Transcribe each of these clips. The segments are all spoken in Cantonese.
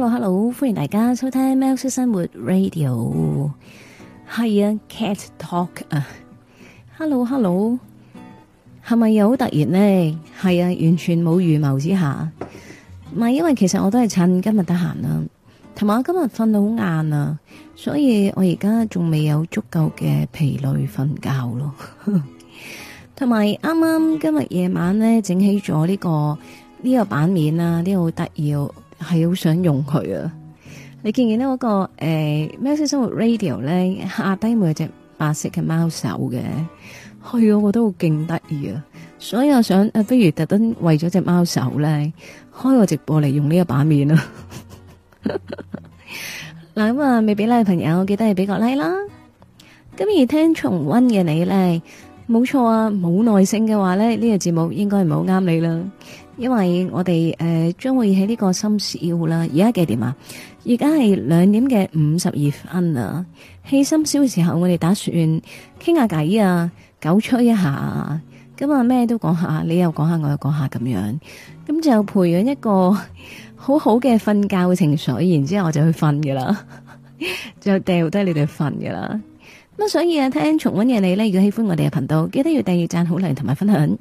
Hello，Hello，hello. 歡迎大家收聽喵式生活 Radio。係啊，Cat Talk 啊。 Hello，Hello，係咪又好突然呢？係啊，完全冇預謀之下。唔係，因為其實我都係趁今日得閒啦，同埋我今日瞓到好晏啊，所以我而家仲未有足夠嘅疲累瞓覺咯。同埋啱啱今日夜晚咧整起咗呢、這個呢、這個版面啊，呢個好得意。係好想用佢啊！你見唔見到嗰、那個誒？喵式生活 Radio 咧下低咪有隻白色嘅貓手嘅，係我覺得好勁得意啊！所以我想誒、啊，不如特登為咗隻貓手咧開個直播嚟，用呢一把面啦。嗱咁啊，未俾拉嘅朋友，我記得係俾個拉啦。今日聽重溫嘅你咧，冇錯啊！冇耐性嘅話咧，呢、這個節目應該唔係好啱你啦。因為我哋誒，將、呃、會喺呢個深宵啦。而家幾點啊？而家係兩點嘅五十二分啊。起深宵嘅時候，我哋打算傾下偈啊，狗吹一下。咁啊，咩都講下，你又講下，我又講下咁樣。咁就培養一個好好嘅瞓覺嘅情緒，然之後我就去瞓噶啦，就掉低你哋瞓噶啦。咁所以啊，聽重溫嘅你呢，如果喜歡我哋嘅頻道，記得要訂閱、讚好、留言、同埋分享。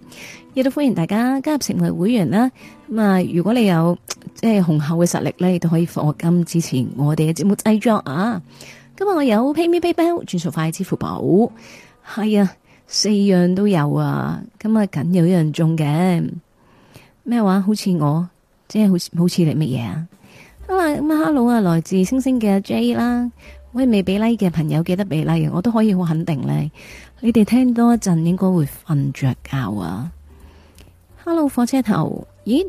亦都歡迎大家加入成為會員啦。咁啊，如果你有即係雄厚嘅實力呢，亦都可以課金支持我哋嘅節目製作啊。今日我有 PayMe、PayBill、轉數快、支付寶，係啊，四樣都有啊。咁啊，梗有一樣中嘅咩話？好似我，即係好似好似你乜嘢啊？啊咁啊，Hello 啊，來自星星嘅 J 啦。喂，未俾 like 嘅朋友記得俾 like，我都可以好肯定呢。你哋聽多一陣應該會瞓着覺啊。Hello，火車頭，咦？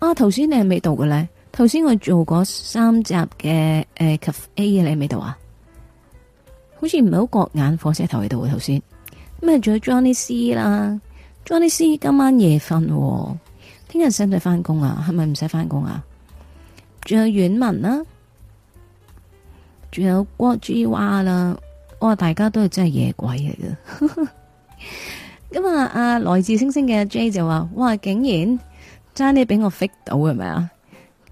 啊，頭先你係未到嘅呢？頭先我做嗰三集嘅誒及 A 嘅你未到啊？好似唔係好覺眼，火車頭喺度啊。頭先咁咪仲有 Johnny C 啦，Johnny C 今晚夜瞓，聽日使唔使翻工啊？係咪唔使翻工啊？仲、啊、有遠文啦、啊。仲有郭 G 娃啦，哇！大家都係真係夜鬼嚟嘅。咁 啊，阿來自星星嘅 J 就話：哇！竟然爭啲俾我 fit 到係咪啊？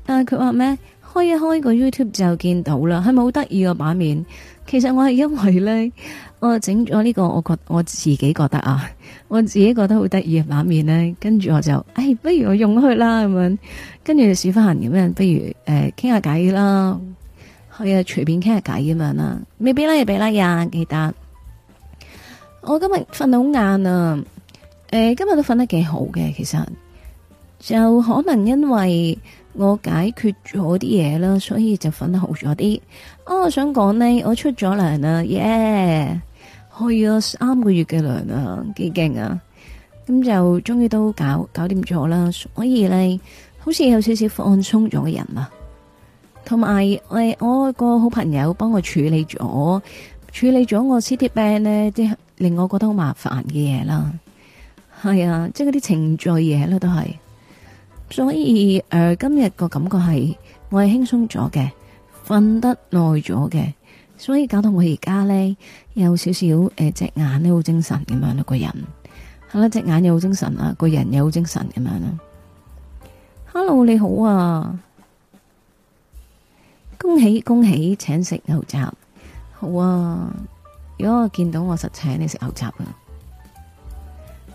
但係佢話咩？開一開個 YouTube 就見到啦，係咪好得意個版面？其實我係因為咧，我整咗呢個，我覺我自己覺得啊，我自己覺得好得意嘅版面咧，跟住我就，哎，不如我用開啦咁樣，跟住試翻行咁樣，不如誒傾、呃、下偈啦。係呀，隨便傾下偈咁樣啦，未必啦亦俾啦呀，其他。我今日瞓得好晏啊，誒、欸，今日都瞓得幾好嘅，其實就可能因為我解決咗啲嘢啦，所以就瞓得好咗啲。啊、哦，我想講呢，我出咗糧啊，耶、yeah，去咗三個月嘅糧啊，幾勁啊，咁就終於都搞搞掂咗啦，所以咧，好似有少少放鬆咗嘅人啊。同埋誒，我個好朋友幫我處理咗處理咗我 C T 病呢，即係令我覺得好麻煩嘅嘢啦。係啊，即係嗰啲程序嘢啦，都係。所以誒、呃，今日個感覺係我係輕鬆咗嘅，瞓得耐咗嘅，所以搞到我而家呢，有少少誒、呃，隻眼都好精神咁樣個人係啦、啊，隻眼又好精神啦，個人又好精神咁樣啦。Hello，你好啊！恭喜恭喜，請食牛雜，好啊！如果我見到我實請你食牛雜啊，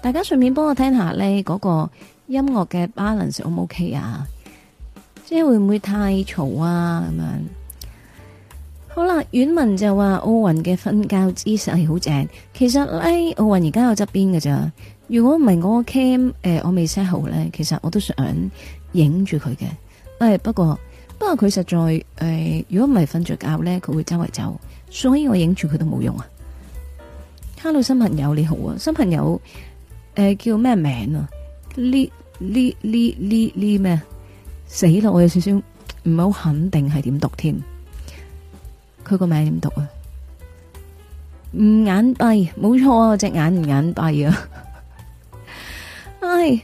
大家順便幫我聽下呢嗰個音樂嘅 balance O 唔 OK 啊？即係會唔會太嘈啊？咁樣好啦、啊，遠文就話奧運嘅瞓覺姿勢好正。其實呢奧運而家有側邊㗎咋？如果唔係嗰個 cam 誒，我未 set 好呢。其實我都想影住佢嘅，誒不過。不過佢實在誒、呃，如果唔係瞓着覺咧，佢會周圍走，所以我影住佢都冇用啊。Hello 新朋友你好啊，新朋友誒、呃、叫咩名啊呢呢呢呢呢咩？死咯，我有少少唔係好肯定係點讀添。佢個名點讀啊？唔眼閉，冇錯啊，我隻眼唔眼閉啊。 唉。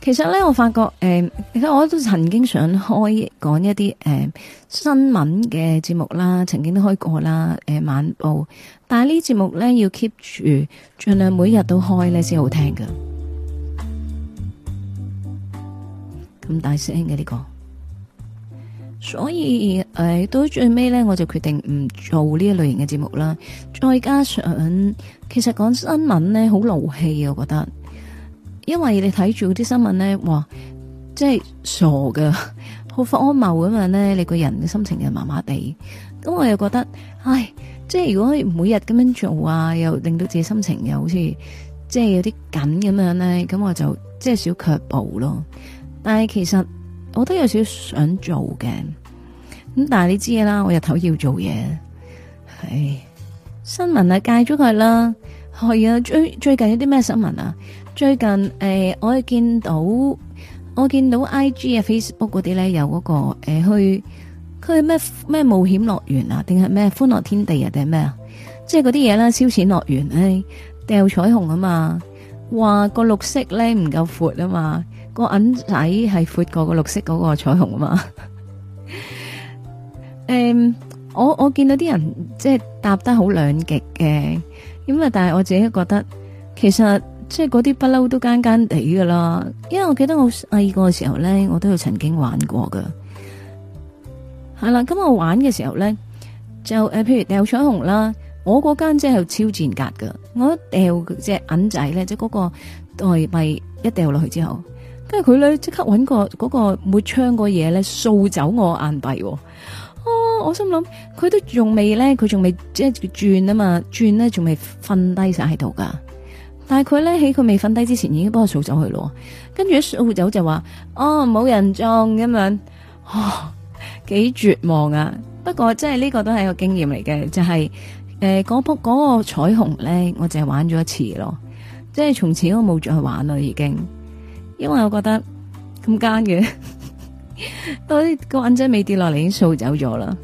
其實咧，我發覺，誒、呃，其實我都曾經想開講一啲，誒、呃，新聞嘅節目啦，曾經都開過啦，誒、呃，晚報，但係呢節目咧要 keep 住盡量每日都開咧先好聽㗎。咁大聲嘅呢、呢個，所以誒、呃、到最尾咧，我就決定唔做呢一類型嘅節目啦。再加上，其實講新聞咧好勞氣啊，我覺得。因為你睇住啲新聞咧，哇，即係傻噶，好荒謬咁樣咧，你個人嘅心情又麻麻地。咁我又覺得，唉，即係如果每日咁樣做啊，又令到自己心情又好似即係有啲緊咁樣咧，咁我就即係少卻步咯。但係其實我都有少少想做嘅，咁但係你知嘅啦，我日頭要做嘢，係新、啊、新聞啊，戒咗佢啦，係啊，最最近有啲咩新聞啊？最近誒、呃，我見到我見到 I G、那個呃、啊、Facebook 嗰啲咧，有嗰個誒去去咩咩冒險樂園啊，定係咩歡樂天地啊，定係咩啊？即係嗰啲嘢啦，消遣樂園掉彩虹啊嘛，話個綠色咧唔夠闊啊嘛，個銀仔係闊過個綠色嗰個彩虹啊嘛。誒、 呃，我我見到啲人即係答得好兩極嘅，咁啊，但係我自己覺得其實。即係嗰啲不嬲都間間地噶啦，因為我記得我細個嘅時候咧，我都有曾經玩過噶，係啦。咁我玩嘅時候咧，就誒，譬如掉彩虹啦，我嗰間即係超賤格噶，我一掉隻銀仔咧，即係嗰個袋幣一掉落去之後，跟住佢咧即刻搵個嗰個抹窗個嘢咧掃走我硬幣、哦，哦，我心諗佢都仲未咧，佢仲未即係轉啊嘛，轉咧仲未瞓低晒喺度噶。但係佢咧喺佢未瞓低之前，已經幫我掃走去咯。跟住一掃走就話哦，冇人撞。咁樣，哦，幾絕望啊！不過即係呢個都係一個經驗嚟嘅，就係誒，嗰鋪嗰個彩虹咧，我淨係玩咗一次咯，即係從此都冇再去玩啦，已經，因為我覺得咁奸嘅，多啲個銀仔未跌落嚟已經掃走咗啦。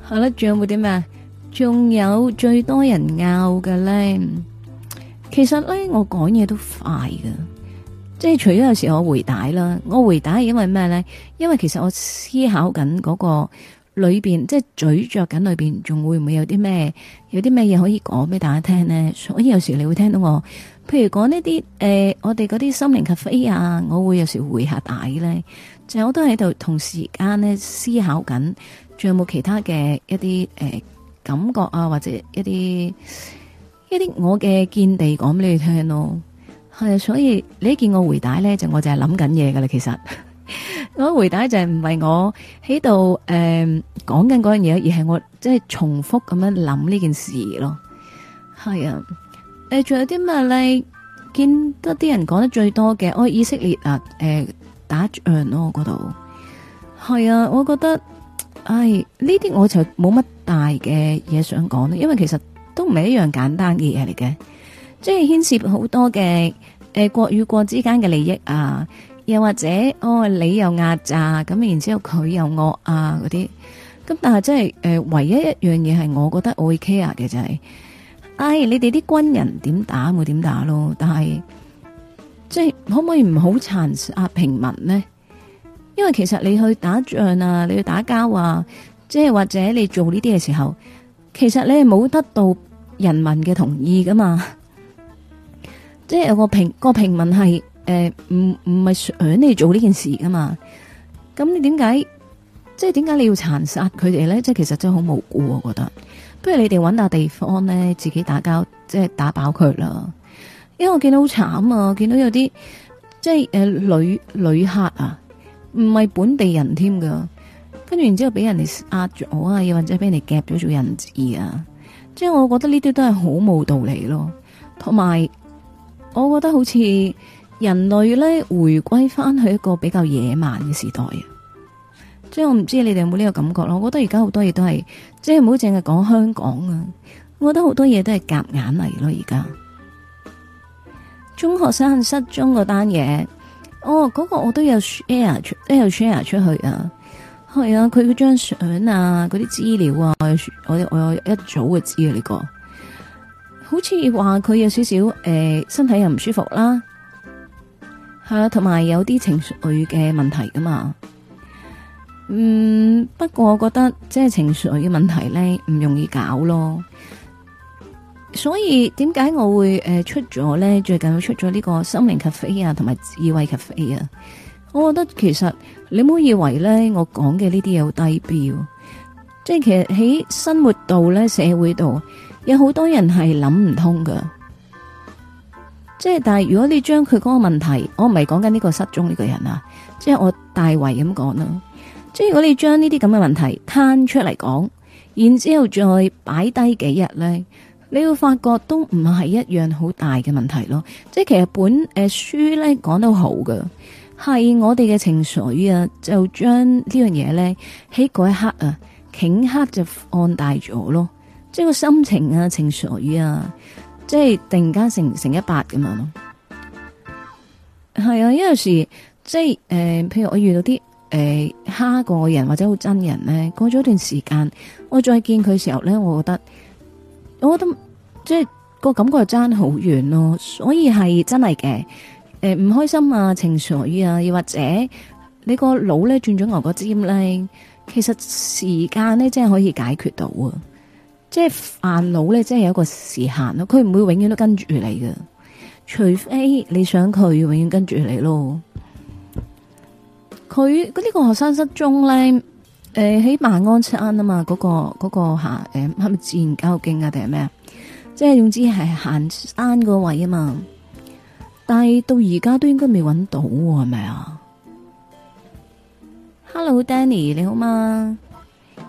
好啦，仲有冇啲咩啊？仲有最多人拗嘅咧？其實咧，我講嘢都快㗎。即係除咗有時我回答啦，我回答係因為咩咧？因為其實我思考緊嗰個裏邊，即係咀嚼緊裏邊，仲會唔會有啲咩，有啲咩嘢可以講俾大家聽咧？所以有時你會聽到我，譬如講呢啲誒，我哋嗰啲心靈咖啡啊，我會有時回下帶咧，就我都喺度同時間咧思考緊，仲有冇其他嘅一啲誒、呃、感覺啊，或者一啲。一啲我嘅見地講俾你聽咯，係啊，所以你見我回答咧，就我就係諗緊嘢噶啦。其實我回答就係唔係我喺度誒講緊嗰樣嘢，而係我即係重複咁樣諗呢件事咯。係啊，誒仲有啲咩咧？見得啲人講得最多嘅，我以色列啊，誒打仗咯嗰度。係啊，我覺得，唉呢啲我就冇乜大嘅嘢想講啦，因為其實。都唔係一樣簡單嘅嘢嚟嘅，即係牽涉好多嘅誒、呃、國與國之間嘅利益啊，又或者哦你又壓榨咁，然之後佢又惡啊嗰啲，咁但係即係誒、呃、唯一一樣嘢係我覺得我會 care 嘅就係、是，唉、哎，你哋啲軍人點打咪點打咯，但係即係可唔可以唔好殘殺平民呢？因為其實你去打仗啊，你去打交啊，即係或者你做呢啲嘅時候。其實你係冇得到人民嘅同意噶嘛，即係有個平個平民係誒，唔唔係想你做呢件事噶嘛，咁你點解，即係點解你要殘殺佢哋咧？即係其實真係好無辜，我覺得。不如你哋搵下地方咧，自己打交，即係打飽佢啦。因為我見到好慘啊，見到有啲即係誒旅旅客啊，唔係本地人添噶。跟住然之後俾人哋壓咗啊，又或者俾人哋夾咗做人質啊，即係我覺得呢啲都係好冇道理咯。同埋，我覺得好似人類咧回歸翻去一個比較野蠻嘅時代啊。即係我唔知你哋有冇呢個感覺咯。我覺得而家好多嘢都係，即係唔好淨係講香港啊。我覺得好多嘢都係夾硬嚟咯。而家中學生失蹤嗰單嘢，哦，嗰、嗰個我都有 share，都有 share 出去啊。係啊，佢嗰張相啊，嗰啲資料啊，我我一早就知啊。呢個，好似話佢有少少誒身體又唔舒服啦，係啊，同埋有啲情緒嘅問題噶嘛。嗯，不過我覺得即係情緒嘅問題咧，唔容易搞咯。所以點解我會誒出咗咧？最近會出咗呢個心靈咖啡啊，同埋智慧咖啡啊，我覺得其實。你唔好以為咧，我講嘅呢啲嘢好低標，即係其實喺生活度咧，社會度，有好多人係諗唔通噶。即係，但係如果你將佢嗰個問題，我唔係講緊呢個失蹤呢個人啊，即係我大圍咁講啦。即係如果你將呢啲咁嘅問題攤出嚟講，然之後再擺低幾日咧，你會發覺都唔係一樣好大嘅問題咯。即係其實本誒書咧講得好噶係我哋嘅情緒啊，就將呢樣嘢咧喺嗰一刻啊，頃刻就放大咗咯，即係個心情啊、情緒啊，即係突然間成成一百咁樣咯。係啊，因為有時即係誒、呃，譬如我遇到啲誒蝦過人或者好真人咧，過咗一段時間，我再見佢時候咧，我覺得，我覺得即係個感覺就差好遠咯，所以係真係嘅。誒，唔、呃、開心啊，情緒啊，又或者你個腦咧轉咗牛角尖咧，其實時間咧真係可以解決到啊！即係煩惱咧，真係有一個時限咯，佢唔會永遠都跟住你嘅，除非你想佢永遠跟住你咯。佢嗰呢個學生失蹤咧，誒喺馬鞍山啊嘛，嗰、那個嗰、那個吓誒係咪自然教育徑啊定係咩啊？即係總之係行山個位啊嘛。但係到而家都應該未揾到係咪啊？Hello，Danny，你好嗎？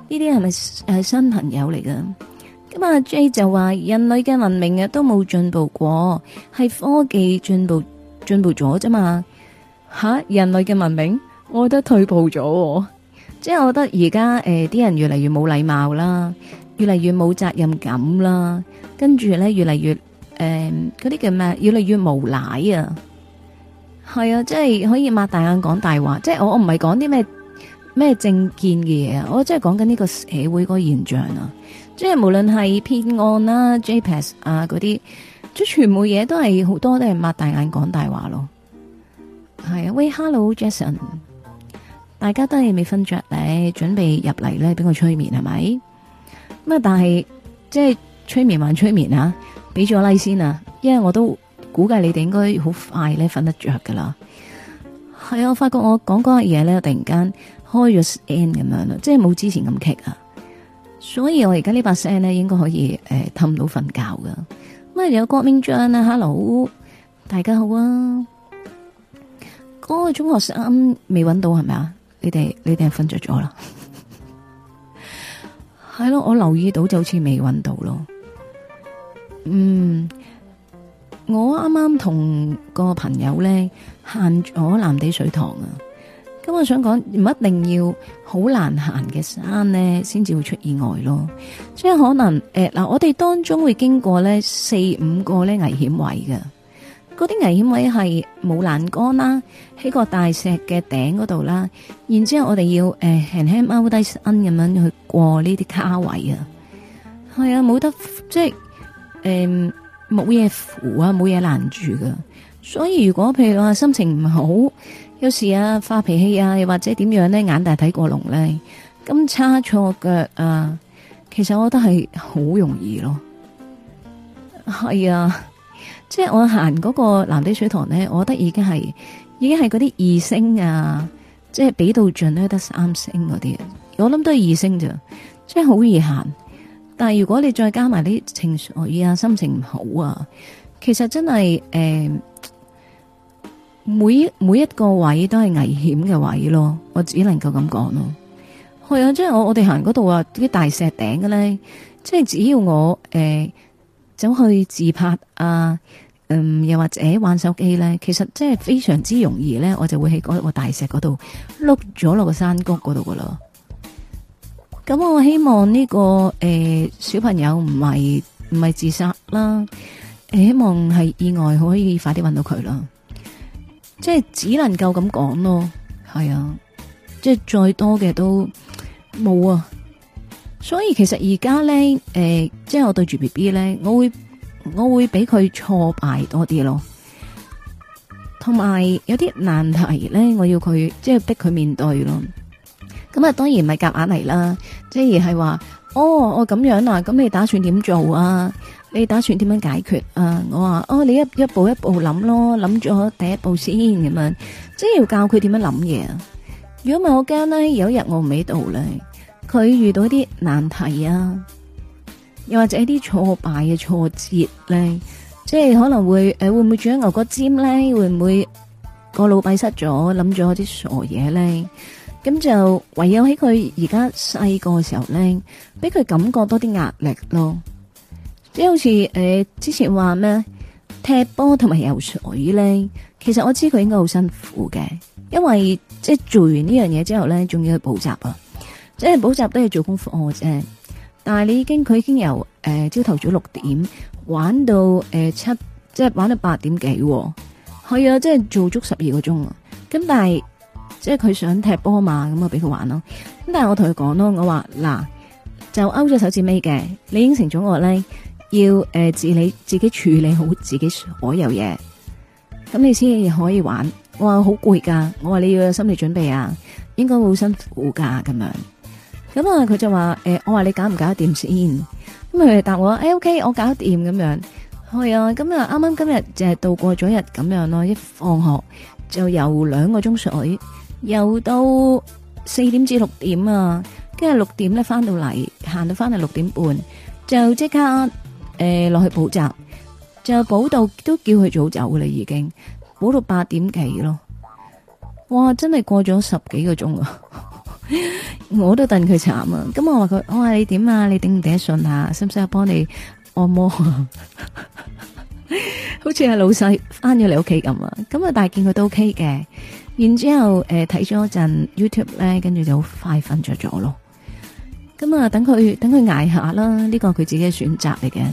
呢啲係咪係新朋友嚟噶？咁啊 Jay 就話人類嘅文明啊都冇進步過，係科技進步進步咗啫嘛？吓、啊，人類嘅文明，我覺得退步咗，啊、步了即係我覺得而家誒啲人越嚟越冇禮貌啦，越嚟越冇責任感啦，跟住咧越嚟越。誒，嗰啲、嗯、叫咩？越嚟越無賴啊，係啊，即係可以擘大眼講大話。即係我唔係講啲咩咩政見嘅嘢啊，我即係講緊呢個社會個現象啊。即係無論係騙案啦、啊、JPS 啊嗰啲，即係全部嘢都係好多都係擘大眼講大話咯。係啊，喂，Hello，Jason，大家都係未瞓着咧，準備入嚟咧，俾我催眠係咪？咁啊，但係即係催眠還催眠啊！俾咗拉先啊，因為我都估計你哋應該好快咧瞓得着噶啦。係啊，我發覺我講嗰個嘢咧，突然間開咗 end 咁樣啦，即係冇之前咁棘啊。所以我而家呢把聲咧應該可以誒氹、呃、到瞓覺噶。咁有郭明章啊，hello，大家好啊。嗰、嗰個中學生未揾到係咪啊？你哋你哋係瞓着咗啦？係 咯，我留意到就好似未揾到咯。嗯，我啱啱同個朋友咧行咗藍地水塘啊，咁、嗯、我想講唔一定要好難行嘅山咧，先至會出意外咯。即係可能誒，嗱、呃，我哋當中會經過咧四五個咧危險位嘅，嗰啲危險位係冇欄杆啦，喺個大石嘅頂嗰度啦，然之後我哋要誒輕輕踎低身咁樣去過呢啲卡位啊，係啊，冇得即係。誒，冇嘢扶啊，冇嘢攔住噶，所以如果譬如話心情唔好，有時啊發脾氣啊，又或者點樣咧，眼大睇過龍咧，咁差錯腳啊，其實我覺得係好容易咯，係啊，即係我行嗰個藍地水塘咧，我覺得已經係，已經係嗰啲二星啊，即係比到盡咧得,得三星嗰啲，我諗都係二星咋，即係好易行。但係如果你再加埋啲情緒啊、心情唔好啊，其實真係誒、欸，每每一個位都係危險嘅位咯，我只能夠咁講咯。係、嗯、啊，即係我我哋行嗰度啊啲大石頂嘅咧，即係只要我誒、嗯、走去自拍啊，嗯，又或者玩手機咧，其實真係非常之容易咧，我就會喺嗰個大石嗰度碌咗落個山谷嗰度噶啦。咁我希望呢、這個誒、呃、小朋友唔係唔係自殺啦、呃，希望係意外可以快啲搵到佢啦，即係只能夠咁講咯，係啊，即係再多嘅都冇啊，所以其實而家咧誒，即係我對住 B B 咧，我會我會俾佢挫敗多啲咯，同埋有啲難題咧，我要佢即係逼佢面對咯。咁啊，當然唔係夾硬嚟啦，即係係話，哦，我咁樣啊，咁你打算點做啊？你打算點樣解決啊？我話，哦，你一一步一步諗咯，諗咗第一步先咁樣，即係要教佢點樣諗嘢。如果唔係，我驚咧，有一日我唔喺度咧，佢遇到一啲難題啊，又或者一啲挫敗嘅挫折咧，即係可能會誒、呃，會唔會轉咗牛角尖咧？會唔會個腦閉塞咗，諗咗啲傻嘢咧？咁就唯有喺佢而家細個嘅時候咧，俾佢感覺多啲壓力咯。即係好似誒、呃、之前話咩踢波同埋游水咧，其實我知佢應該好辛苦嘅，因為即係做完呢樣嘢之後咧，仲要去補習啊！即係補習都要做功課啫。但係你已經佢已經由誒朝頭早六點玩到誒七，呃、7，即係玩到八點幾，係啊！即係做足十二個鐘啊！咁但係。即係佢想踢波嘛，咁啊俾佢玩咯。咁但係我同佢講咯，我話嗱，就勾咗手指尾嘅，你應承咗我咧，要誒自理自己處理好自己所有嘢，咁你先可以玩。我話好攰噶，我話你要有心理準備啊，應該會好辛苦噶咁樣。咁啊佢就話誒、呃，我話你搞唔搞得掂先。咁佢答我哎 o、okay, k 我搞得掂咁樣。係啊，咁啊啱啱今日就係度過咗日咁樣咯。一放學就游兩個鐘水。又到四點至六點啊，跟住六點咧翻到嚟，行到翻嚟六點半，就即刻誒落、呃、去補習，就補到都叫佢早走㗎啦，已經補到八點幾咯。哇，真係過咗十幾個鐘啊！ 我都戥佢慘啊！咁我話佢，我話、哎、你點啊？你頂唔頂得順啊？使唔使我幫你按摩啊？ 好似係老細翻咗嚟屋企咁啊！咁啊，但係見佢都 OK 嘅。然之後誒睇咗陣 YouTube 咧，跟住就好快瞓着咗咯。咁啊，等佢等佢捱下啦，呢個佢自己嘅選擇嚟嘅。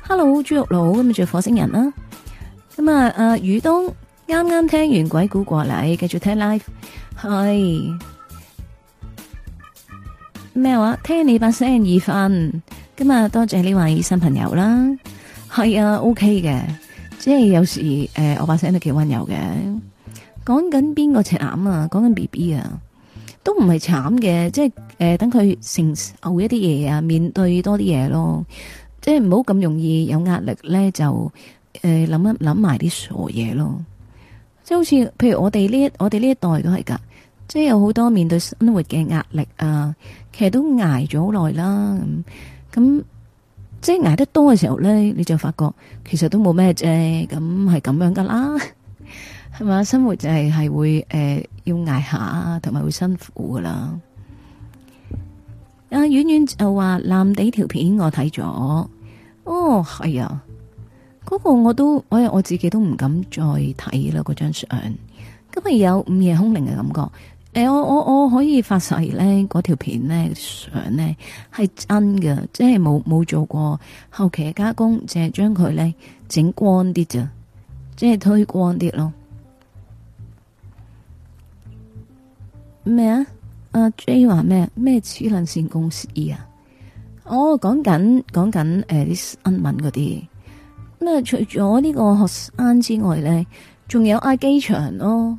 Hello，豬肉佬，咁咪做火星人啦。咁啊，誒、呃，雨東啱啱聽完鬼故過嚟，繼續聽 live 係咩話？聽你把聲易瞓。咁啊，多謝呢位新朋友啦。係啊，OK 嘅，即係有時誒、呃，我把聲都幾温柔嘅。講緊邊個慘啊？講緊 B B 啊，都唔係慘嘅，即係誒、呃，等佢承受一啲嘢啊，面對多啲嘢咯，即係唔好咁容易有壓力咧，就誒諗、呃、一諗埋啲傻嘢咯，即係好似譬如我哋呢一我哋呢一代都係噶，即係有好多面對生活嘅壓力啊，其實都挨咗好耐啦，咁咁即係挨得多嘅時候咧，你就發覺其實都冇咩啫，咁係咁樣噶啦。係咪？生活就係係會誒、呃、要捱下啊，同埋會辛苦噶啦。啊，遠遠就話藍地條片我睇咗，哦係啊，嗰、那個我都我我自己都唔敢再睇啦。嗰張相，今日有午夜空靈嘅感覺。誒、欸，我我我可以發誓咧，嗰條片咧，相咧係真嘅，即係冇冇做過後期嘅加工，淨係將佢咧整光啲咋，即係推光啲咯。咩啊？阿 J 話咩咩超輪線公司啊？我講緊講緊誒啲新聞嗰啲。咁除咗呢個學生之外咧，仲有阿、啊、機場咯。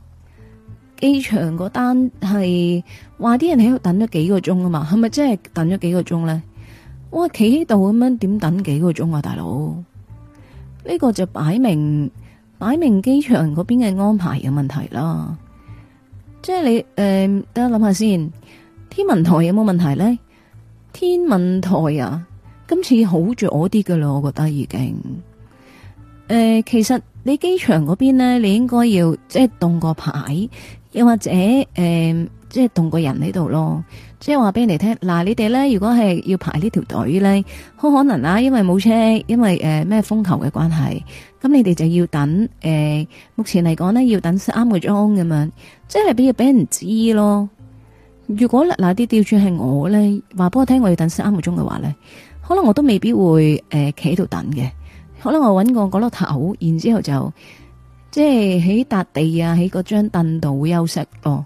機場個單係話啲人喺度等咗幾個鐘啊嘛，係咪真係等咗幾個鐘咧？我企喺度咁樣，點等幾個鐘啊，大佬？呢、這個就擺明擺明機場嗰邊嘅安排有問題啦。即係你誒、呃，等下諗下先，天文台有冇問題咧？天文台啊，今次好咗啲噶啦，我覺得已經。誒、呃，其實你機場嗰邊咧，你應該要即係動個牌，又或者誒、呃，即係動個人喺度咯。即係話俾你哋聽，嗱，你哋咧，如果係要排呢條隊咧，好可能啦，因為冇車，因為誒咩、呃、風球嘅關係，咁你哋就要等。誒、呃，目前嚟講咧，要等三個鐘咁樣，即係俾要俾人知咯。如果嗱啲吊住係我咧，話俾我聽我要等三個鐘嘅話咧，可能我都未必會誒企喺度等嘅，可能我搵個角落頭，然之後就即係喺笪地啊，喺嗰張凳度休息咯。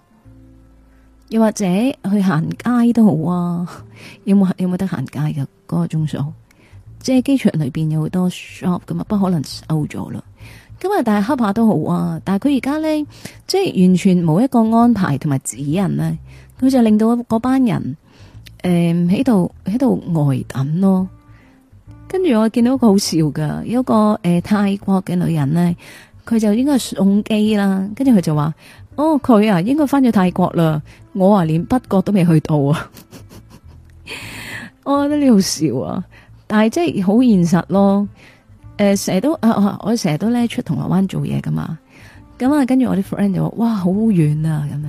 又或者去行街都好啊， 有冇有冇得行街嘅嗰、嗰個鐘數？即係機場裏邊有好多 shop 噶嘛，不可能收咗啦。咁啊，但係恰下都好啊。但係佢而家咧，即係完全冇一個安排同埋指引咧，佢就令到嗰班人誒喺度喺度呆等咯。跟住我見到一個好笑嘅有個誒、呃、泰國嘅女人咧，佢就應該係送機啦。跟住佢就話：哦，佢啊應該翻咗泰國啦。我話連北角都未去到啊、 哦！我覺得你好笑啊，但係即係好現實咯。誒、呃，成日都啊，我成日都咧出銅鑼灣做嘢噶嘛。咁啊，跟住我啲 friend 就話：哇，好遠啊！咁樣。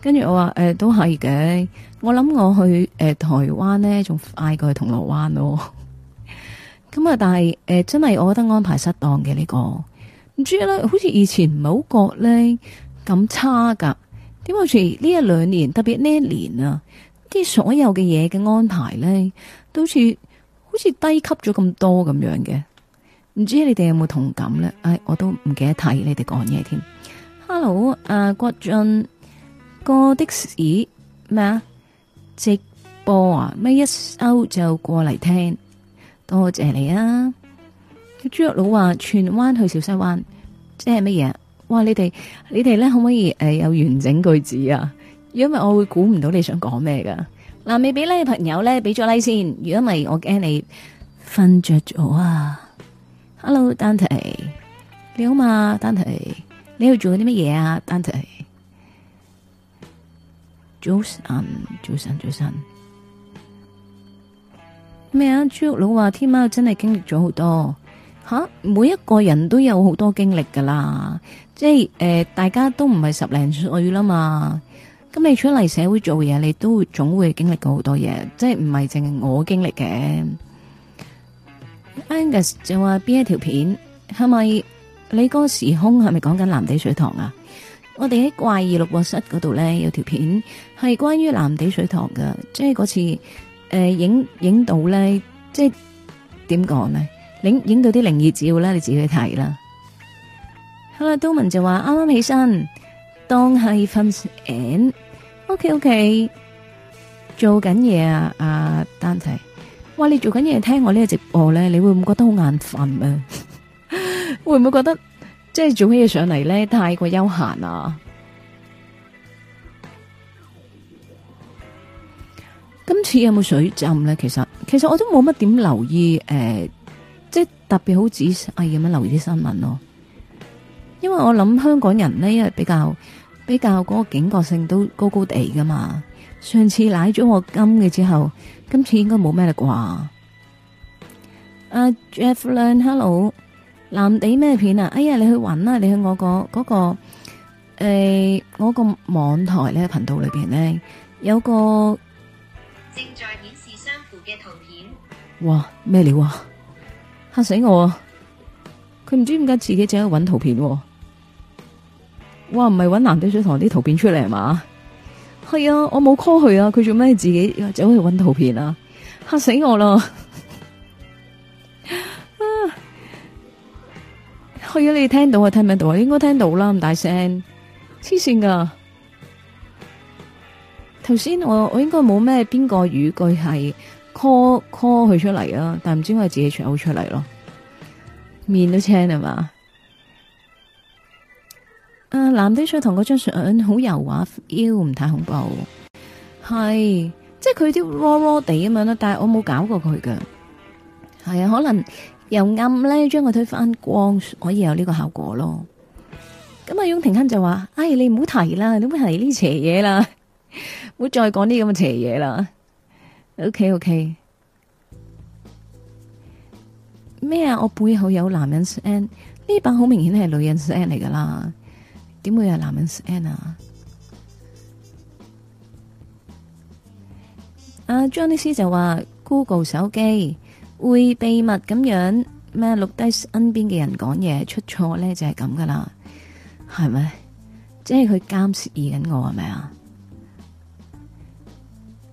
跟住我話：誒、呃，都係嘅。我諗我去誒、呃、台灣咧，仲快過去銅鑼灣咯。咁、嗯、啊，但係誒、呃，真係我覺得安排失當嘅呢、這個。唔知咧，好似以前唔係好覺咧咁差噶。點好似呢一兩年，特別呢一年啊，啲所有嘅嘢嘅安排咧，都似好似低級咗咁多咁樣嘅，唔知你哋有冇同感咧？哎，我都唔記得睇你哋講嘢添。Hello，阿、啊、郭俊個的士咩啊？直播啊？咩一收就過嚟聽？多謝你啊！朱若佬話：荃灣去小西灣，即係乜嘢？哇！你哋你哋咧可唔可以誒、哎、有完整句子啊？因為我會估唔到你想講咩噶。嗱、啊，未俾咧朋友咧俾咗 like 先。如果唔係，我驚你瞓着咗啊！Hello，Dante，你好嘛？Dante，你要做啲乜嘢啊？Dante，早晨，早晨，早晨。咩啊？朱老話：天貓真係經歷咗好多吓、啊，每一個人都有好多經歷噶啦。即係誒、呃，大家都唔係十零歲啦嘛，咁你出嚟社會做嘢，你都總會經歷過好多嘢，即係唔係淨係我經歷嘅。Angus 就話邊一條片係咪你個時空係咪講緊藍地水塘啊？我哋喺怪異錄播室嗰度咧有條片係關於藍地水塘噶即係嗰次誒影影到咧，即係點講咧？影影到啲靈異照咧，你自己去睇啦。都文就話啱啱起身，當係瞓醒。O K O K，做緊嘢啊！阿丹仔，哇！你做緊嘢聽我呢個直播咧，你會唔會覺得好眼瞓啊？會唔會覺得， 會會覺得即係做起嘢上嚟咧？太過休閒啊！今次有冇水浸咧？其實，其實我都冇乜點留意誒、呃，即係特別好仔細咁樣留意啲新聞咯。因為我諗香港人呢，因為比較比較嗰個警覺性都高高地㗎嘛。上次瀨咗我金嘅之後，今次應該冇咩啦啩。阿、uh, Jeff Lin，Hello，藍地咩片啊？哎呀，你去搵啦，你去我、那個嗰個誒，我個網台呢，頻道裏邊呢，有個正在顯示相符嘅圖片。哇，咩料啊？嚇死我、啊！佢唔知點解自己淨係搵圖片、啊。哇，唔係搵男仔水塘啲圖片出嚟係嘛？係啊，我冇 call 佢啊，佢做咩自己走去搵圖片啊？吓死我啦、 啊！去啊，你聽到啊？聽唔聽到啊？應該聽到啦，咁大聲，黐線噶！頭先我我應該冇咩邊個語句係 call call 佢出嚟啊，但唔知我係自己全 o 出嚟咯，面都青啊嘛！啊、男的在同嗰張相好油畫，又唔太恐怖，係即係佢啲 r 窩地咁樣啦。但係我冇搞過佢噶，係啊，可能由暗咧將佢推翻光，可以有呢個效果咯。咁、啊、阿雍廷亨就話：哎，你唔好提啦，你唔好提呢邪嘢啦，唔 好再講啲咁嘅邪嘢啦。OK，OK，、okay, okay、咩啊？我背後有男人聲，呢把，好明顯係女人聲嚟噶啦。點會有男人 Anna？阿 Johnny 就話 Google 手機會秘密咁樣咩錄低身邊嘅人講嘢出錯呢就係咁噶啦，係咪？即係佢監視住緊我係咪啊？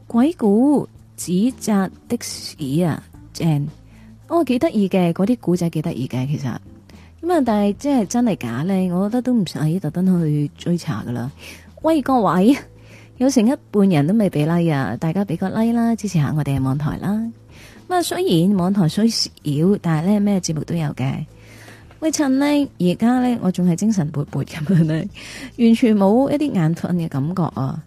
鬼故指責的士啊，正，哦幾得意嘅，嗰啲古仔幾得意嘅，其實。咁啊！但係即係真係假呢，我覺得都唔使特登去追查噶啦。喂，各位有成一半人都未俾 like 啊，大家俾個 like 啦，支持下我哋嘅網台啦。咁啊，雖然網台雖少，但係呢咩節目都有嘅。喂，趁呢，而家呢，我仲係精神勃勃咁樣呢，完全冇一啲眼瞓嘅感覺啊。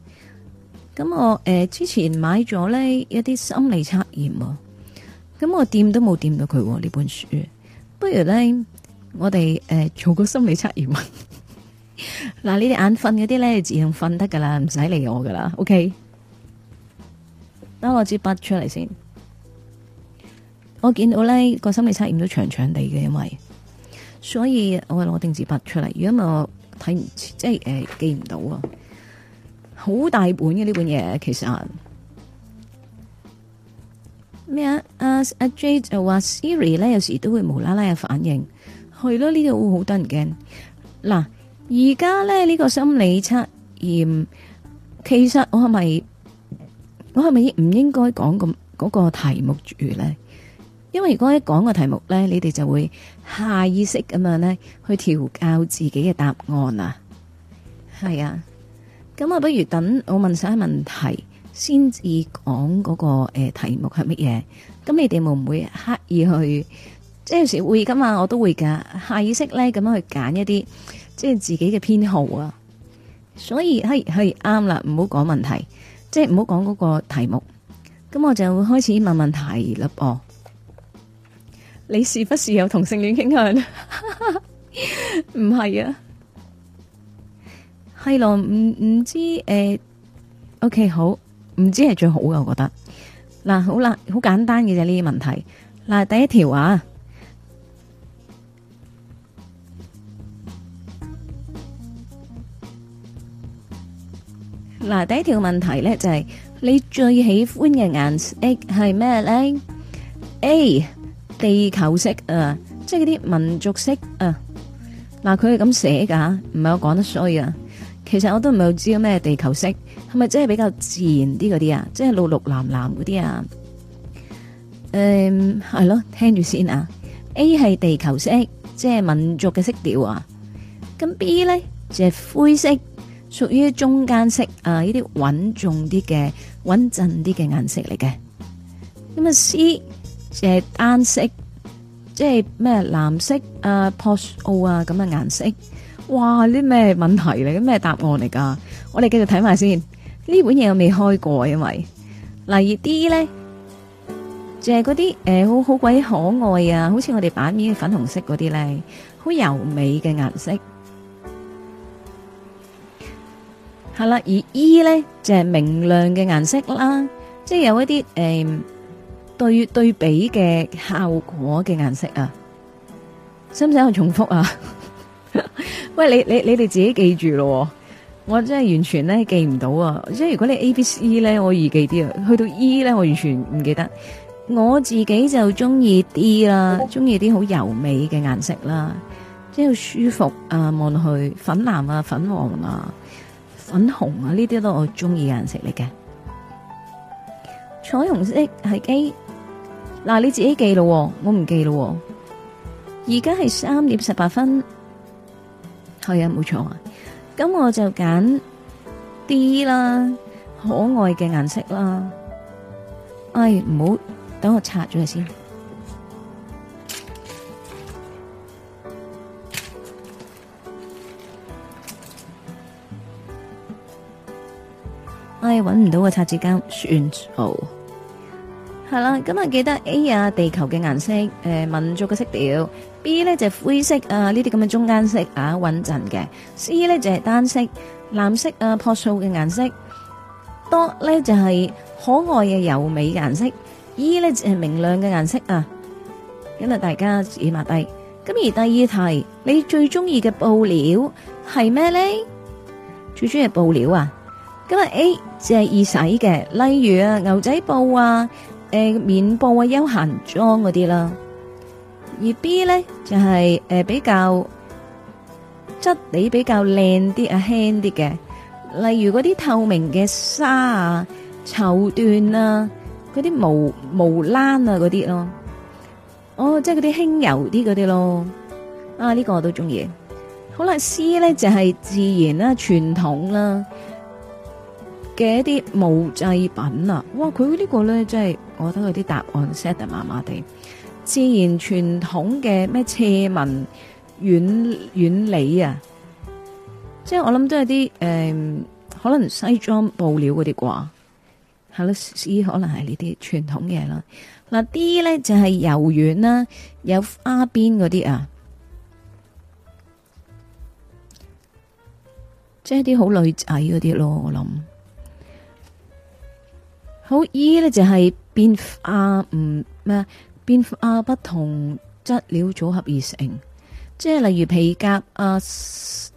咁我誒、呃、之前買咗呢一啲心理測驗，咁我掂都冇掂到佢呢本書，不如呢。我哋誒做個心理測驗啊！嗱，你哋眼瞓嗰啲咧，自然瞓得噶啦，唔使理我噶啦。O K，等我攞支筆出嚟先。我見到咧個心理測驗都長長地嘅，因為所以我攞定支筆出嚟。如果唔係我睇唔切，即係誒記唔到啊。好大本嘅呢本嘢其實咩啊？阿阿 J 就話 Siri 咧有時都會無啦啦嘅反應。係咯，呢度會好得人驚。嗱，而家咧呢個心理測驗，其實我係咪我係咪唔應該講咁嗰個題目住呢？因為如果一講個題目呢，你哋就會下意識咁樣呢去調教自己嘅答案啊。係啊的，咁啊，不如等我問晒問題先至講嗰個誒、呃、題目係乜嘢。咁你哋會唔會刻意去？即係有時會噶嘛，我都會噶下意識咧咁樣去揀一啲即係自己嘅偏好啊，所以係係啱啦，唔好講問題，即係唔好講嗰個題目，咁我就會開始問問題啦噃、哦。你是不是有同性戀傾向？唔 係啊，係咯，唔唔知誒、欸。OK 好，唔知係最好噶，我覺得嗱好啦，好簡單嘅啫呢啲問題，嗱第一條啊。嗱，第一條問題咧就係你最喜歡嘅顏色係咩咧？A 地球色啊，即係嗰啲民族色啊。嗱，佢係咁寫噶唔係我講得衰啊。其實我都唔係好知咩地球色，係咪即係比較自然啲嗰啲啊？即係綠綠藍藍嗰啲啊？嗯，係咯，聽住先啊。A 係地球色，即係民族嘅色調啊。咁 B 咧就係灰色，屬於中間色啊！呢啲穩重啲嘅、穩陣啲嘅顏色嚟嘅。咁啊，C 就係單色，即係咩藍色啊、purple 啊咁嘅顏色。哇！啲咩問題嚟？咩答案嚟噶？我哋繼續睇埋先。呢本嘢我未開過，因為例如 D 咧，就係嗰啲誒好好鬼可愛啊，好似我哋版面粉紅色嗰啲咧，好柔美嘅顏色。係啦，而 E 咧就係、是、明亮嘅顏色啦，即、就、係、是、有一啲誒、呃、對對比嘅效果嘅顏色啊，使唔使去重複？啊？ 喂，你你你哋自己記住咯，哦，我真係完全咧記唔到啊！即係如果你 A B C 咧，我易記啲啊，去到 E 咧，我完全唔記得。我自己就中意 D 啦，中意啲好柔美嘅顏色啦，即係好舒服啊，望落去粉藍啊，粉黃啊。粉紅啊，呢啲都我中意嘅顏色嚟嘅。彩虹色係 A，嗱你自己記咯，我唔記咯。而家係三點十八分，係啊，冇錯啊。咁我就揀 D 啦，可愛嘅顏色啦。哎，唔好，等我拆咗佢先。唉，揾唔、哎、到個擦紙膠，算數好。係啦，咁啊記得 A 啊，地球嘅顏色，誒、呃，民族嘅色調。B 咧就係、灰色啊，呢啲咁嘅中間色啊，穩陣嘅。C 咧就係、是、單色，藍色啊，樸素嘅顏色。多咧就係、是、可愛嘅柔美顏色。E 咧就係、是、明亮嘅顏色啊。咁啊，大家注意第低。咁而第二題，你最中意嘅布料係咩咧？最中意嘅布料啊？因為 A 就係易洗嘅，例如啊牛仔布啊，誒、呃、棉布啊，休閒裝嗰啲啦。而 B 咧就係、是、誒、呃、比較質地比較靚啲啊輕啲嘅，例如嗰啲透明嘅紗啊、綢緞啊、嗰啲毛毛冷啊嗰啲咯。哦，即係嗰啲輕柔啲嗰啲咯。啊，呢、這個我都中意。好啦，C 咧就係、是、自然啦、啊、傳統啦、啊。嘅一啲毛製品啊，哇！佢呢個咧，真係我覺得佢啲答案 set 得麻麻地。自然傳統嘅咩斜紋軟軟理啊，即係我諗都係啲誒，可能西裝布料嗰啲啩，係咯，c 可能係呢啲傳統嘢啦。嗱，啲咧就係、是、柔軟啦、啊，有花邊嗰啲啊，即係啲好女仔嗰啲咯，我諗。好 e 咧就係、是、變化唔咩、嗯、變化不同質料組合而成，即係例如皮革啊，嗰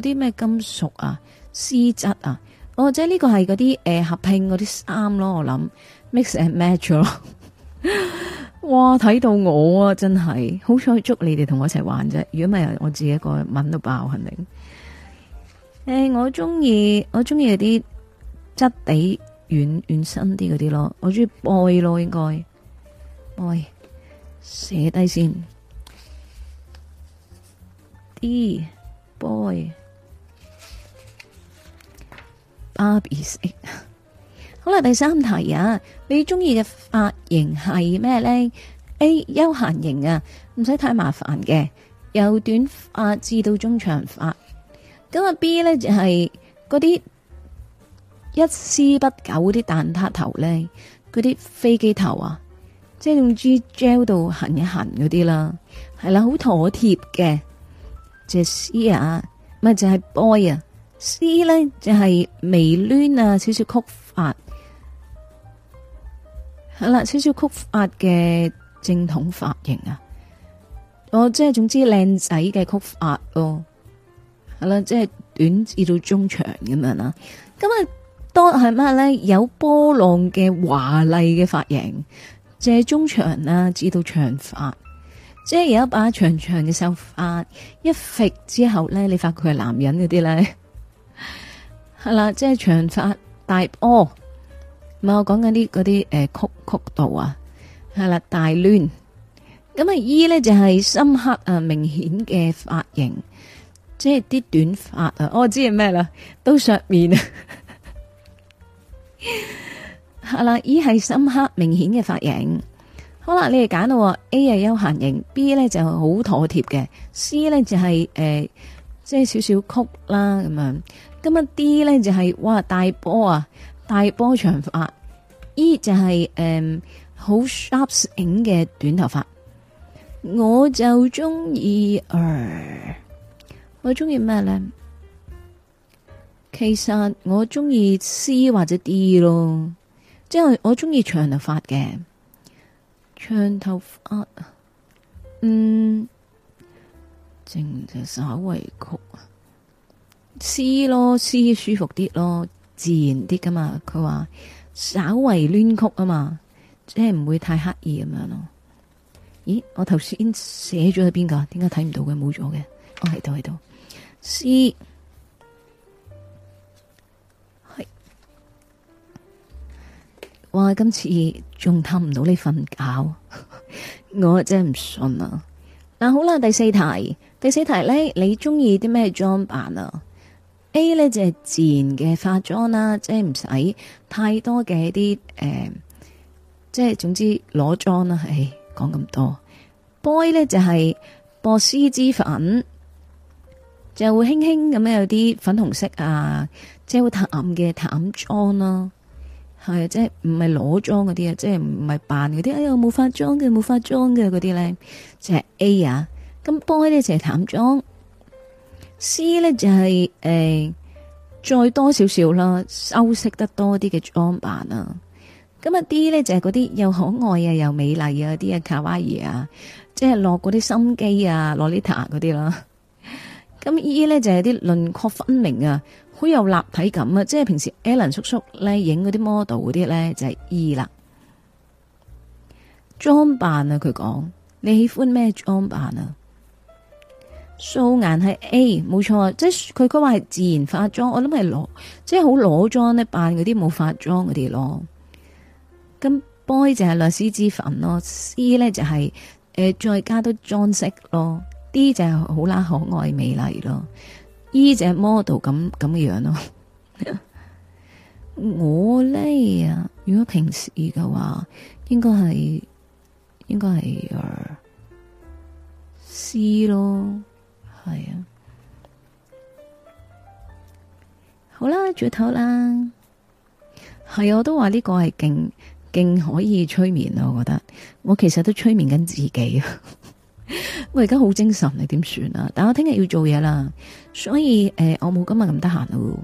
啲咩金屬啊、絲質啊，或者呢個係嗰啲誒合拼嗰啲衫咯，我諗 mix and match 咯。 哇，睇到我啊，真係好彩，捉你哋同我一齊玩啫。如果唔係，我自己一個悶到爆肯定。誒、呃，我中意我中意嗰啲質地。軟軟身啲嗰啲咯，我中意 boy 咯，應該應該 boy 寫低先，D boy，Barbies， 好啦，第三題啊，你中意嘅髮型係咩咧？A 休閒型啊，唔使太麻煩嘅，由短髮至到中長髮，咁啊 B 咧就係嗰啲。一絲不苟啲蛋撻頭咧，嗰啲飛機頭啊，即係用支膠到痕一痕嗰啲啦，係啦，好妥貼嘅。隻 C 啊，唔係就係、是啊就是、boy 啊，C 咧就係、是、微攣啊，少少曲髮，係啦、啊，少少曲髮嘅正統髮型啊，我、哦、即係總之靚仔嘅曲髮咯、啊，係啦、啊，即係短至到中長咁樣啦，咁啊。嗯多係咩咧？有波浪嘅華麗嘅髮型，借係中長啊，至到長髮，即係有一把長長嘅秀髮，一揈之後咧，你發覺佢係男人嗰啲咧，係 啦，即係長髮大波。唔、哦、係我講緊啲嗰啲誒，曲曲度啊，係啦，大攣咁啊。二咧、e、就係、是、深刻啊，明顯嘅髮型，即係啲短髮啊、哦。我知係咩啦，都削麵啊。 係啦，E 係深刻明顯嘅髮型。好啦，你哋揀咯，A 係休閒型，B 咧就好妥帖嘅，C 咧就係誒即係少少曲啦咁樣。咁啊 D 咧就係哇大波啊大波長髮，E 就係誒好 sharp 型嘅短頭髮。我就中意誒，我中意咩咧？其實我中意 C 或者 D 咯。即係我中意長頭髮嘅長頭髮，嗯，淨就稍微曲，C 咯，C 舒服啲咯，自然啲噶嘛。佢話稍微攣曲啊嘛，即係唔會太刻意咁樣咯。咦，我頭先寫咗喺邊個？點解睇唔到嘅？冇咗嘅。哦，喺度喺度 C。C, 哇！今次仲氹唔到你瞓覺， 我真唔信啊！嗱，好啦，第四題，第四題呢，你中意啲咩妝扮啊？A 呢就係、是、自然嘅化妝啦，即係唔使太多嘅啲誒，即、呃、係、就是、總之裸妝啦。唉、哎，講咁多，boy 呢就係、是、薄施脂粉，就會輕輕咁樣有啲粉紅色啊，即、就、係、是、會淡暗嘅淡妝啦。係，即係唔係裸妝嗰啲啊，即係唔唔係扮嗰啲。哎呀，冇化妝嘅，冇化妝嘅嗰啲咧，就係、是、A 啊。咁 B 呢，就係、是、淡妝，C 呢，就係、是、誒、欸、再多少少啦，修飾得多啲嘅裝扮啊。咁啊，D 呢，就係嗰啲又可愛啊，又美麗啊啲啊卡哇伊啊，即係落嗰啲心機啊，洛麗塔嗰啲啦。咁 E 呢，就係啲輪廓分明啊。好有立體感是叔叔，就是 e，啊！即係平時 Alan 叔叔咧影嗰啲 model 嗰啲咧就係 E 啦，裝扮啊，佢講，你喜歡咩裝扮啊？素顏係 A 冇錯，即係佢佢話係自然化妝，我諗係裸，即係好裸妝咧扮嗰啲冇化妝嗰啲咯。咁 Boy 就係略施脂粉咯，C 咧就係、是、誒、呃、再加啲裝飾咯，D 就係好啦可愛美麗咯。依隻 model 咁咁嘅樣咯，樣樣 我呢，啊，如果平時嘅話，應該係應該係二 C 咯，係啊。好啦，轉頭啦，係、啊、我都話呢個係勁勁可以催眠啊！我覺得我其實都催眠緊自己， 我而家好精神，你點算啊？但我聽日要做嘢啦。所以誒，我冇今日咁得閒咯。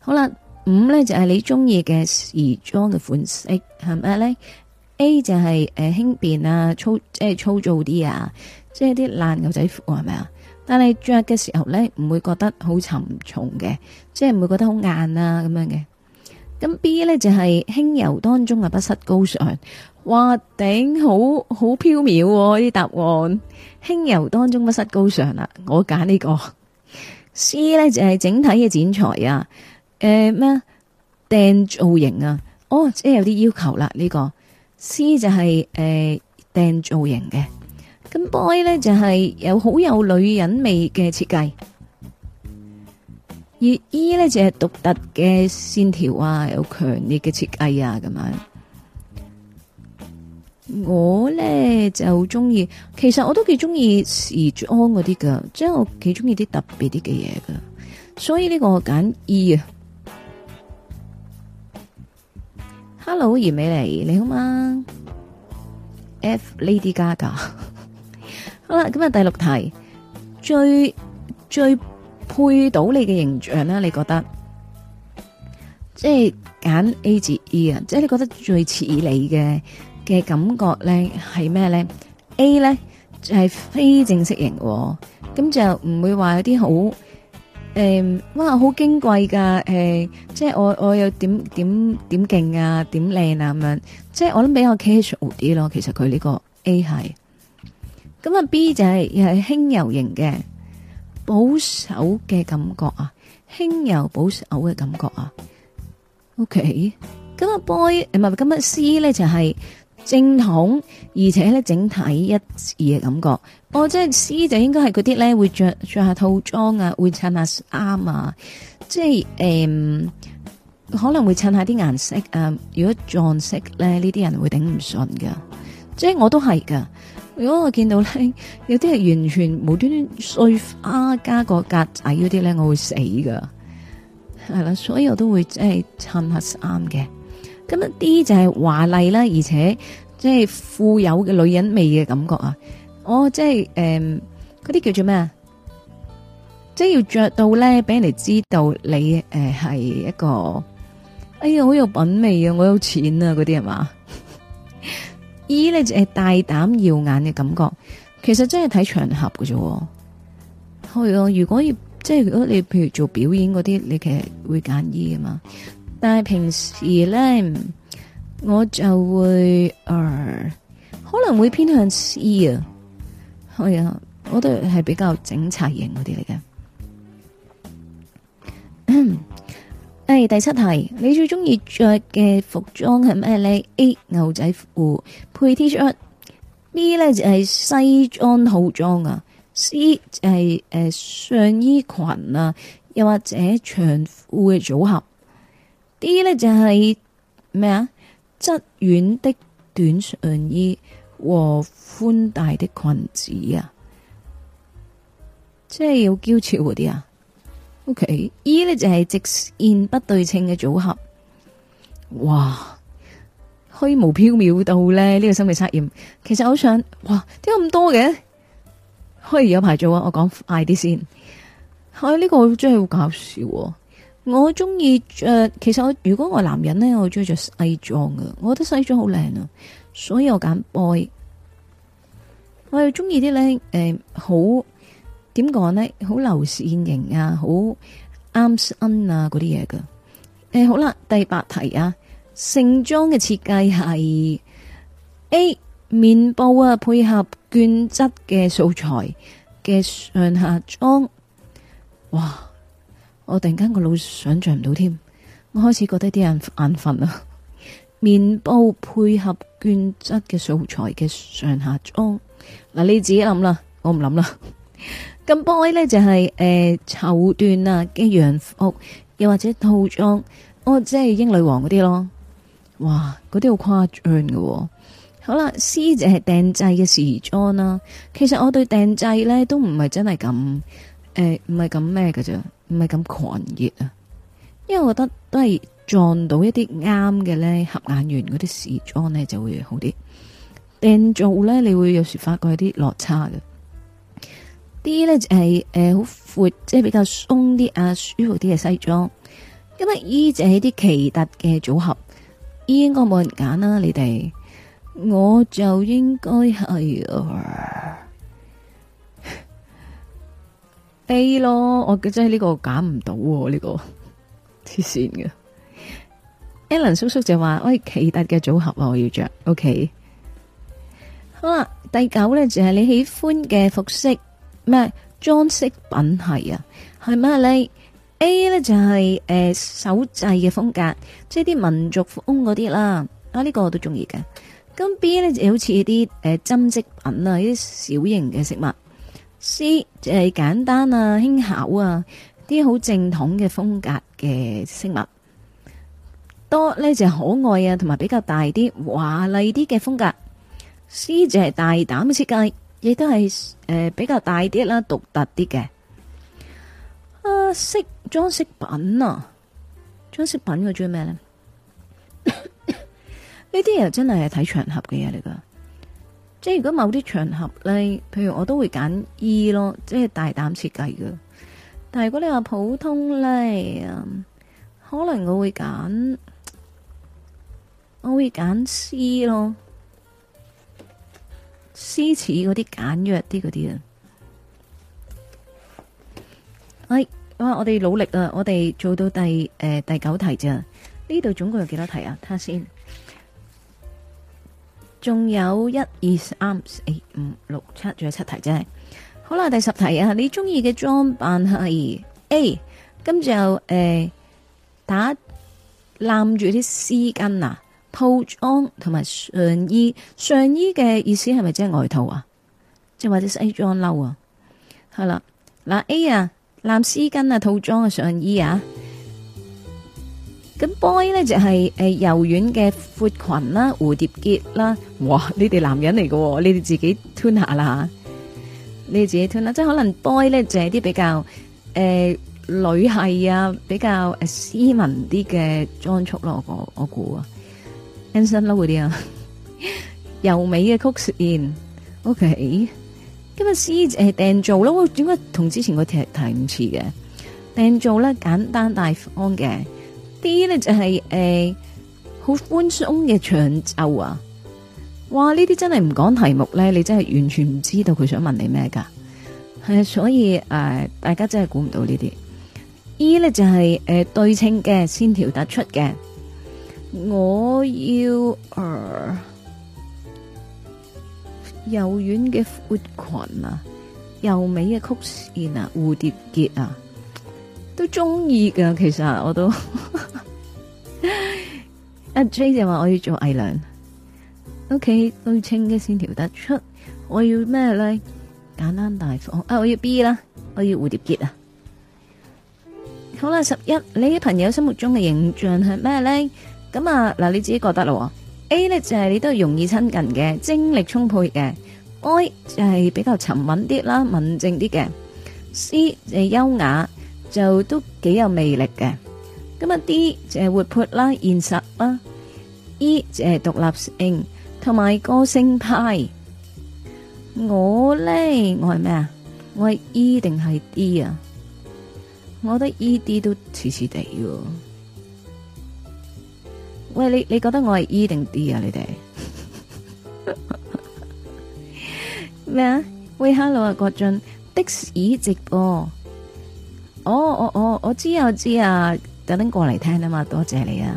好啦，五咧就係你中意嘅時裝嘅款式係咪咧？A 就係誒輕便啊，粗即係粗糙啲啊，即係啲爛牛仔褲係咪啊？但係着嘅時候咧，唔會覺得好沉重嘅，即係唔會覺得好硬啊咁樣嘅。咁 B 咧就係輕柔當中嘅不失高尚，哇頂好好飄渺呢答案，輕柔當中不失高尚啦，我揀呢個。C 咧就係整體嘅剪裁啊，誒咩啊，訂造型啊，哦即係有啲要求啦呢，這個，C 就係、是、誒、呃、訂造型嘅，咁 Boy 咧就係有好有女人味嘅設計，而 E 咧就係獨特嘅線條啊，有強烈嘅設計啊咁樣。我咧就好中意，其實我都幾中意時裝嗰啲噶，即係我幾中意啲特別啲嘅嘢噶，所以呢個我揀 E 啊。Hello，嚴美麗，你好嗎？F Lady Gaga。 好啦，咁啊，第六題最最配到你嘅形象啦。你覺得即係揀 A 至 E 啊？即係你覺得最似你嘅？嘅感覺咧係咩咧？A 咧就係非正式型，咁就唔會話有啲好誒，哇好矜貴噶，誒，即係我我又點點點勁啊，點靚啊咁樣，即係我諗比較 casual 啲咯。其實佢呢個 A 係，咁啊 B 就係又係輕柔型嘅保守嘅感覺啊，輕柔保守嘅感覺啊。OK，咁啊 Boy 唔係，咁啊 C 咧就係。正統，而且咧整體一致嘅感覺。哦，即係 C 就應該係嗰啲咧會着着下套裝啊，會襯下衫啊。即係誒、嗯，可能會襯下啲顏色啊。如果撞色咧，呢啲人會頂唔順噶。即係我都係噶。如果我見到咧，有啲係完全無端端碎花加個格仔嗰啲咧，我會死噶。係啦，所以我都會即係襯下衫嘅。咁一啲就係華麗啦，而且即係富有嘅女人味嘅感覺啊！哦，即係誒，嗰啲叫做咩啊？即係要着到咧，俾人哋知道你誒係一個哎呀好有品味啊，好有錢啊，嗰啲係嘛？二咧 就係大膽耀眼嘅感覺，其實真係睇場合嘅啫。係啊，如果要即係如果你譬如做表演嗰啲，你其實會揀二啊嘛。但係平時咧，我就會，誒、呃，可能會偏向 C 啊。係、哎、啊，我都係比較整齊型嗰啲嚟嘅。誒、哎，第七題，你最中意着嘅服裝係咩咧？A 牛仔褲配 T 恤，B 咧就係、是、西裝套裝啊，C 就係、是、誒、呃、上衣裙啊，又或者長褲嘅組合。啲呢就係咩啊？質軟的短上衣和寬大的裙子啊，即係要嬌俏嗰啲啊。OK，E 呢就係、是、直綫不對稱嘅組合。哇，虛無縹緲到咧呢、呢個心理測驗，其實好想哇，點解咁多嘅？可以有排做、哎這個、啊！我講快啲先。係呢個真係好搞笑。我中意着，其實我如果我男人呢，我中意着西裝嘅，我覺得西裝好靚啊，所以我揀 boy。我又中意啲呢，誒、呃，好點講呢？好流線型啊，好啱身啊，嗰啲嘢嘅。誒，好啦，第八題啊，盛裝嘅設計係 A 面部啊，配合絹質嘅素材嘅上下裝，哇！我突然間個腦想象唔到添，我開始覺得啲眼眼瞓 啊！面部配合絹質嘅素材嘅上下裝，嗱，你自己諗啦，我唔諗啦。咁 boy 咧就係誒綢緞啊嘅洋服，又或者套裝，哦，即係英女王嗰啲咯。哇，嗰啲好誇張嘅，哦。好啦，C 就係訂製嘅時裝啦。其實我對訂製呢，都唔係真係咁。誒，唔係咁咩噶啫，唔係咁狂熱啊！因為我覺得都係撞到一啲啱嘅咧，合眼緣嗰啲時裝咧就會好啲。訂做咧，你會有時發覺有啲落差嘅。啲呢就係、是、誒，好、呃、闊，即係、就是、比較鬆啲啊，舒服啲嘅西裝。因為呢就係啲奇特嘅組合，呢應該冇人揀啦，你哋，我就應該係啊。A 咯，我真係呢個揀唔到呢個黐線嘅。Alan 叔叔就話：喂，奇特嘅組合啊，我要着。OK。好啦，第九呢，就係你喜歡嘅服飾，咩裝飾品係啊，係咪啊？你 A 呢，就係誒手製嘅風格，即係啲民族風嗰啲啦。啊，呢個我都中意嘅。咁 B 呢，就好似啲誒針織品啊，呢啲小型嘅食物。詩就係簡單啊、輕巧啊，啲好正統嘅風格嘅飾物，多呢就係、可愛啊，同埋比較大啲、華麗啲嘅風格。詩就係大膽嘅設計，亦都係誒、呃、比較大啲啦、啊、獨特啲嘅。啊，飾裝飾品啊，裝飾品我中意咩呢？呢 啲又真係睇場合嘅嘢嚟噶。即係如果某啲場合咧，譬如我都會揀 E 咯，即係大膽設計嘅。但係如果你話普通咧啊，可能我會揀我會揀 C 咯，詩詞嗰啲簡約啲嗰啲啊。哎，哇！我哋努力啊，我哋做到第誒、呃、第九題咋。呢度總共有幾多題啊？睇下先。仲有一二三四五六七，仲有七題真係好啦。第十題啊，你中意嘅裝扮係 A，咁就誒、呃、打攬住啲絲巾啊，套裝同埋上衣。上衣嘅意思係咪即係外套啊，即係或者西裝褸啊？係啦，嗱 A 啊，攬絲巾啊，套裝啊，上衣啊。咁 boy 咧就係、是、誒、呃、柔軟嘅闊裙啦、蝴蝶結啦，哇！你哋男人嚟嘅，哦，你哋自己吞下啦吓，你哋自己吞啦。即係可能 boy 咧就係、是、啲比較誒、呃、女係啊，比較誒、呃、斯文啲嘅裝束咯。我我估啊，Anson Lo 咯嗰啲啊，柔 美嘅曲線。O K. 今日 C 就係訂做咯，點解同之前個題題唔似嘅？訂做咧，簡單大方嘅。D 咧就係誒好寬鬆嘅長袖啊，哇呢啲真係唔講題目咧，你真係完全唔知道佢想問你咩噶？係、啊、所以誒、uh, 大家真係估唔到呢啲。E 咧就係、是、誒、uh, 對稱嘅線條突出嘅，我要誒、uh, 柔軟嘅闊裙啊，柔美嘅曲線啊，蝴蝶結啊。都中意嘅，其實我都阿 J 就話我要做艾娘 o k 要清一先調得出。我要咩咧？簡單大方啊！我要 B 啦，我要蝴蝶結啊。好啦，十一，你啲朋友心目中嘅形象係咩咧？咁啊嗱、啊，你自己覺得咯。A 咧就係、是、你都係容易親近嘅，精力充沛嘅；I 就係比較沉穩啲啦，文靜啲嘅；C 就誒優雅。就都幾有魅力嘅，咁一啲就係活潑啦、現實啦，E 就係獨立性同埋個性派。我咧，我係咩啊？我係 E 定係 D 啊？我覺得 E、D 都似似哋。喂，你你覺得我係 E 定 D 啊？你哋咩啊？喂，hello 啊，郭俊的士直播。哦，我我我知啊，我知啊，等陣過嚟聽啊嘛，多謝你啊，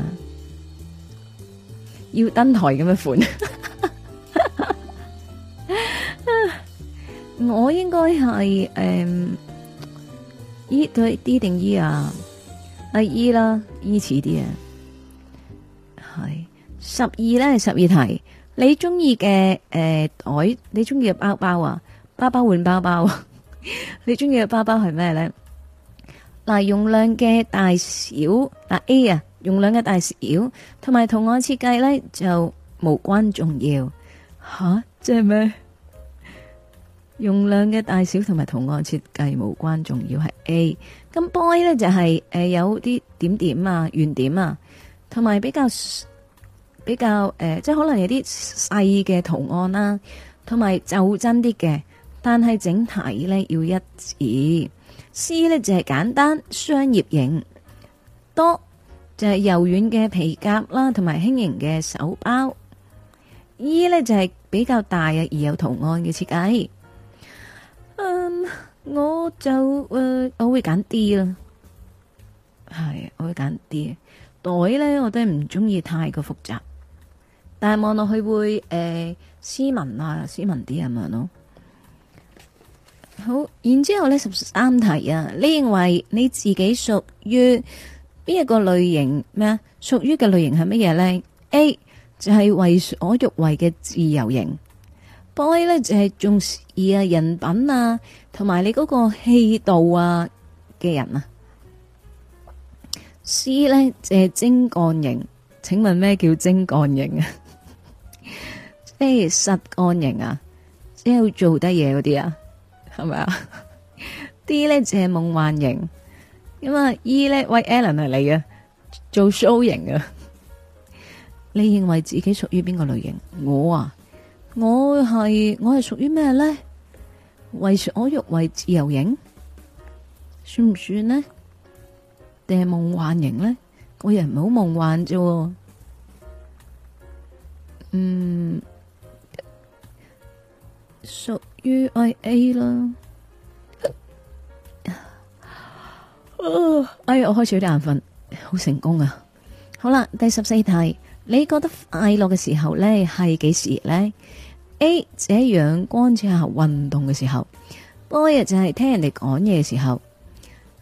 要登台咁嘅款，我應該係誒，衣對 D 定 E 啊，A E 啦，衣似啲啊，係十二咧，十二題，你中意嘅誒袋，你中意嘅包包啊，包包換包包啊，你中意嘅包包係咩咧？嗱，容量嘅大小，嗱 A 啊，容量嘅大小同埋圖案設計呢就無關重要，吓，即係咩？容量嘅大小同埋圖案設計無關重要係 A，咁 Boy 呢就係、是、誒、呃、有啲點點啊、圓點啊，同埋比較比較誒、呃，即係可能有啲細嘅圖案啦、啊，同埋就真啲嘅，但係整體呢，要一致。C 呢就係、是、簡單商業型，D 就係柔軟嘅皮夾啦，同埋輕型嘅手包。E 呢就係、是、比較大嘅而有圖案嘅設計。我就誒我會揀 D 啦，係我會揀 D 袋呢我都係唔中意太過複雜，但係望落去會誒、呃、斯文啊，斯文啲咁樣咯。好，然之後呢，十三題啊，你認為你自己屬於邊一個類型咩啊？屬於嘅類型係乜嘢呢？A 就係為所欲為嘅自由型，B 呢就係重視啊人品啊，同埋你嗰個氣度啊嘅人啊。C 呢就係精幹型，請問咩叫精 a，幹型啊？即係實幹型啊？即係做得嘢嗰啲啊？係咪啊？D 咧就係夢幻型，咁啊 E 咧，喂 Ellen 係你啊，做 show 型啊，你認為自己屬於邊個類型？我啊，我係我係屬於咩咧？為所欲為自由型，算唔算呢？定係夢幻型呢？個人唔好夢幻啫，嗯 U I A 啦，哎呀，我開始有啲眼瞓，好成功啊！好啦，第十四題，你覺得快樂嘅時候呢係幾時呢？A，這陽光之下運動嘅時候；B，就係聽人哋講嘢嘅時候；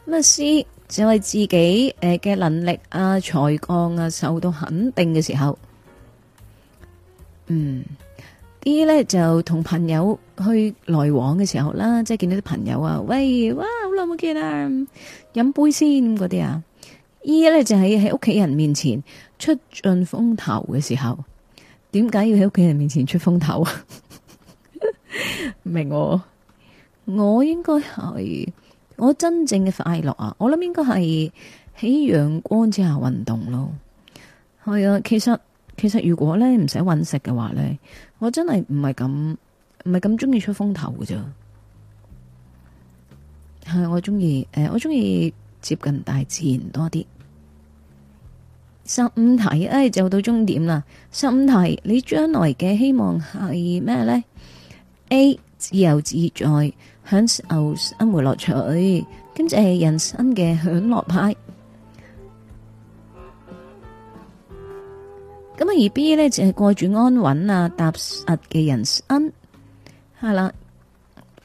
咁啊，C 就係自己誒嘅能力啊、才幹啊受到肯定嘅時候。嗯，D 呢就同朋友去來往嘅時候啦，即係見到啲朋友啊，喂，哇，好耐冇見啊，飲杯先嗰啲啊。依家咧就係喺屋企人面前出盡風頭嘅時候，點解要喺屋企人面前出風頭啊？ 明我，我應該係我真正嘅快樂啊！我諗應該係喺陽光之下運動咯。係啊，其實其實如果咧唔使揾食嘅話咧，我真係唔係咁。唔係咁中意出風頭嘅啫，係我中意，誒，我中意、呃、接近大自然多啲。十五題誒、哎，就到終點啦。十五題，你將來嘅希望係咩呢？A 自由自在，享受生活樂趣，跟住係人生嘅享樂派。咁啊，而 B 呢，就係、是、過住安穩啊，踏實嘅人生。係啦、啊，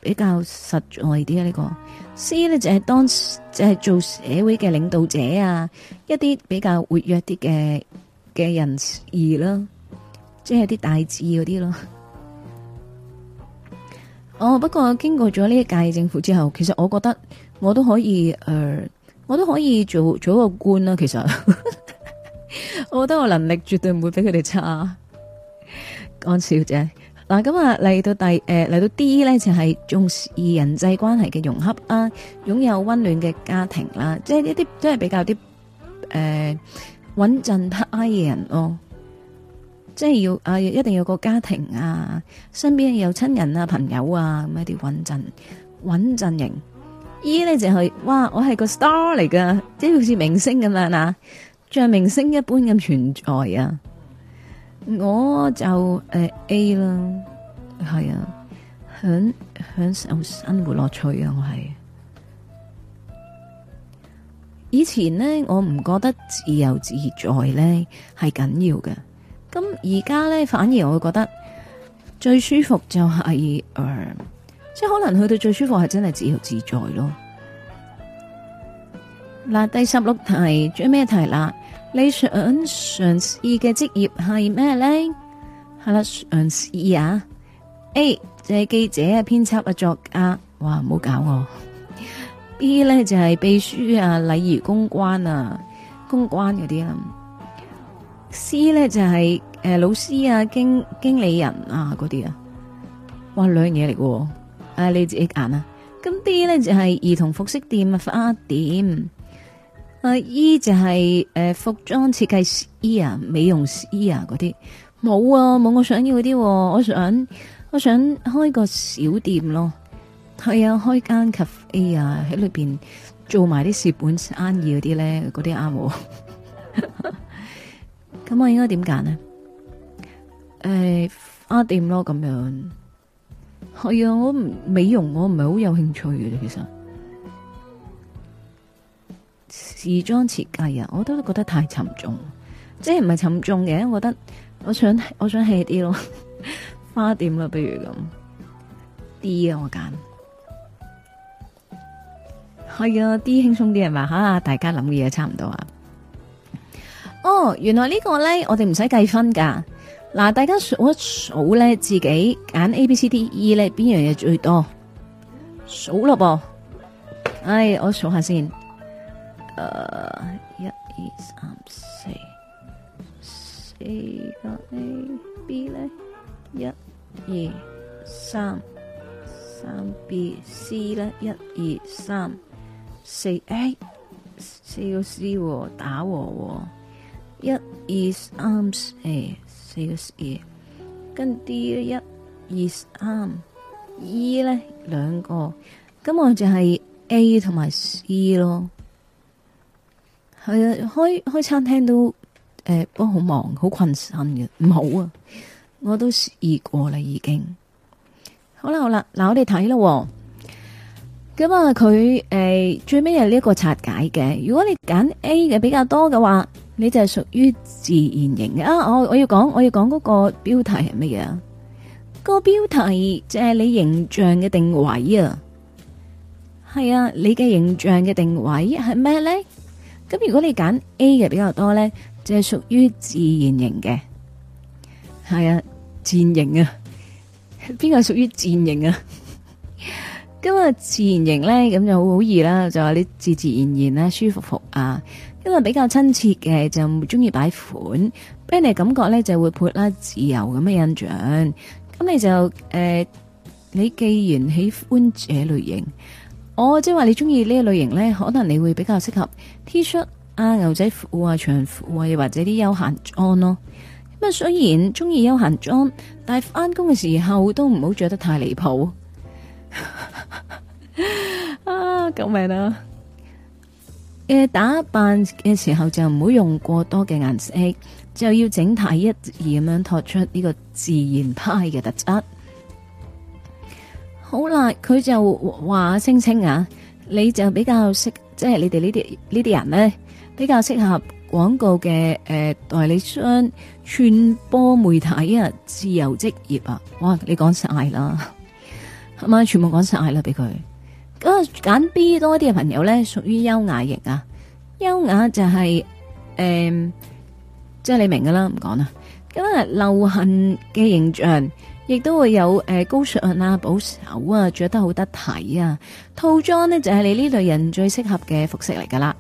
比較實在啲啊！呢、這個 C 呢就係、是、當就係、是、做社會嘅領導者啊，一啲比較活躍啲嘅嘅人而啦，即係啲大志嗰啲咯。哦、就是，oh, 不過經過咗呢一屆政府之後，其實我覺得我都可以誒、呃，我都可以做做一個官啦、啊。其實 我覺得我能力絕對唔會比佢哋差。安小姐。嗱，咁啊嚟到第，誒嚟到 D 呢，就係重視人際關係嘅融洽啊，擁有溫暖嘅家庭啦，即係呢啲都係比較啲誒、呃、穩陣不嘅人咯，即、哦、係、就是、要啊一定要個家庭啊，身邊有親人啊朋友啊咁一啲穩陣穩陣型，E 呢、就是，就係哇我係個 star 嚟噶，即係好似明星咁樣嗱，像明星一般咁存在啊。我就誒、呃、A 啦，係啊，享享受生活樂趣是啊，我係。以前呢，我唔覺得自由自在呢係緊要嘅，咁而家呢，反而我會覺得最舒服就係、是、誒、呃，即係可能去到最舒服係真係自由自在咯。嗱，第十六題最尾一題啦？你想嘗試嘅職業係咩咧？係、啊、啦，嘗試啊，A 就係記者啊、編輯啊、作家，哇，唔好搞我。B 咧就係秘書啊、禮儀公關啊、公關嗰啲啦。C 咧就係、是、誒、呃、老師啊、經經理人啊嗰啲啊，哇兩嘢嚟嘅，啊你自己揀啊。咁 D 咧就係、是、兒童服飾店啊、花店。姨、啊 e、就係、是、誒、呃，服裝設計師、e e、啊，美容師啊嗰啲冇啊，冇我想要啲。哦，我想我想開個小店咯，係啊，開間咖啡啊，喺裏邊做埋啲蝕本生意嗰啲咧，嗰啲啱喎。咁 我應該點揀呢？誒、呃，花店咯，咁樣。係啊，我美容我唔係好有興趣嘅，其實。時裝設計啊，我都覺得太沉重，即係唔係沉重嘅，我覺得我想我想輕啲咯， 花店啦，不如咁，D, 我的 D 啊，我揀，係啊，D 輕鬆啲係嘛，吓，大家諗嘅嘢差唔多啊，哦，原來這個呢個咧，我哋唔使計分噶，嗱，大家數一數咧，自己揀 A、B、C、D、E 咧邊樣嘢最多，數咯噃，唉、哎，我數下先。誒，一二三四，四個 A，B 咧，一二三，三 B，C 咧，一二三，四 A，四個 C 喎，哦，打和和，哦，一二三四，四個 C 跟 D 咧，一二三，E 咧兩個，咁我就係 A 同埋 C 咯。係啊，開開餐廳都誒，都、呃、好忙，好困神困難嘅，唔好啊！我都試過啦，已經好了好了。好啦，好啦、哦，嗱我哋睇啦，咁啊，佢、呃、誒最尾係呢一個拆解嘅。如果你揀 A 嘅比較多嘅話，你就係屬於自然型嘅啊！我、哦、我要講，我要講嗰個標題係乜嘢啊？個標題就係你形象嘅定位啊！係啊，你嘅形象嘅定位係咩咧？咁如果你揀 A 嘅比較多呢，就係屬於自然型嘅，係啊，自然型啊，邊個屬於自然型啊？咁啊，自然型、啊自然型啊、 自然型呢，咁就好好易啦。就話你自自然然啦、啊，舒服服啊，因為比較親切嘅，就唔中意擺款，俾你感覺呢，就會潑啦，自由咁嘅印象。咁你就誒、呃，你既然喜歡這類型，我即係話你中意呢個類型呢，可能你會比較適合。T 恤啊，牛仔褲啊，長褲啊，或者啲休閒裝咯。咁啊，雖然中意休閒裝，但係翻工嘅時候都唔好着得太離譜。 啊，救命啊！嘅打扮嘅時候就唔好用過多嘅顏色，就要整體一致咁樣突出呢個自然派嘅特質。好啦，佢就話清清啊，你就比較識。即係你哋呢啲呢啲人咧，比較適合廣告嘅誒、呃、代理商傳播媒體啊，自由職業啊，哇！你講晒啦，係咪？全部講晒啦俾佢。咁揀 B 多啲嘅朋友咧，屬於優雅型啊，優雅就係、是、誒，即、呃、係、就是、你明噶啦，唔講啦。今日流行嘅形象。亦都會有誒、呃、高尚啊，保守啊，着得好得體啊。套裝呢就係、是、你呢類人最適合嘅服飾嚟噶啦。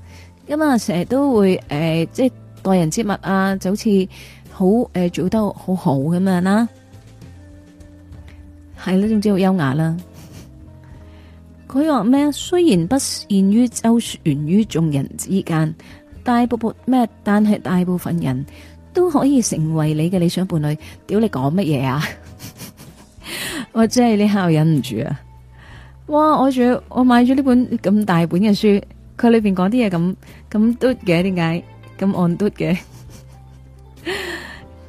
咁、嗯、啊，成日都會誒、呃，即係待人接物啊，就好似好誒、呃，做得好好咁樣啦。係、嗯、啦，總之好優雅啦。佢話咩？雖然不擅於周旋於眾人之間，大部咩？但係大部分人都可以成為你嘅理想伴侶。屌你講乜嘢啊！ 我真係呢刻我忍唔住啊！哇，我仲要我買咗呢本咁大本嘅書，佢裏邊講啲嘢咁咁嘟嘅，點解咁按嘟嘅？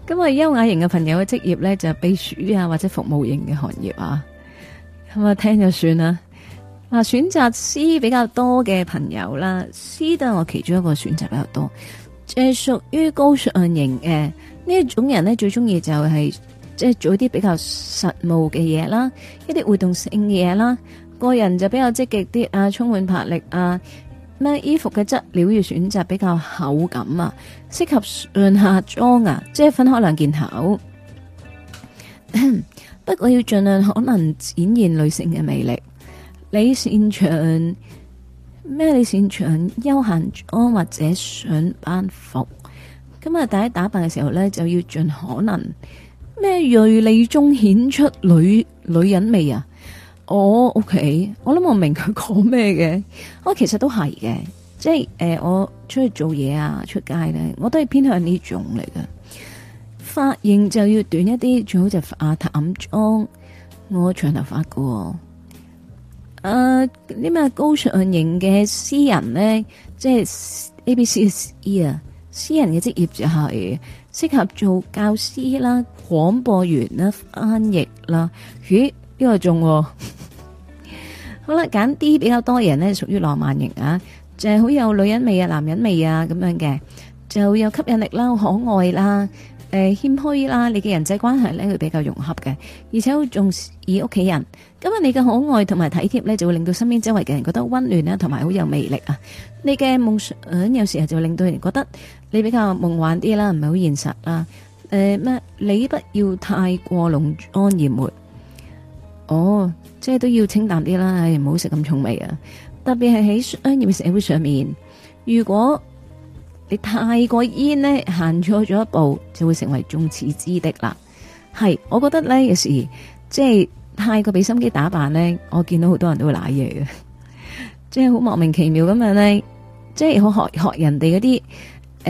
咁啊、 嗯，優雅型嘅朋友嘅職業咧就、係、避暑啊，或者服務型嘅行業啊，咁、嗯、啊聽就算啦。嗱，選擇 C 比較多嘅朋友啦，C 都係我其中一個選擇比較多，即係屬於高尚型嘅呢一種人咧，最中意就係、是。即係做啲比較實務嘅嘢啦，一啲活動性嘅嘢啦。個人就比較積極啲啊，充滿魄力啊。咩衣服嘅質料要選擇比較厚感啊，適合上下裝啊，即係分開兩件頭。 不過要盡量可能展現女性嘅魅力。你擅長咩？你擅長休閒裝或者上班服。咁啊。大家打扮嘅時候呢，就要盡可能。咩瑞麗中顯出女女人味啊！我、oh, OK，我諗我明佢講咩嘅。我、oh, 其實都係嘅，即係誒、呃，我出去做嘢啊，出街咧，我都係偏向呢種嚟嘅。髮型就要短一啲，最好就化淡妝。我長頭髮嘅，誒、呃，呢咩高上型嘅私人咧，即係 A、B、C、E 啊，私人嘅職業就係、是。適合做教師啦、廣播員啦、翻譯啦。咦，呢個仲喎。 好啦，揀 D 比較多人呢，屬於浪漫型啊，就係、是、好有女人味啊、男人味啊咁樣嘅，就有吸引力啦、可愛啦、誒謙虛啦。你嘅人際關係呢，會比較融洽嘅，而且好重視以屋企人。咁啊，你嘅可愛同埋體貼呢，就會令到身邊周圍嘅人覺得溫暖啦、啊，同埋好有魅力啊。你嘅夢想，有時候就會令到人覺得。你比較夢幻啲啦，唔係好現實啦。誒、呃、咩？你不要太過濃妝豔抹。哦，即係都要清淡啲啦，唔好食咁重味啊！特別係喺商業社會上面，如果你太過煙呢，行錯咗一步，就會成為眾矢之的啦。係，我覺得呢，有時候即係太過俾心機打扮呢，我見到好多人都會賴嘢嘅，即係好莫名其妙咁樣呢，即係好學學人哋嗰啲。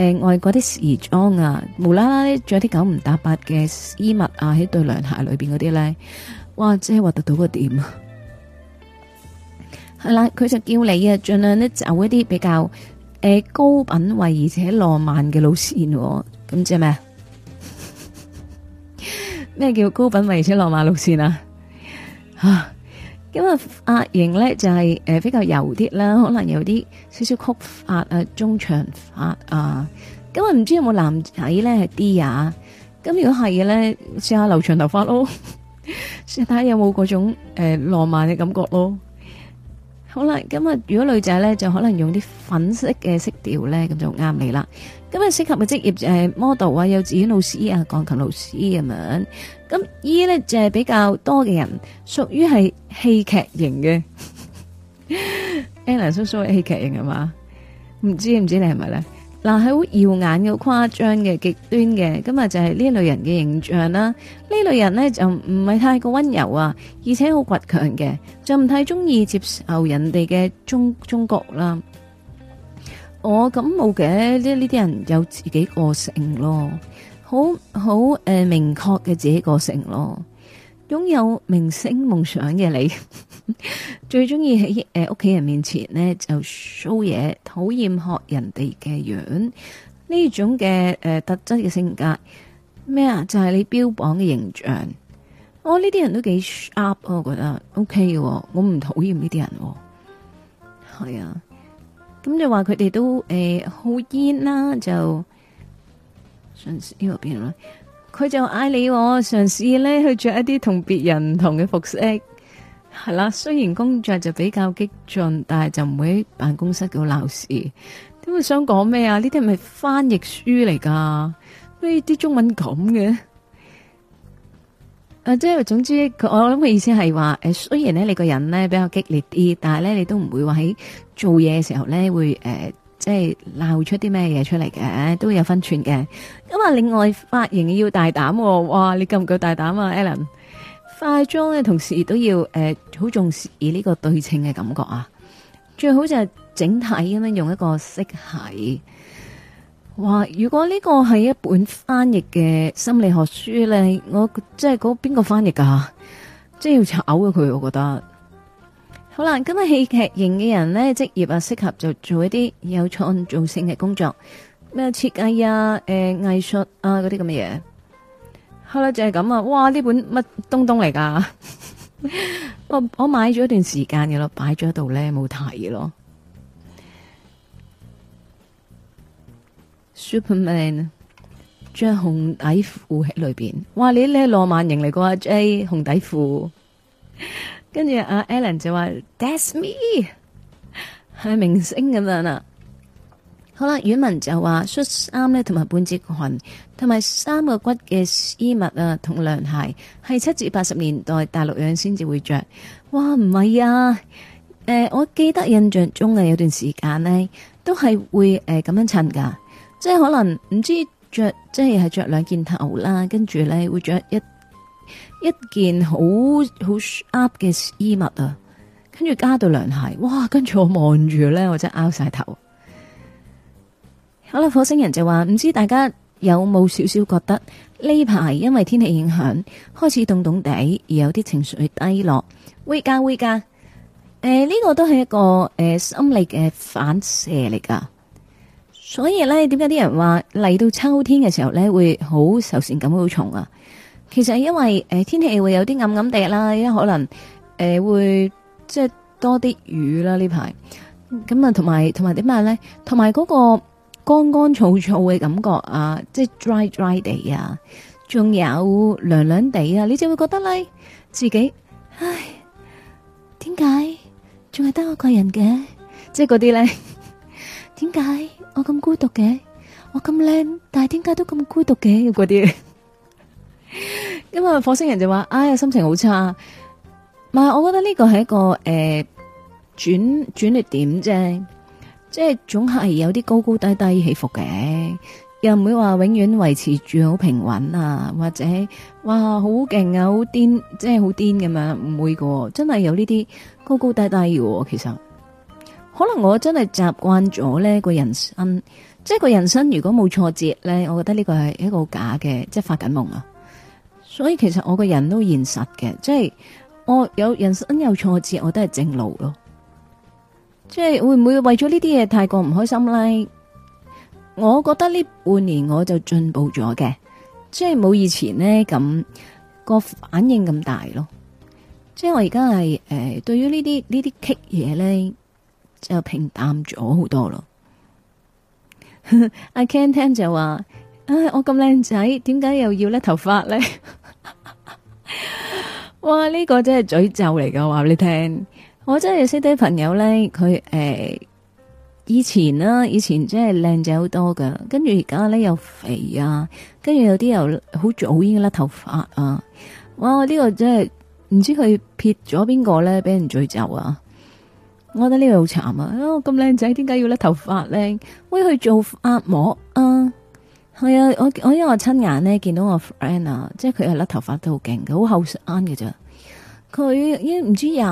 誒、呃，外國啲時裝啊，無啦啦着啲九唔搭八嘅衣物啊，喺對涼鞋裏邊嗰啲咧，哇，即係核突到個點啊！係啦，佢就叫你啊，盡量咧走一啲比較誒、呃、高品位而且浪漫嘅路線咯、啊。咁知係咩？咩 叫高品位而且浪漫路線啊？啊！ 咁啊，髮型咧就係、是、誒、呃、比較柔啲啦，可能有啲少少曲髮啊，中長髮啊。咁啊，唔知有冇男仔咧係啲啊？咁如果係嘅咧，試下留長頭髮咯，試下睇 下有冇嗰種誒、呃、浪漫嘅感覺咯。好啦，咁啊，如果女仔咧，就可能用啲粉色嘅色調咧，咁就啱你啦。咁啊，適合嘅職業就係，model 啊，幼稚園老師啊，鋼琴老師咁樣。咁呢咧就係、是、比較多嘅人，屬於係戲劇型嘅。 Anna 叔叔係戲劇型係嘛？唔知唔知你係咪咧？嗱，係好耀眼嘅、誇張嘅、極端嘅，咁日就係呢類人嘅形象啦。呢類人呢，就唔係太過溫柔啊，而且好倔強嘅，就唔太中意接受人哋嘅中中國啦。我咁冇嘅，呢呢啲人有自己個性咯，好好誒明確嘅自己個性咯，擁有明星夢想嘅你。最中意喺誒屋企人面前呢，就 show 嘢，討厭學人哋嘅樣，呢種嘅誒特質嘅性格咩啊？就係、是、你標榜嘅形象。我呢啲人都幾 sharp，我覺得 OK 嘅，我唔討厭呢啲人、哦。係啊，咁就話佢哋都誒好煙啦，就嘗試呢佢就嗌你嘗試呢去着一啲同別人唔同嘅服飾。係啦，雖然工作就比較激進，但係就唔會喺辦公室度鬧事。點會想講咩啊？呢啲係咪翻譯書嚟噶？咩啲中文咁嘅？啊，即係總之，我諗嘅意思係話，誒，雖然咧你個人咧比較激烈啲，但係咧你都唔會話喺做嘢嘅時候咧會誒、呃，即係鬧出啲咩嘢出嚟嘅，都會有分寸嘅。咁啊，另外發言要大膽、哦，哇！你夠唔夠大膽啊，Alan？化妝咧，同時亦都要誒，好、呃、重視以呢個對稱嘅感覺啊！最好就係整體咁樣用一個色系。哇！如果呢個係一本翻譯嘅心理學書咧，我即係嗰邊個翻譯噶吓，即係要炒咗佢，我覺得。好啦，今日，戲劇型嘅人咧，職業啊，適合就做一啲有創造性嘅工作，咩設計啊，誒、呃，藝術啊，嗰啲咁嘅嘢。好啦，Hello, 就係咁啊！哇，呢本乜東東嚟噶？ 我我買咗一段時間嘅咯，擺咗喺度咧，冇睇咯。Superman 着紅底褲喺裏邊，哇！你呢浪漫型嚟噶，J 紅底褲，跟住阿 Alan 就話 That's me，係明星咁樣啊！好啦，阮文就話，恤衫咧同埋半截裙，同埋三個骨嘅衣物啊，同涼鞋，係七至八十年代大陸樣先至會着。哇，唔係啊？誒、呃，我記得印象中啊，有段時間呢，都係會誒咁、呃、樣襯噶，即係可能唔知着，即係係着兩件頭啦，跟住咧會着一一件好好 up 嘅衣物啊，跟住加對涼鞋。哇，跟住我望住咧，我真係拗晒頭。好啦，火星人就話唔知大家有冇少少覺得呢排因為天氣影響開始凍凍地，而有啲情緒低落。會噶會噶，誒、呃、呢、這個都係一個誒、呃、心理嘅反射嚟噶。所以咧，點解啲人話嚟到秋天嘅時候咧會好愁善感好重啊？其實係因為誒、呃、天氣會有啲暗暗地啦，因為可能誒、呃、會即係多啲雨啦呢排咁啊，同埋同埋點解咧？同埋嗰個。乾乾燥燥嘅感覺啊，即係 dry dry 地啊，仲有涼涼地啊，你就會覺得咧，自己唉，點解仲係得我一個人嘅？即係嗰啲咧，點解我咁孤獨嘅？我咁靚，但係點解都咁孤獨嘅？嗰啲，咁、嗯、啊，火星人就話唉，心情好差。唔係，我覺得呢個係一個誒轉轉捩點啫。即係總係有啲高高低低起伏嘅，又唔會話永遠維持住好平穩啊，或者哇好勁啊，好癲，即係好癲咁樣，唔會個，真係有呢啲高高低低嘅，哦，其實可能我真係習慣咗呢個人生，即係個人生如果冇挫折呢，我覺得呢個係一個假嘅，即係發緊夢啊。所以其實我個人都現實嘅，即係我有人生有挫折，我都係正路咯。即係會唔會為咗呢啲嘢，太過唔開心咧？我覺得呢半年我就進步咗嘅，即係冇以前呢咁個反應咁大咯。即係我而家係誒，對於呢啲呢啲棘嘢咧，就平淡咗好多咯。阿 Ken 聽就話，唉、哎，我咁靚仔，點解又要甩頭髮咧？ 哇！呢、這個真係詛咒嚟㗎。我話你聽。我真係識啲朋友咧，佢誒、欸、以前啦、啊，以前真係靚仔好多嘅，跟住而家咧又肥啊，跟住有啲又好早已經甩頭髮啊！哇，呢、這個真係唔知佢撇咗邊個咧，俾人詛咒啊！我覺得呢個好慘啊！咁靚仔，點解要甩頭髮咧？會去做髮膜啊？係啊，啊，我我因為我親眼咧見到我 friend 啊，即係佢係甩頭髮都好勁嘅，好後生嘅咋？佢已經唔知廿。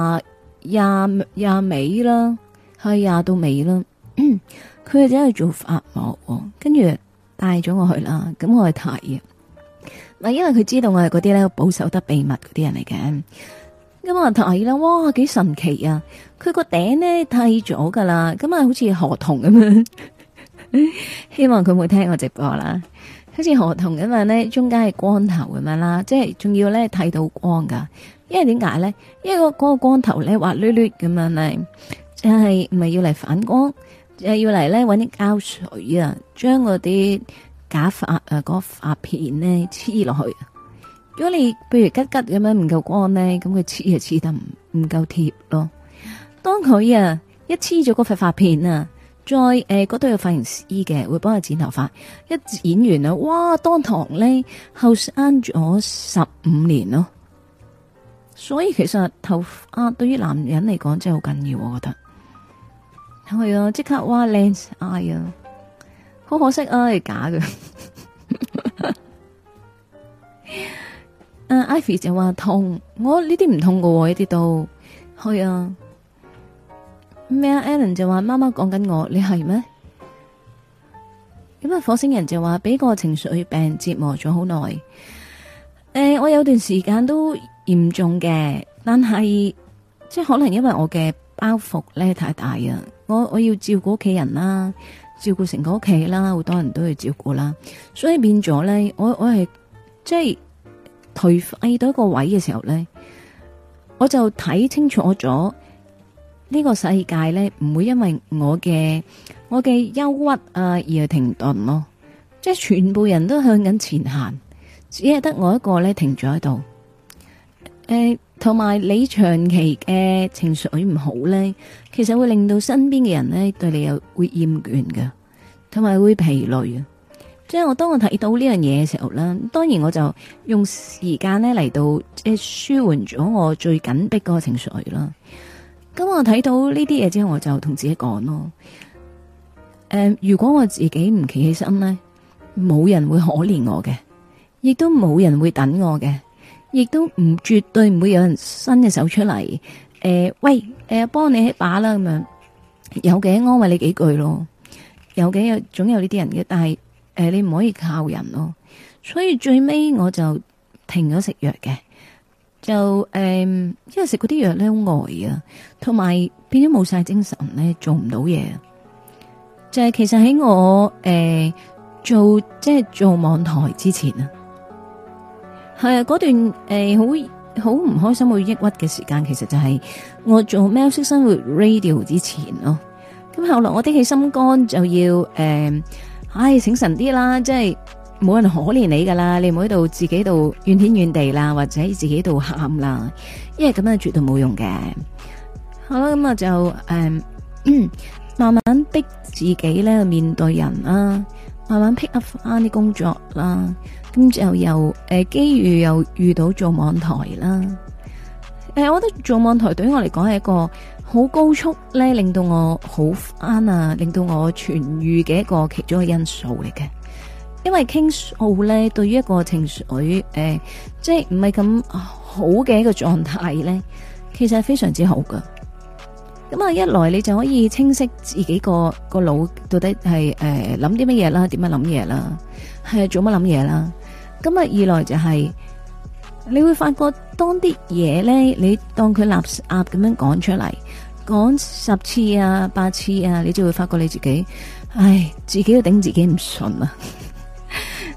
廿尾啦，係廿到尾啦。佢只係做髮膜喎，跟住帶咗我去啦。咁我去睇啊，嗱，因為佢知道我係嗰啲咧保守得秘密嗰啲人嚟嘅。咁我睇啦，哇，幾神奇啊！佢個頂咧剃咗噶啦，咁啊好似河童咁樣。 希望佢冇聽我直播啦，好似河童咁樣咧，中間係光頭咁樣啦，即係仲要咧剃到光噶。因為點解咧？因為嗰個光頭咧滑捋捋咁啊，咪即係唔係要嚟反光，誒、就係、要嚟咧揾啲膠水啊，將嗰啲假髮嗰、呃嗰個、髮片咧黐落去。如果你譬如吉吉咁樣唔夠光咧，咁佢黐就黐得唔唔夠貼咯。當佢啊一黐咗嗰塊髮片啊，再誒嗰度有髮型師嘅會幫佢剪頭髮，一剪完啊，哇！當堂咧後生咗十五年咯。所以其實頭髮，對於男人嚟講真係好緊要，我覺得係啊，即刻哇靚 I 啊，好可惜啊，係假嘅。誒、 uh，Ivy 就話痛，我呢啲唔痛嘅，呢啲都係啊。咩啊？Allen 就話媽媽講緊我，你係咩？咁啊？火星人就話俾個情緒病折磨咗好耐。誒、呃，我有段時間都，嚴重嘅，但係即係可能因為我嘅包袱咧太大啊，我我要照顧屋企人啦，照顧成個屋企啦，好多人都要照顧啦，所以變咗咧，我我係即係頹廢到一個位嘅時候咧，我就睇清楚咗呢個世界咧，唔會因為我嘅我嘅憂鬱啊而係停頓咯啊，即係全部人都向緊前行，只係得我一個咧停咗喺度。誒，同埋你長期嘅情緒唔好咧，其實會令到身邊嘅人咧對你有會厭倦嘅，同埋會疲累㗎。即係我當我睇到呢樣嘢嘅時候啦，當然我就用時間咧嚟到即係舒緩咗我最緊迫個情緒啦。咁我睇到呢啲嘢之後，我就同自己講咯。誒，如果我自己唔企起身咧，冇人會可憐我嘅，亦都冇人會等我嘅。亦都唔絕對唔會有人伸隻手出嚟，誒、呃，喂，誒、呃，幫你一把啦，咁樣，有嘅安慰你幾句咯，有嘅有，總有呢啲人嘅，但係誒、呃、你唔可以靠人咯，所以最尾我就停咗食藥嘅，就誒、呃，因為食嗰啲藥咧好呆啊，同埋變咗冇晒精神咧，做唔到嘢，就係、是、其實喺我誒、呃、做即係做網台之前啊。係啊，嗰段誒好好唔開心好抑鬱嘅時間，其實就係我做 Mouthless 喵式生活 Radio 之前咯。咁後來我啲起心肝就要誒、呃，唉，醒神啲啦，即係冇人可憐你噶啦，你唔好喺度自己度怨天怨地啦，或者自己度喊啦，因為咁樣絕對冇用嘅。好啦，咁啊就誒、呃嗯，慢慢逼自己咧面對人啦，慢慢 pick up 翻啲工作啦。咁就又誒欸、機遇又遇到做網台啦，誒、欸，我覺得做網台對於我嚟講係一個好高速咧，令到我好翻啊，令到我痊癒嘅一個其中嘅因素嚟嘅，因為傾訴咧，對於一個情緒誒，即係唔係咁好嘅一個狀態咧，其實係非常之好噶。咁啊，一來你就可以清晰自己個個腦到底係誒諗啲乜嘢啦，點樣諗嘢啦，係啊，做乜諗嘢啦。咁啊，二來就係、是、你會發覺，當啲嘢咧，你當佢立鴨咁樣講出嚟，講十次啊，八次啊，你就會發覺你自己，唉，自己都頂自己唔順啊，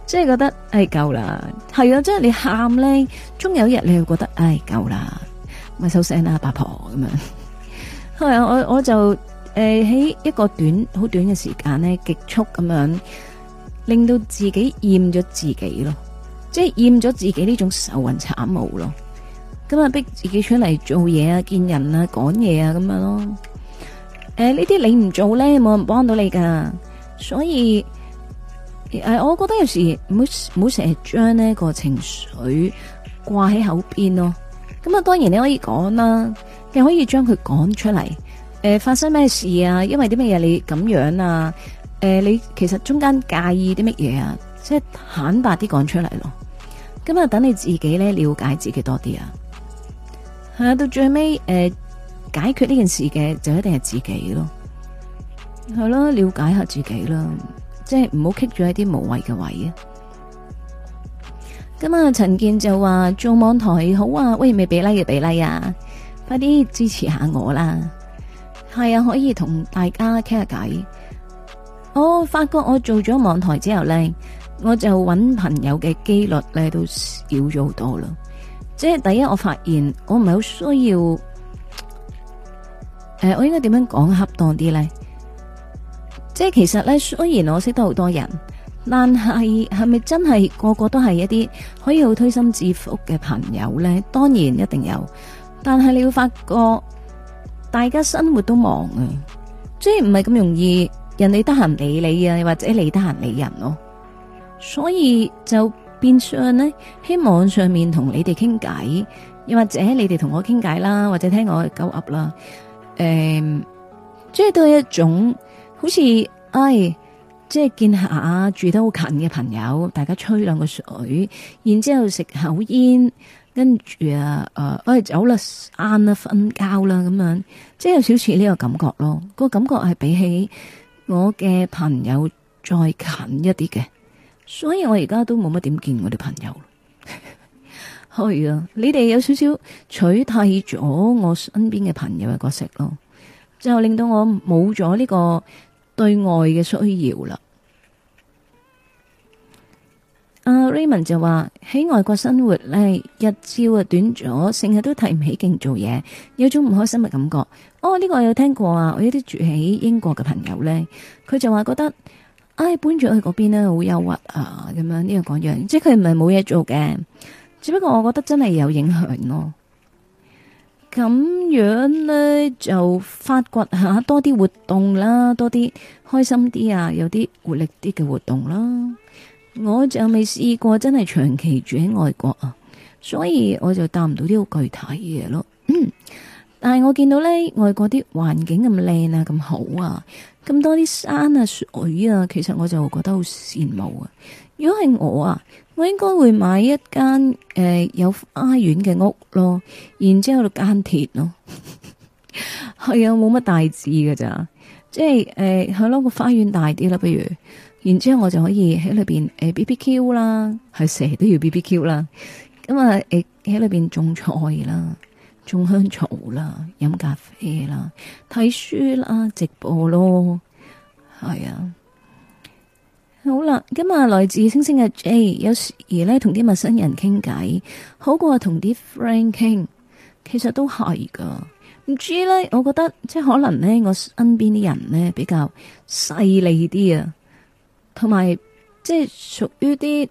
即 係覺得唉夠啦，係、哎、啊，即、就、係、是、你喊咧，終有一日你會覺得唉夠啦，咪收聲啦，八婆咁樣。我我就誒喺一個短好短嘅時間咧，極速咁樣令到自己厭咗自己咯，即係厭咗自己呢種愁雲慘霧咯。咁啊，逼自己出嚟做嘢啊，見人啊，講嘢啊咁樣咯。誒，呢啲你唔做咧，冇人幫到你噶。所以誒，我覺得有時唔好唔好成日將呢個情緒掛喺口邊咯。咁啊，當然你可以講啦。你可以將佢講出嚟，誒、呃，發生咩事啊？因為啲乜嘢你咁樣啊？誒、呃，你其實中間介意啲乜嘢啊？即係坦白啲講出嚟咯。咁啊，等你自己咧了解自己多啲啊。係啊，到最尾誒、呃，解決呢件事嘅，就一定係自己咯。係、嗯、咯，了解下自己啦，即係唔好棘住喺啲無謂嘅位啊。咁啊，陳健就話做網台好啊，喂，咪俾拉嘅俾拉啊！快啲支持下我啦！係啊，可以同大家傾下偈。我、oh, 發覺我做咗網台之後呢，我就搵朋友嘅幾率呢都少咗好多啦。即係第一，我發現我唔係好需要誒、呃，我應該點樣講恰當啲呢？即係其實呢，雖然我識得好多人，但係係咪真係個個都係一啲可以好推心置腹嘅朋友呢？當然一定有。但係你會發覺，大家生活都忙啊，即係唔係咁容易，人哋得閒理你啊，或者你得閒理人咯。所以就變相咧，喺網上面同你哋傾偈，又或者你哋同我傾偈啦，或者聽我去鳩噏啦，誒，即係都係一種好似，哎，即係見下住得好近嘅朋友，大家吹兩個水，然之後食口煙。跟住啊，誒，走啦，晏啦，瞓覺啦，咁樣，即係有少少呢個感覺咯。個感覺係比起我嘅朋友再近一啲嘅，所以我而家都冇乜點見我哋朋友。係 啊，你哋有少少取代咗我身邊嘅朋友嘅角色咯，就令到我冇咗呢個對外嘅需要啦。Raymond 就話喺外國生活咧，日照啊短咗，成日都提唔起勁做嘢，有種唔開心嘅感覺。哦，呢、這個我有聽過啊，我有啲住喺英國嘅朋友咧，佢就話覺得唉、哎、搬咗去嗰邊咧好憂鬱啊咁樣呢樣嗰樣，這樣即係佢唔係冇嘢做嘅，只不過我覺得真係有影響咯、啊。咁樣咧就發掘下多啲活動啦，多啲開心啲啊，有啲活力啲嘅活動啦。我就未試過真係長期住喺外國啊，所以我就答唔到啲好具體嘢咯。但係我見到呢外國啲環境咁靚啊，咁好啊，咁多啲山啊水啊，其實我就覺得好羨慕啊。如果係我啊，我應該會買一間誒、呃、有花園嘅屋咯，然之後耕田咯，係 啊，冇乜大志㗎咋，即係誒，係、呃、咯，個花園大啲啦，不如。然之後，我就可以喺裏面 B B Q 啦，係成日都要 B B Q 啦。咁啊喺裏面種菜啦，種香草啦，飲咖啡啦，睇書啦，直播咯，係啊。好啦，今日，來自星星嘅 J 有時咧同啲陌生人傾偈，好過同啲 friend 傾，其實都係噶。唔知咧，我覺得即係可能咧，我身邊啲人咧比較犀利啲啊。同埋即係屬於啲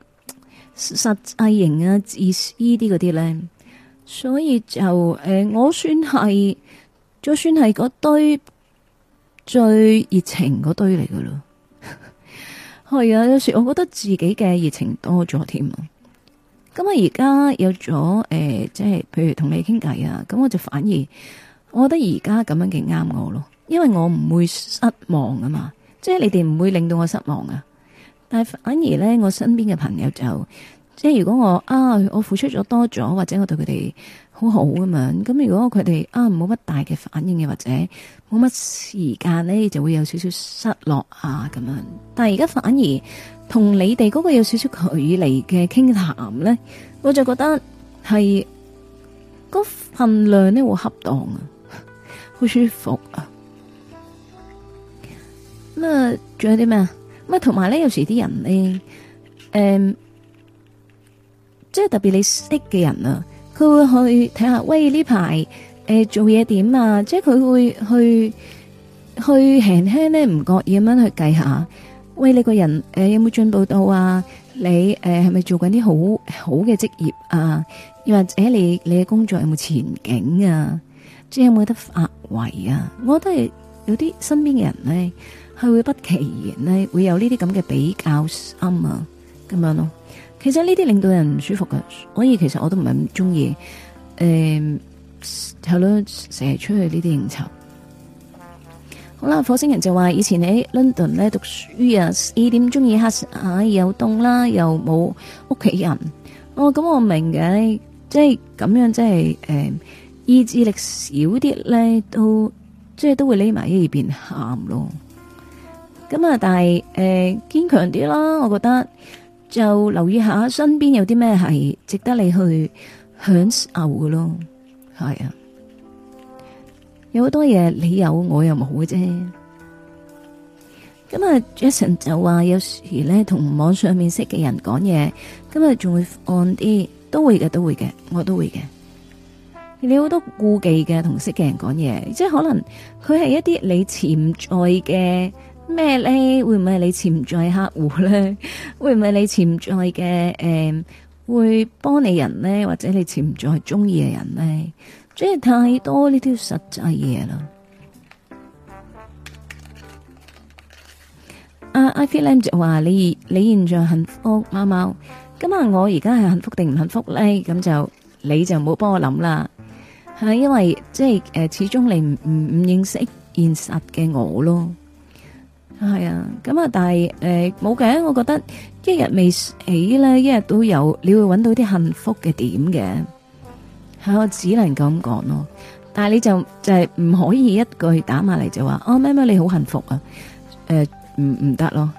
實際型啊、自私啲嗰啲咧，所以就誒、欸，我算係，就算係嗰堆最熱情嗰堆嚟噶咯。係 啊，有時我覺得自己嘅熱情多咗添咁啊，而家有咗誒、欸，即係譬如同你傾偈啊，咁我就反而，我覺得而家咁樣幾啱我咯，因為我唔會失望啊嘛，即係你哋唔會令到我失望啊。但係反而咧，我身邊嘅朋友就即係如果我啊，我付出咗多咗，或者我對佢哋好好咁樣，咁如果佢哋啊冇乜大嘅反應嘅，或者冇乜時間咧，就會有少少失落啊咁樣。但係而家反而同你哋嗰個有少少距離嘅傾談咧，我就覺得係嗰份量呢會恰當啊，好舒服啊。咁啊仲有啲咩？同埋咧，有時啲人咧，誒、嗯，即係特別你識嘅人啊，佢會去睇下，喂，呢排誒做嘢點啊？即係佢會去去輕輕咧，唔覺意咁樣去計下，喂，你個人誒、呃、有冇進步到啊？你誒係咪做緊啲好好嘅職業啊？又或者、呃、你你嘅工作有冇前景啊？即係有冇得發圍啊？我覺得係有啲身邊嘅人咧。佢會不期然咧，會有呢啲咁嘅比較心啊，咁、嗯、樣咯。其實呢啲令到人唔舒服噶，所以其實我都唔係咁中意。誒、嗯，係咯，成日出去呢啲應酬。好啦，火星人就話以前喺 London 咧讀書啊，二點鐘意黑，唉，又凍啦，又冇屋企人。哦，咁、嗯、我明嘅，即係咁樣，即係誒、嗯、意志力少啲咧，都即係都會匿埋一邊喊咯。咁啊、嗯，但係誒、呃，堅強啲啦。我覺得就留意下身邊有啲咩係值得你去享受嘅咯。係啊，有好多嘢你有，我又冇嘅啫。咁、嗯、啊，Jason 就話有時咧，同網上面識嘅人講嘢，今日仲會放啲，都會嘅，都會嘅，我都會嘅。你好多顧忌嘅，同識嘅人講嘢，即係可能佢係一啲你潛在嘅。咩咧？會唔會係你潛在客戶咧？會唔會你潛在嘅誒、嗯，會幫你人咧，或者你潛在中意嘅人咧？即係太多呢啲實際嘢啦。阿、uh, I feel like 話你你現在幸福貓貓，咁啊，我而家係幸福定唔幸福咧？咁就你就唔好幫我諗啦，係因為即係誒，始終你唔唔唔認識現實嘅我咯。係啊，咁啊，但係誒，冇嘅，我覺得一日未起咧，一日都有，你會揾到啲幸福嘅點嘅，係我只能咁講咯。但係你就就係唔可以一句打埋嚟就話，哦，媽媽你好幸福啊，誒，唔唔得咯，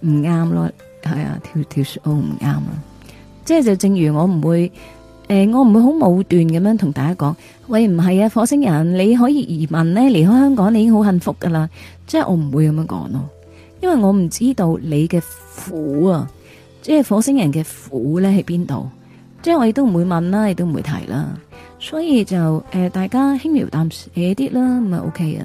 唔啱咯，係啊，條條數唔啱啊，即係就正如我唔會。誒，我唔會好武斷咁樣同大家講，喂，唔係啊，火星人，你可以移民咧，離開香港，你已經好幸福噶啦。即係我唔會咁樣講咯，因為我唔知道你嘅苦啊，即係火星人嘅苦咧喺邊度？即係我亦都唔會問啦，亦都唔會提啦。所以就誒、呃，大家輕描淡寫啲啦，咁啊 OK 啊。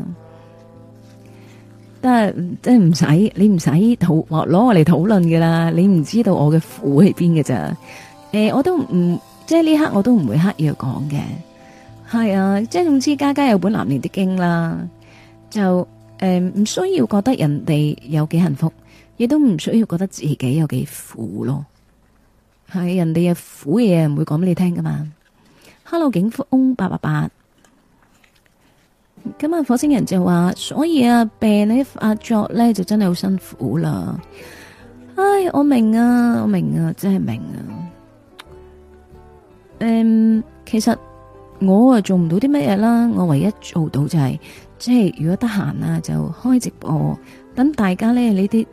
但係即係唔使，你唔使討攞我嚟討論噶啦。你唔知道我嘅苦喺邊嘅咋？誒，我都唔。即係呢刻我都唔會刻意去講嘅，係啊，即係總之家家有本難念的經啦，就誒唔、呃、需要覺得人哋有幾幸福，亦都唔需要覺得自己有幾苦咯。係人哋嘅苦嘢唔會講俾你聽噶嘛。Hello 警福翁八八八，噉啊，火星人就話，所以啊病咧發作咧就真係好辛苦啦。唉，我明啊，我明啊，真係明啊。嗯，um, 其實我啊做唔到啲乜嘢啦，我唯一做到就係、是，即係如果得閒啊，就開直播，等大家咧呢啲，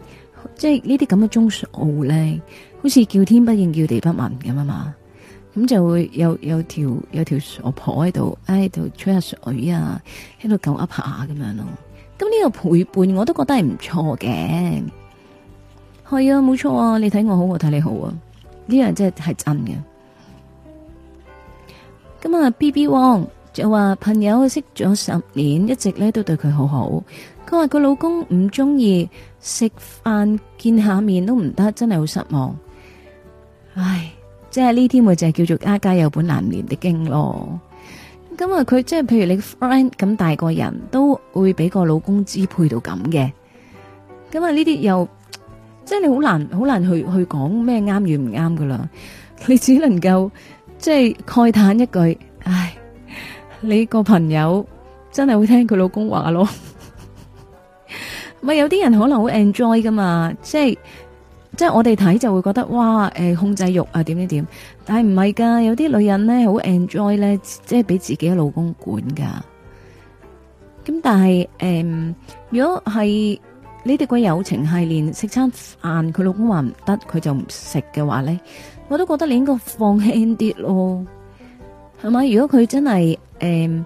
即係呢啲咁嘅鐘數咧，好似叫天不應叫地不聞咁啊嘛，咁就會有有條有條傻婆喺度，喺度吹下水啊，喺度狗 up 下咁樣咯，咁呢個陪伴我都覺得係唔錯嘅，係啊，冇錯啊，你睇我好，我睇你好啊，呢樣真係係真嘅。咁啊，B B Wong，就話朋友識咗十年，一直咧都對佢好好。佢話佢老公唔中意食飯見下面都唔得，真係好失望。唉，即係呢啲咪就係叫做家家有本難念的經咯。咁啊，佢即係譬如你個 friend 咁大個人，都會俾個老公支配到咁嘅。咁啊，呢啲又即係你好難好難去去講咩啱與唔啱噶啦，你只能夠。即係慨歎一句，唉！你個朋友真係會聽佢老公話咯，咪 有啲人可能好 enjoy 噶嘛，即係即係我哋睇就會覺得哇，誒、呃、控制欲啊點點點，但係唔係噶，有啲女人咧好 enjoy 咧，即係俾自己老公管噶。咁但係誒、呃，如果係你哋個友情係連食餐飯佢老公話唔得，佢就唔食嘅話咧？我都覺得你應該放輕啲咯，係咪？如果佢真係誒，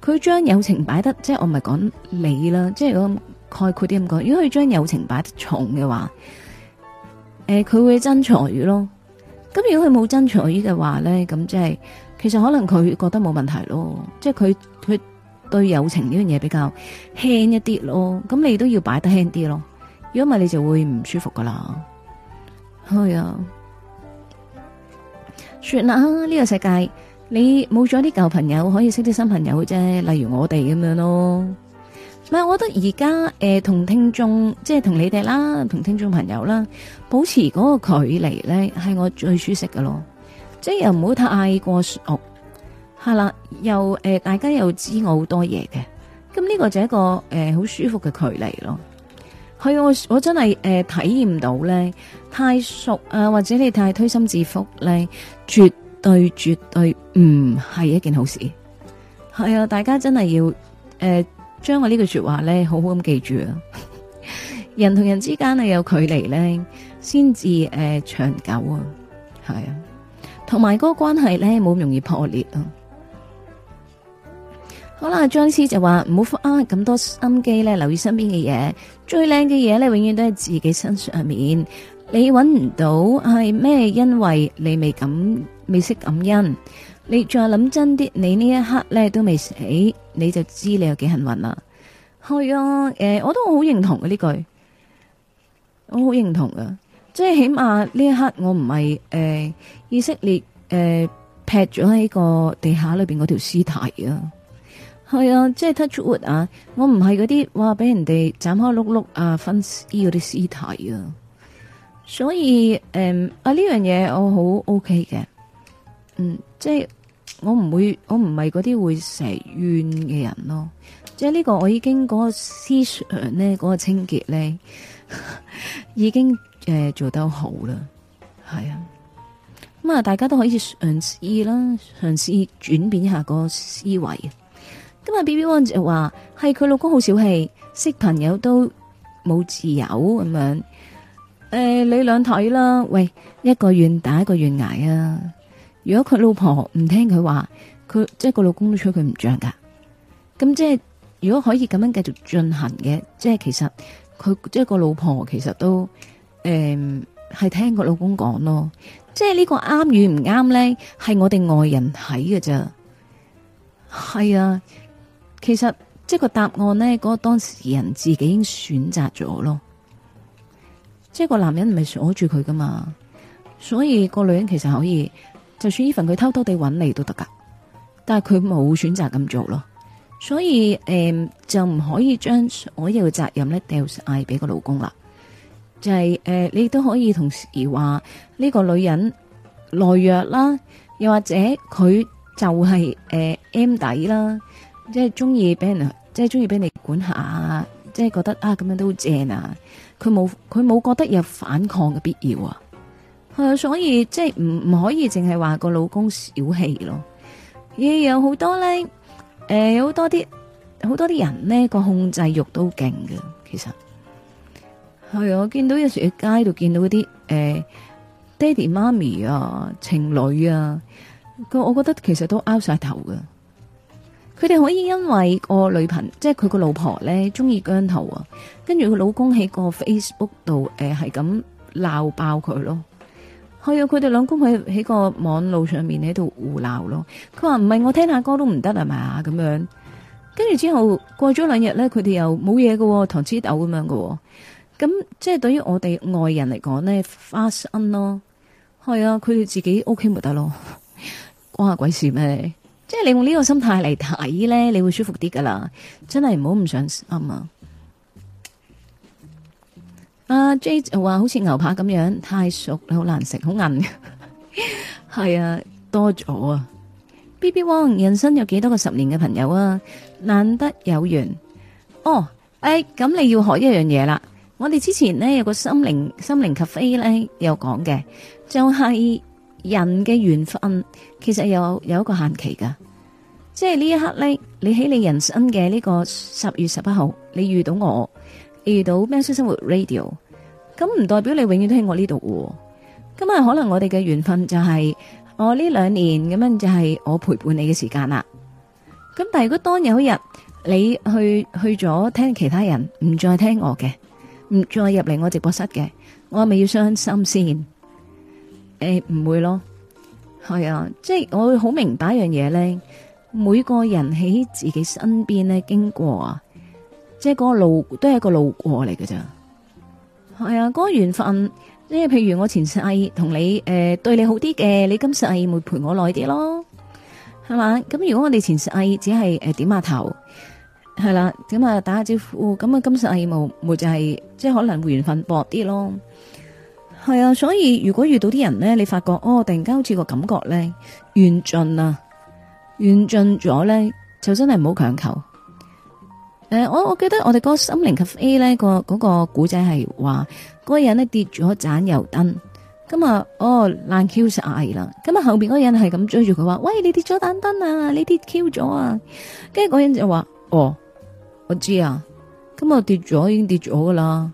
佢、呃、將友情擺得，即係我唔係講你啦，即係如果概括啲咁講，如果佢將友情擺得重嘅話，誒、呃，佢會爭財咯。咁如果佢冇爭財嘅話咧，咁即係其實可能佢覺得冇問題咯，即係佢佢對友情呢樣嘢，比較輕一啲咯。咁你都要擺得輕啲咯，如果唔係你就會唔舒服噶啦。係啊。算啦，呢、呢個世界你冇咗啲舊朋友，可以識啲新朋友啫。例如我哋咁樣咯，唔係，我覺得而家誒同聽眾，即係同你哋啦，同聽眾朋友啦，保持嗰個距離咧係我最舒適噶咯，即係又唔好太過熟，係啦，又誒、呃、大家又知我好多嘢嘅，咁呢個就係一個誒好、呃、舒服嘅距離咯。佢我、嗯、我真係誒、呃、體驗到咧，太熟啊，或者你太推心置腹咧，絕對絕對唔係一件好事。係、嗯、啊，大家真係要誒將、呃、我呢句說話咧，好好咁記住啊。人同人之間係有距離咧，先至誒長久啊，係啊，同埋嗰個關係咧冇咁容易破裂啊。好啦，張師就話唔好花啊咁多心機咧，留意身邊嘅嘢，最靚嘅嘢咧，永遠都係自己身上面。你揾唔到係咩？因為你未感未識感恩。你再要諗真啲，你呢一刻咧都未死，你就知你有幾幸運啦。係啊，誒、欸，我都好認同嘅呢句，我好認同啊，即係起碼呢一刻我，我唔係誒以色列誒、欸、劈咗喺個地下裏邊嗰條屍體啊。係啊，即係 touch wood 啊！我唔係嗰啲話俾人哋斬開碌碌啊，分屍嗰啲屍體啊！所以誒、嗯、啊，呢樣嘢我好 OK 嘅，嗯，即係我唔會，我唔係嗰啲會成怨嘅人咯。即係呢個我已經嗰個思想咧，嗰個清潔咧 已經誒、呃、做得好啦。係啊，咁啊，大家都可以嘗試啦，嘗試轉變一下個思維。今日 B B One 就話係佢老公好小氣，識朋友都冇自由咁樣。誒、欸，你兩睇啦，喂，一個願打一個願挨啊！如果佢老婆唔聽佢話，佢即係個老公都吹佢唔脹噶。咁即係如果可以咁樣繼續進行嘅，即係其實佢即係個老婆其實都誒係、欸、聽個老公講咯。即係呢個啱與唔啱咧，係我哋外人睇㗎咋。係啊。其實即係個答案呢，嗰個當事人自己已經選擇咗咯。即係個男人唔係鎖住佢噶嘛，所以個女人其實可以就算呢份佢偷偷地揾你都得噶，但係佢冇選擇咁做咯。所以誒、呃、就唔可以將所有嘅責任呢掉晒俾個老公啦。就係、是、誒、呃，你都可以同時話呢、這個女人懦弱啦，又或者佢就係、是、誒、呃、M 底啦。即係中意俾人，即係中意俾你管下，即係覺得啊咁樣都好正啊！佢冇佢冇覺得有反抗嘅必要啊！係啊，所以即係唔唔可以淨係話個老公小氣咯。咦，有、呃、好多咧，誒有好多啲好多啲人咧個控制慾都勁嘅，其實係啊，我見到有時喺街度見到嗰啲誒爹哋媽咪啊、情侶啊，個我覺得其實都拗晒頭㗎。佢哋可以因為個女朋友，即係佢個老婆咧，中意姜濤、呃、啊,跟住佢老公喺個 Facebook 度誒，係咁鬧爆佢咯。係啊,佢哋兩公喺喺個網路上面喺度胡鬧咯。佢話唔係我聽下歌都唔得啊嘛，咁樣。跟住之後過咗兩日咧，佢哋又冇嘢喎。糖黐豆咁樣喎。咁即係對於我哋外人嚟講咧，花生咯，係啊，佢哋自己 O K 咪得咯，關下鬼事咩啊？即係你用呢個心態嚟睇呢，你會舒服啲噶啦。真係唔、uh, 好唔想啱啊！阿 J 就話好似牛扒咁樣，太熟好難食，好硬。係 啊，多咗啊！BB Wong，人生有幾多個十年嘅朋友啊？難得有緣。哦、oh, 哎，誒，咁你要學一樣嘢啦。我哋之前呢，有個心靈心靈咖啡呢，有講嘅，就係、是、人嘅緣分其實有有一個限期噶。即係呢一刻呢，你喺你人生嘅呢個十月十一號，你遇到我，你遇到《喵式生活 Radio》，咁唔代表你永遠都喺我呢度喎。咁可能我哋嘅緣分就係、是、我呢兩年咁樣，就係我陪伴你嘅時間啦。咁但係如果當有一日你去去咗聽其他人，唔再聽我嘅，唔再入嚟我直播室嘅，我係咪要傷心先？誒、欸，唔會咯，係啊，即係我會好明白一樣嘢呢。每個人喺自己身邊咧經過啊，即係個路都係一個路過嚟嘅咋。係啊，嗰、嗰個緣分，即係譬如我前世同你誒、呃、對你好啲嘅，你今世咪陪我耐啲咯，係嘛？咁如果我哋前世係只係誒、呃、點下頭，係啦、啊，點啊打下招呼，咁啊今世係冇，咪就係即係可能緣分薄啲咯。係啊，所以如果遇到啲人咧，你發覺哦，突然間好似個感覺咧，緣盡啊。緣盡咗咧，就真係唔好強求。誒、呃，我我記得我哋個心靈咖啡咧個嗰、那個古仔係話，嗰、那個人咧跌咗盞油燈，咁啊哦爛 Q 晒啦，咁啊後邊嗰人係咁追住佢話，喂，你跌咗盞燈啊？你跌 Q 咗啊？跟住嗰人就話，哦，我知啊，咁我跌咗已經跌咗噶啦，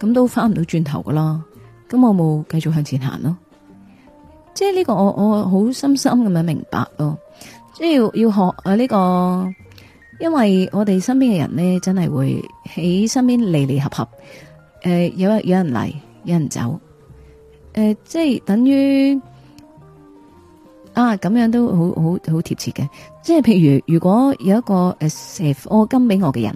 咁都翻唔到轉頭噶啦，咁我冇繼續向前行咯。即係呢個我我好深深咁樣明白咯。即係要要學誒、啊、呢、這個，因為我哋身邊嘅人咧，真係會喺身邊離離合合，誒、呃、有有人嚟，有人走，誒、呃、即係等於啊咁樣都好好好貼切嘅。即係譬如如果有一個誒蛇課金俾我嘅人，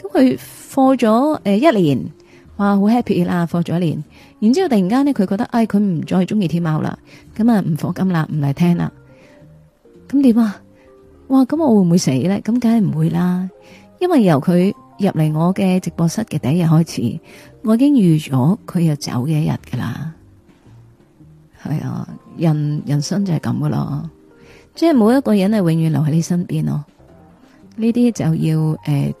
咁佢課咗誒一年，哇好 happy 啦，課咗一年，然之後突然間咧佢覺得唉，佢、哎、唔再中意天貓啦，咁啊唔課金啦，唔嚟聽啦。咁點啊？哇！咁我會唔會死咧？咁梗係唔會啦，因為由佢入嚟我嘅直播室嘅第一日開始，我已經預咗佢又走嘅一日噶啦。係啊，人人生就係咁噶咯，即係每一個人係永遠留喺你身邊咯。呢啲就要誒、呃，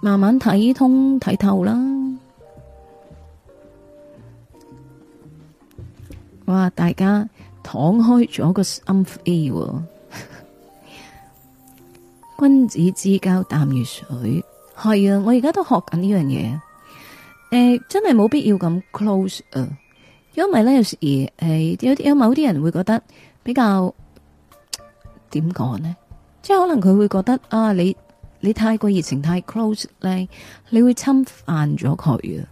慢慢睇通睇透啦。哇！大家躺開咗個心扉。A 君子之交淡如水，係啊，我而家都學緊呢樣嘢。誒，真係冇必要咁 close 啊。啊如果唔係咧，有時誒有有某啲人會覺得比較點講呢？即係可能佢會覺得啊，你你太過熱情，太 close 咧，你會侵犯咗佢啊。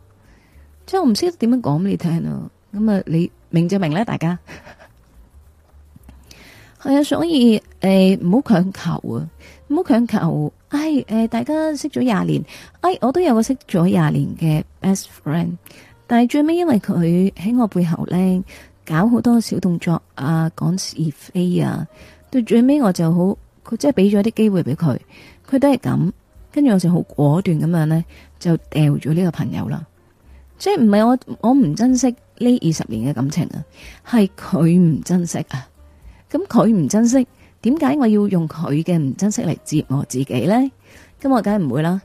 即係我唔識得點樣講俾你聽啊。咁、嗯、啊，你明就明咧，大家係 啊。所以誒，唔好強求啊。唔好強求，唉、哎，誒、呃，大家識咗廿年，哎，我都有個識咗廿年嘅 best friend，但係最尾因為佢喺我背後咧搞好多小動作啊，講是非啊，到最尾我就好，佢即係俾咗啲機會俾佢，佢都係咁，跟住我就好果斷咁樣呢，就掉咗呢個朋友啦。即係唔係我我唔珍惜呢二十年嘅感情啊，係佢唔珍惜啊，咁佢唔珍惜。點解我要用佢嘅唔珍惜嚟接我自己呢？咁我梗係唔會啦、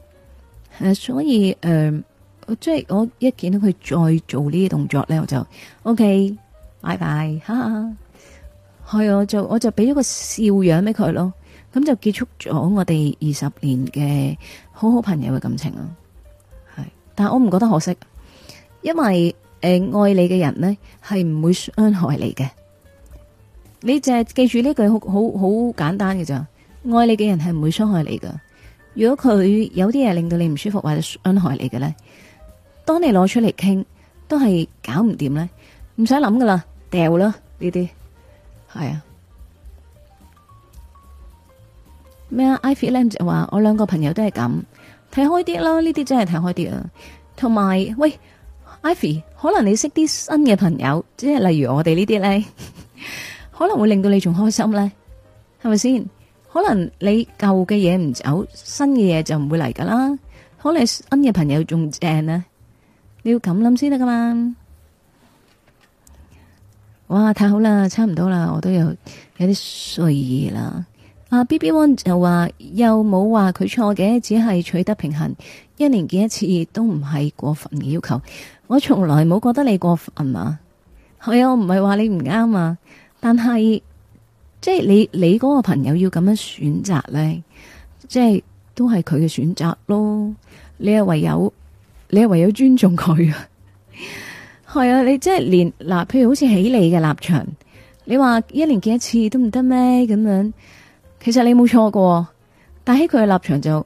啊。所以誒、呃，即係我一見到佢再做呢啲動作呢，我就 OK，拜拜，係啊 我就我就俾咗個笑樣俾佢咯。咁就結束咗我哋二十年嘅好好朋友嘅感情咯。係，但我唔覺得可惜，因為誒、呃、愛你嘅人呢，係唔會傷害你嘅。你就係記住呢句好好好簡單嘅咋，愛你嘅人係唔會傷害你噶。如果佢有啲嘢令到你唔舒服或者傷害你嘅咧，當你攞出嚟傾都係搞唔掂咧，唔使諗噶啦，掉啦呢啲係啊。咩啊？Ivy Lam 咧就話我兩個朋友都係咁睇開啲啦。呢啲真係睇開啲啊。同埋喂，Ivy，可能你識啲新嘅朋友，即係例如我哋呢啲咧。 可能會令到你仲開心呢，係咪先？可能你舊嘅嘢唔走，新嘅嘢就唔會嚟噶啦。可能新嘅朋友仲正呢，你要咁諗先得噶嘛？哇，太好啦，差唔多啦，我都有有啲睡意啦。啊，B B one 就話又冇話佢錯嘅，只係取得平衡，一年見一次都唔係過分嘅要求。我從來冇覺得你過分啊，係、哎、我唔係話你唔啱啊。但係，即係你你嗰個朋友要咁樣選擇咧，即係都係佢嘅選擇咯。你係唯有你唯有尊重佢，係 啊。你即係連嗱，譬如好似起你嘅立場，你話一年見一次都唔得咩？咁樣其實你冇錯噶，但喺佢嘅立場就誒、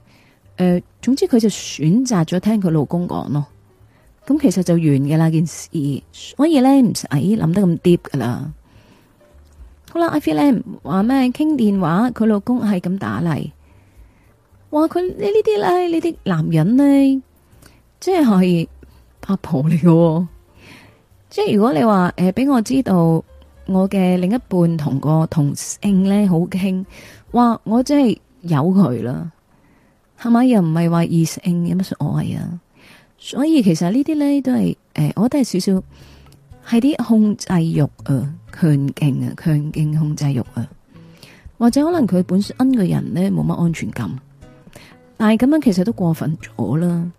呃，總之佢就選擇咗聽佢老公講咯。咁其實就完噶啦，件事。所以咧，唔使諗得咁 deep 噶啦。好啦，I feel like 話咩傾電話，佢老公係咁打嚟，話佢你呢啲咧，呢啲男人呢，即係可以拍婆嚟嘅，哦，即係如果你話誒俾我知道，我嘅另一半同個同性咧好傾，哇，我真係有佢啦，係咪？又唔係話異性有乜所謂啊所以其實呢啲咧都係誒、呃，我都係少少係啲控制欲啊。強勁啊，強勁控制欲啊，或者可能佢本身個人呢冇乜安全感，但係咁樣其實都過分咗啦，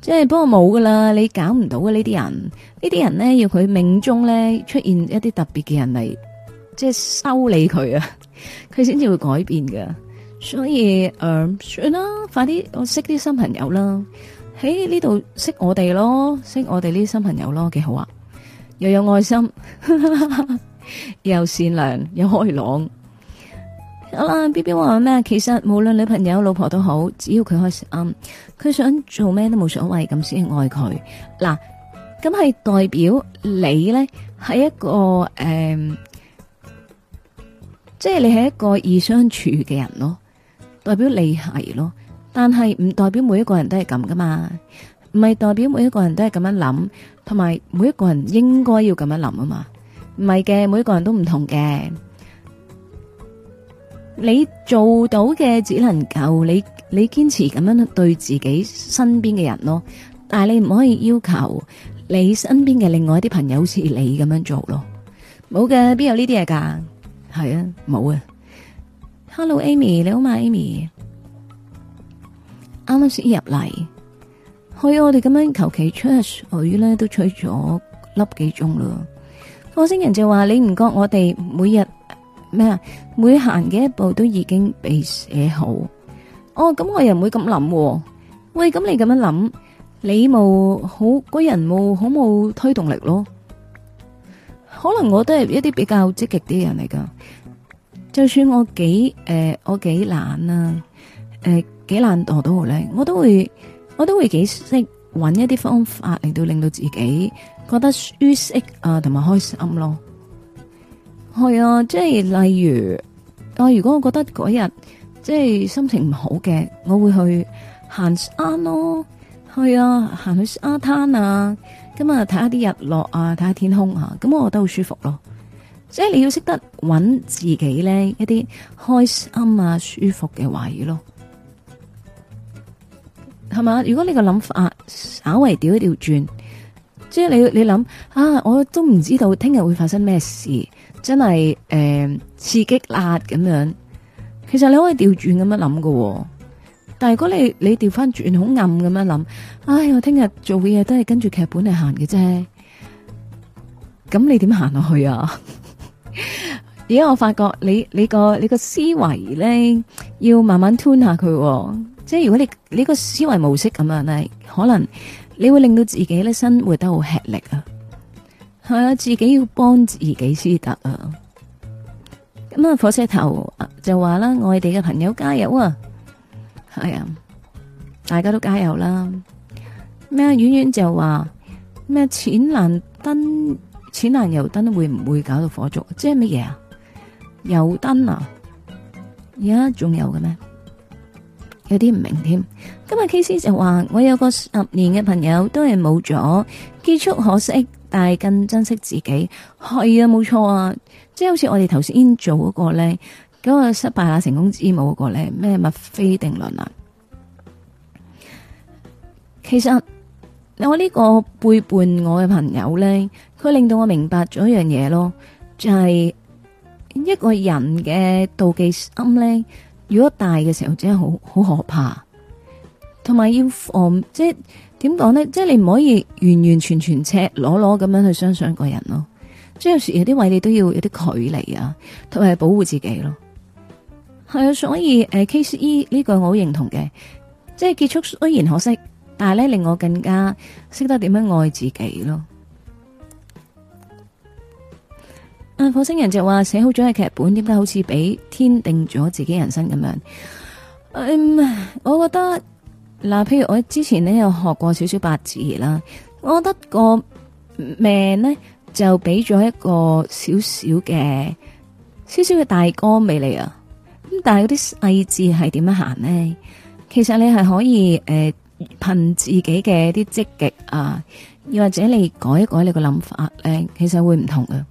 即係不過冇噶啦，你搞唔到嘅，呢啲人，呢啲人呢要佢命中呢出現一啲特別嘅人嚟，即係修理佢啊，佢先至會改變噶，所以誒算啦，快啲我識啲新朋友啦，喺呢度識我哋咯，識我哋呢啲新朋友咯，幾好啊！又有愛心，呵呵，又善良，又開朗。好啦，B B 話咩？其實無論女朋友、老婆都好，只要佢開心，嗯，佢想做咩都冇所謂，咁先愛佢。嗱，咁係代表你呢，係一個誒，即、嗯、係、就是、你係一個易相處嘅人咯。代表你係咯，但係唔代表每一個人都係咁噶嘛。唔係代表每一個人都係咁樣諗，同埋每一個人都應該要咁樣諗啊嘛？唔係嘅，每一個人都唔同嘅。你做到嘅，只能夠你，你堅持咁樣對自己身邊嘅人咯。但係你唔可以要求你身邊嘅另外一啲朋友好似你咁樣做咯。冇嘅，邊有呢啲嘢噶？係啊，冇啊。Hello，Amy，你好嘛，Amy？啱啱先入嚟。去我哋咁樣求其吹水咧，都吹咗粒幾鐘喇。火星人就話你唔覺我哋每日咩啊，每行嘅一步都已經被寫好。哦，咁、嗯、我又唔會咁諗、哦。喂，咁你咁樣諗，你冇好個人冇好冇推動力咯。可能我都係一啲比較積極啲人嚟噶。就算我幾誒、呃，我幾懶啊，誒、呃、幾懶惰都好叻，我都會。我都會幾識揾一啲方法嚟到令到自己覺得舒適啊，同埋開心咯、啊。係啊，即係例如，我、啊、如果我覺得嗰日即係心情唔好嘅，我會去行山咯。係啊，行去沙灘啊，咁啊睇下啲日落啊，睇下天空啊，咁我覺得好舒服咯、啊。即係你要識得揾自己呢一啲開心啊、舒服嘅位咯。係嘛？如果你個諗法稍微調一調轉，即係你你諗啊，我都唔知道聽日會發生咩事，真係誒、呃、刺激辣咁樣。其實你可以調轉咁樣諗嘅，但係如果你你調翻轉好暗咁樣諗，唉、哎，我聽日做嘅嘢都係跟住劇本嚟行嘅啫，咁你點行落去啊？而 家我發覺你你個你個思維咧要慢慢吞下佢、哦。即係如果你你個思維模式咁啊，可能你會令到自己咧生活得好吃力啊，係啊，自己要幫自己先得啊。咁啊，火車頭、啊、就話啦，外地嘅朋友加油啊，係啊，大家都加油啦。咩？遠遠就話咩？淺藍燈、淺藍油燈會唔會搞到火燭？即係乜嘢啊？油燈啊？而家仲有嘅咩？有啲唔明添，今日 K 師就話我有個十年嘅朋友都係冇咗，結束可惜，但係更珍惜自己。係啊，冇錯啊，即係好似我哋頭先做嗰個咧，嗰個失敗啊成功之母嗰個咧，咩物非定論啊。其實我呢個背叛我嘅朋友咧，佢令到我明白咗一樣嘢咯，就係一個人嘅妒忌心咧。如果大嘅時候真係好好可怕，同埋要，嗯，即係點講呢？即係你唔可以完完全全赤裸裸咁樣去相信一個人咯。即係有時有啲位你都要有啲距離啊，同埋保護自己咯。係啊，所以誒，KCE 呢個我好認同嘅，即係結束雖然可惜，但係咧令我更加識得點樣愛自己咯。啊、火星人就話寫好咗嘅劇本，點解好似俾天定咗自己人生咁樣？誒、um,，我覺得嗱、啊，譬如我之前咧，有學過少少八字啦。我覺得個命咧就俾咗一個少少嘅少少嘅大綱未嚟啊。咁但係嗰啲細節係點樣行呢？其實你係可以誒，憑、呃、自己嘅啲積極啊，又或者你改一改你個諗法咧，其實會唔同嘅。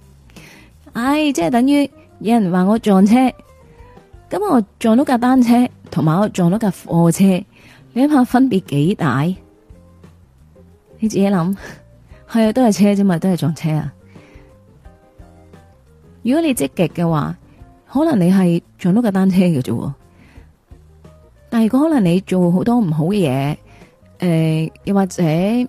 唉、哎，即係等於有人話我撞車，咁我撞到架單車，同埋我撞到架貨車，你諗下分別幾大？你自己諗，係啊，都係車啫嘛，都係撞車啊！如果你積極嘅話，可能你係撞到架單車嘅啫，但係如果可能你做好多唔好嘅嘢，誒、呃，又或者誒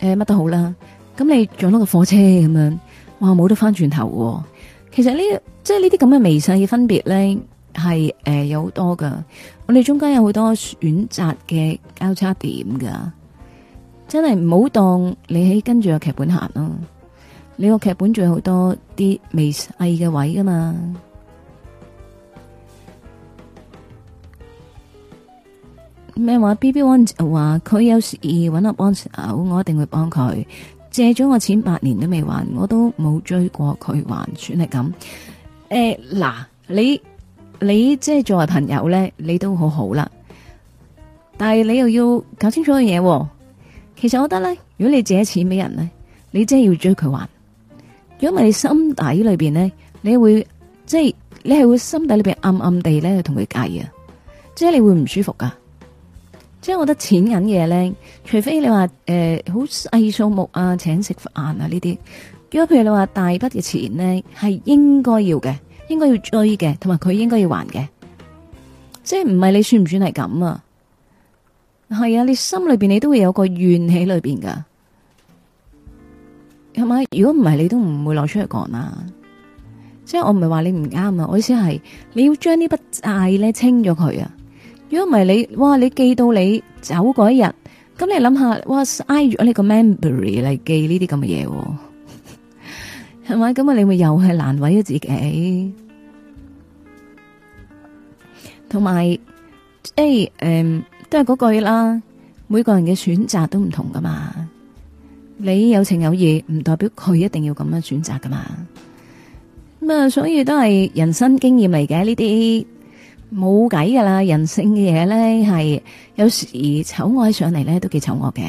乜、呃、都好啦，咁你撞到個貨車咁樣，哇，冇得翻轉頭。其實呢，即係呢啲咁嘅微細嘅分別咧，係誒、呃、有好多噶。我哋中間有好多選擇嘅交叉點噶，真係唔好當你喺跟住個劇本行咯、啊。你個劇本仲有好多啲微細嘅位噶嘛？咩話？B B one 話佢有時搵我幫手，我一定會幫佢。借咗我錢八年都未還，我都冇追過佢還，算係咁。誒、呃，嗱，你你即係作為朋友咧，你都好好啦。但係你又要搞清楚嘅嘢，其實我覺得咧，如果你借咗錢俾人咧，你即係要追佢還。如果你心底裏邊咧，你會即係你係會心底裏邊暗暗地咧去同佢計啊，即係你會唔舒服噶。即係我覺得錢銀嘢咧，除非你話誒好細數目啊，請食飯啊呢啲，如果譬如你話大筆嘅錢咧，係應該要嘅，應該要追嘅，同埋佢應該要還嘅，即係唔係你算唔算係咁啊？係啊，你心裏邊你都會有個怨喺裏邊噶，係咪？如果唔係，你都唔會攞出嚟講啊。即係我唔係話你唔啱啊，我意思係你要將呢筆債咧清咗佢啊。如果唔係你，哇！你記到你走嗰一日，咁你諗下，哇！捱住你個 memory 嚟記呢啲咁嘅嘢，係咪？咁啊，你咪又係難為咗自己。同埋，誒，誒，都係嗰句啦，每個人嘅選擇都唔同噶嘛。你有情有義，唔代表佢一定要咁樣選擇噶嘛。咁啊，所以都係人生經驗嚟嘅呢啲。冇計噶啦，人性嘅嘢咧係有時醜惡上嚟咧都幾醜惡嘅，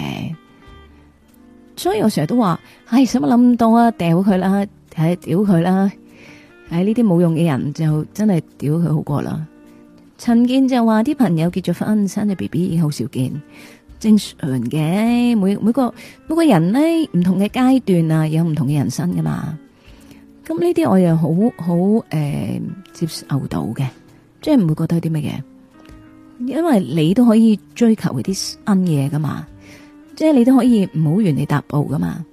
所以我成日都話，唉，使乜諗唔到啊，掉佢啦，係屌佢啦，唉，呢啲冇用嘅人就真係屌佢好過啦。陳建就話啲朋友結咗婚生咗 BB 已經好少見，正常嘅。每每個每個人咧唔同嘅階段啊，有唔同嘅人生噶嘛。咁呢啲我又好好誒接受到嘅。即係唔會覺得有啲乜嘢，因為你都可以追求啲新嘢噶嘛，即係你都可以唔好原地踏步噶嘛，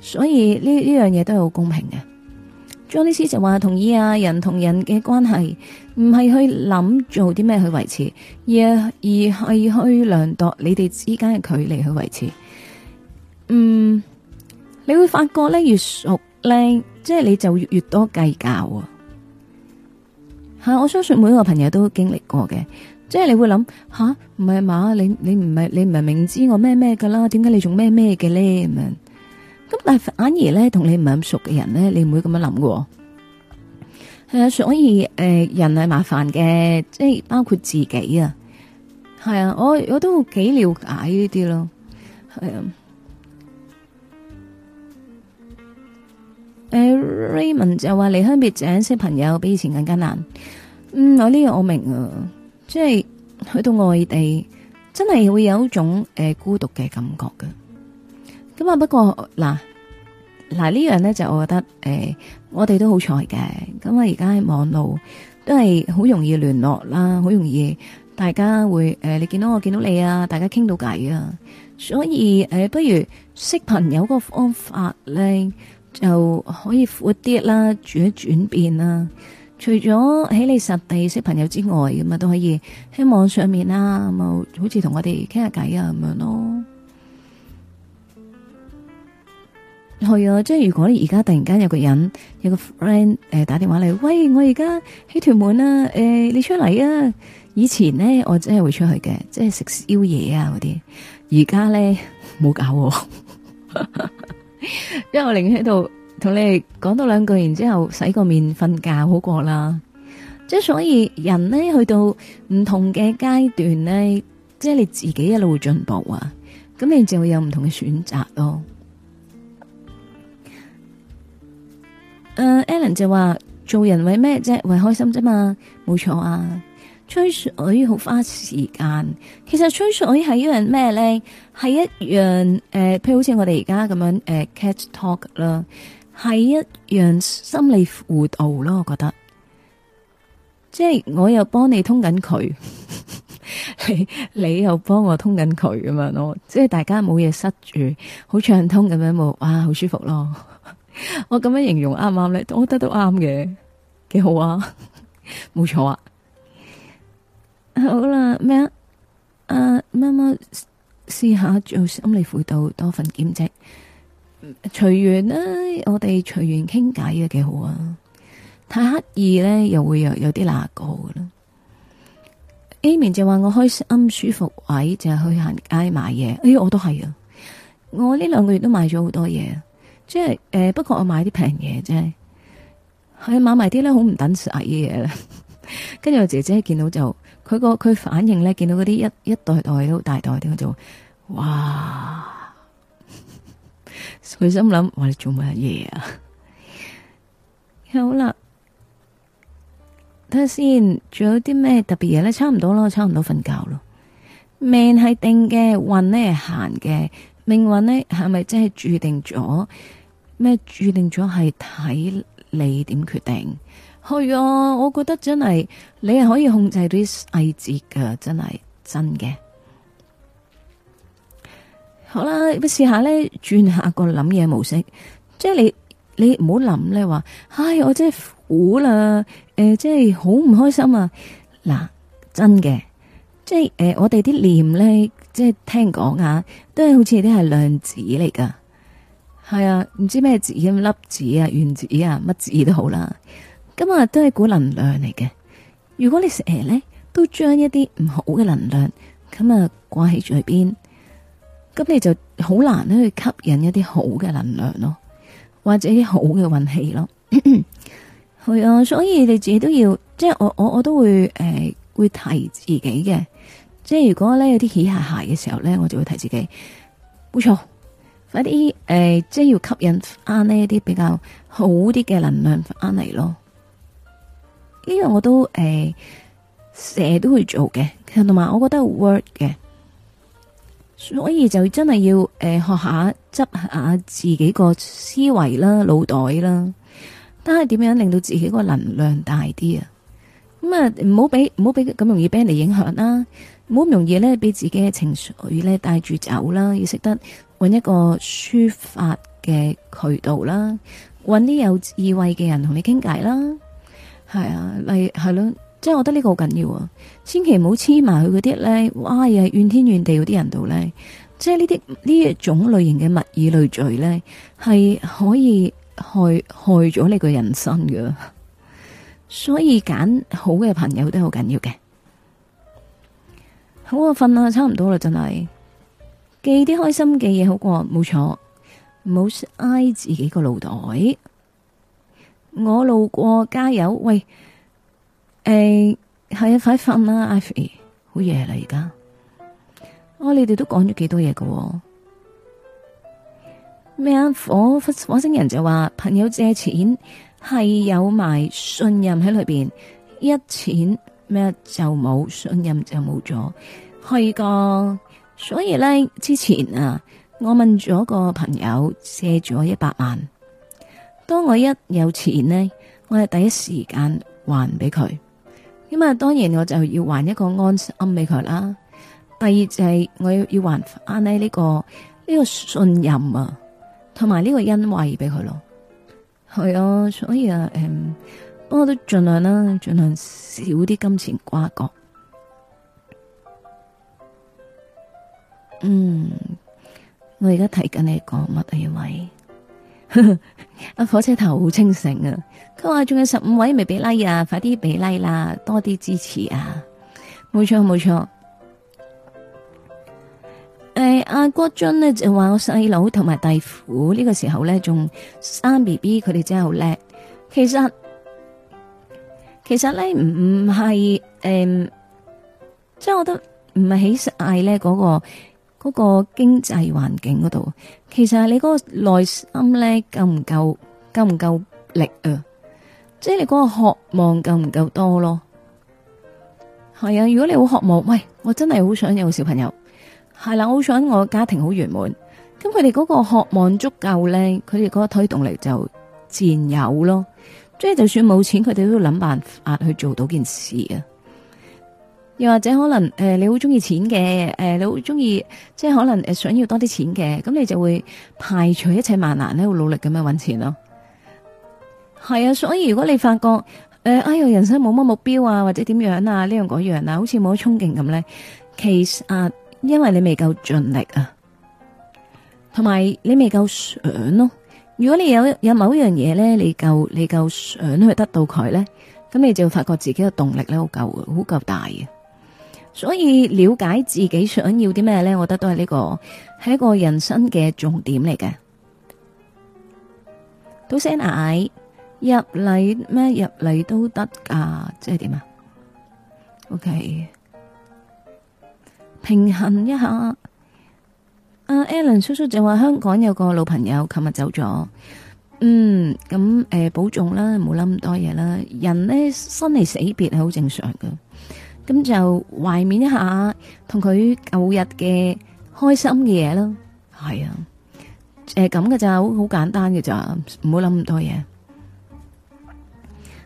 所以呢呢樣嘢都係好公平嘅。張律師就話同意啊，人同人嘅關係唔係去諗做啲咩去維持，而而係去量度你哋之間嘅距離去維持。嗯，你會發覺咧越熟咧，即係你就越越多計較。係，我相信每個朋友都經歷過嘅，即係你會諗吓，唔係嘛，你你唔係你唔係明知我咩咩噶啦，點解你仲咩咩嘅咧咁樣？咁但係反而咧，同你唔係咁熟嘅人咧，你唔會咁樣諗嘅。係啊，所以誒、呃，人係麻煩嘅，即係包括自己啊。係啊，我我都幾了解呢啲咯。係啊。誒、uh，Raymond 就話離鄉別井識朋友比以前更加難。嗯，我呢個我明啊，即係去到外地真係會有一種誒、呃、孤獨嘅感覺㗎。咁啊，不過嗱嗱、啊啊、呢樣咧，就我覺得誒、呃，我哋都好彩嘅。咁啊，而家喺網絡都係好容易聯絡啦，好容易大家會誒、呃，你見到我見到你啊，大家傾到偈啊。所以誒、呃，不如識朋友個方法咧，就可以闊啲啦，轉一轉變啦。除咗喺你實地識朋友之外，咁啊都可以喺網上面啦，咁啊好似同我哋傾下偈啊咁樣咯。係啊，即係如果你而家突然間有個人有個 friend 誒、呃、打電話嚟，喂，我而家喺屯門啊，誒、呃，你出嚟啊？以前呢，我真係會出去嘅，即係食宵夜啊嗰啲。而家咧冇搞。 因為 我寧願喺度同你哋講多兩句，然之後洗個面瞓覺好過啦。即係所以，人呢去到唔同嘅階段呢，即係你自己一路進步啊，咁你就會有唔同嘅選擇咯。誒、uh，Alan 就話做人為咩啫？為開心啫嘛，冇錯啊。吹水好花時間，其實吹水是是、呃、我係一樣咩咧？係一樣誒，譬如好似我哋而家咁樣誒 cat talk 啦，係一樣心理輔導咯。我覺得，即係我又幫你通緊佢， 你你又幫我通緊佢咁樣咯。即係大家冇嘢塞住，好暢通咁樣冇，哇，好舒服咯。 我咁樣形容啱唔啱咧？我覺得都啱嘅，幾好啊，冇錯啊。好啦，咩啊？啊，乜乜試下做心理輔導多份兼職，隨緣啦。我哋隨緣傾偈啊，幾好啊！太刻意咧，又會有有啲難過噶啦。Amy 就話我開心舒服，位就去行街買嘢。哎呀，我都係啊！我呢兩個月都買咗好多嘢，即係誒、呃，不過我買啲平嘢，即係係買埋啲咧好唔等使嘅嘢啦。跟 住我姐姐見到就。佢個佢反應咧，見到嗰啲一一代代都大袋，我就，哇！佢 心諗：我哋做乜嘢啊？Yeah. 好啦，睇下先，仲有啲咩特別嘢咧？差唔多咯，差唔多瞓覺咯。命係定嘅，運呢係行嘅，命運呢係咪真係注定咗？咩注定咗係睇你點決定？係啊，我覺得真係你係可以控制啲細節噶，真係真嘅。好啦，要試下咧，轉下個諗嘢模式，即係你你唔好諗咧，話唉、哎，我真係苦啦，誒、呃，即係好唔開心啊。嗱，真嘅，即係誒、呃，我哋啲念咧，即係聽講啊，都係好似啲係量子嚟噶，係啊，唔知咩子咁粒子啊、原子啊、乜子都好啦。咁啊、嗯，都係股能量嚟嘅。如果你成日咧都將一啲唔好嘅能量咁啊掛喺嘴邊，咁、嗯嗯、你就好難咧去吸引一啲好嘅能量咯，或者啲好嘅運氣咯。係 啊，所以你自己都要即係我我我都會誒、呃、會提自己嘅。即係如果咧有啲起下鞋嘅時候咧，我就會提自己冇錯快啲誒、呃，即係要吸引翻呢一啲比較好啲嘅能量翻嚟咯。呢樣我都誒，成、呃、日都會做嘅，同埋我覺得 work 嘅，所以就真係要誒、呃、學下執下自己個思維啦、腦袋啦，但係點樣令到自己個能量大啲啊！咁、嗯、啊，唔好俾唔好俾咁容易俾人哋影響啦，唔好咁容易咧俾自己嘅情緒咧帶住走啦，要識得揾一個抒發嘅渠道啦，揾啲有智慧嘅人同你傾偈啦。係啊，係係咯，即係我覺得呢個好緊要啊，千祈唔好黐埋佢嗰啲咧，哇又怨天怨地嗰啲人度咧，即係呢啲呢種類型嘅物以類聚咧，係可以害害咗你個人生㗎，所以揀好嘅朋友都好緊要嘅。好啊，瞓啊，差唔多啦，真係記啲開心嘅嘢，好過，冇錯，唔好挨自己個腦袋。我路過，加油！喂，誒、欸，係啊，快瞓啦，Ivy，好夜啦，而家，我、哦、你哋都講咗幾多嘢喎、哦？咩啊？火火火星人就話，朋友借錢係有埋信任喺裏邊，一錢咩就冇信任就冇咗，係個，所以咧之前啊，我問咗個朋友借咗一百萬。當我一有錢呢，我係第一時間還俾佢咁啊。當然我就要還一個安安俾佢啦。第二就係我要要還翻咧呢個呢、呢個信任啊，同埋呢個恩惠俾佢咯。係啊、哦，所以啊，不、嗯、我都盡量啦，盡量少啲金錢瓜葛。嗯，我而家睇緊你講乜嘢位。 阿火車頭好清醒啊！佢話仲有十五位未俾拉啊，快啲俾拉 i 啦，多啲支持啊！冇錯冇錯。誒，阿、欸啊、郭俊呢就話我細佬同埋弟婦呢、這個時候咧仲生 B B，佢哋真係好叻。其實其實咧唔係誒，即係、嗯就是、我都唔係起嗌咧嗰個。嗰個經濟環境嗰度，其實你嗰個內心咧，夠唔夠，夠唔夠力啊、呃？即係你嗰個渴望夠唔夠多咯？係啊，如果你好渴望，喂，我真係好想有小朋友，係啦，我，好想我家庭好圓滿。咁佢哋嗰個渴望足夠咧，佢哋嗰個推動力就自然有咯。即係就算冇錢，佢哋都要諗辦法去做到件事啊！又或者可能誒、呃，你好中意錢嘅，誒、呃、你好中意即係可能誒、呃、想要多啲錢嘅，咁你就會排除一切萬難咧，好努力咁樣搵錢咯。係啊，所以如果你發覺誒、呃、哎喲人生冇乜目標啊，或者點樣啊呢樣嗰樣啊，好似冇乜衝勁咁咧，其實啊，因為你未夠盡力啊，同埋你未夠想咯。如果你有有某一樣嘢咧，你夠你夠想去得到佢咧，咁你就發覺自己嘅動力咧好夠好夠大嘅。所以了解自己想要啲咩咧，我覺得都係呢、這個係一個人生嘅重點嚟嘅。都聲嗌入嚟咩？入嚟都得噶，即係點啊？OK，平衡一下。阿、啊、Alan 叔叔就話香港有個老朋友，琴日走咗。嗯，咁誒、呃，保重啦，冇諗咁多嘢啦。人呢，生離死別係好正常噶。咁就懷緬一下同佢舊日嘅開心嘅嘢咯。係啊，誒咁嘅就好好簡單嘅咋唔好諗咁多嘢。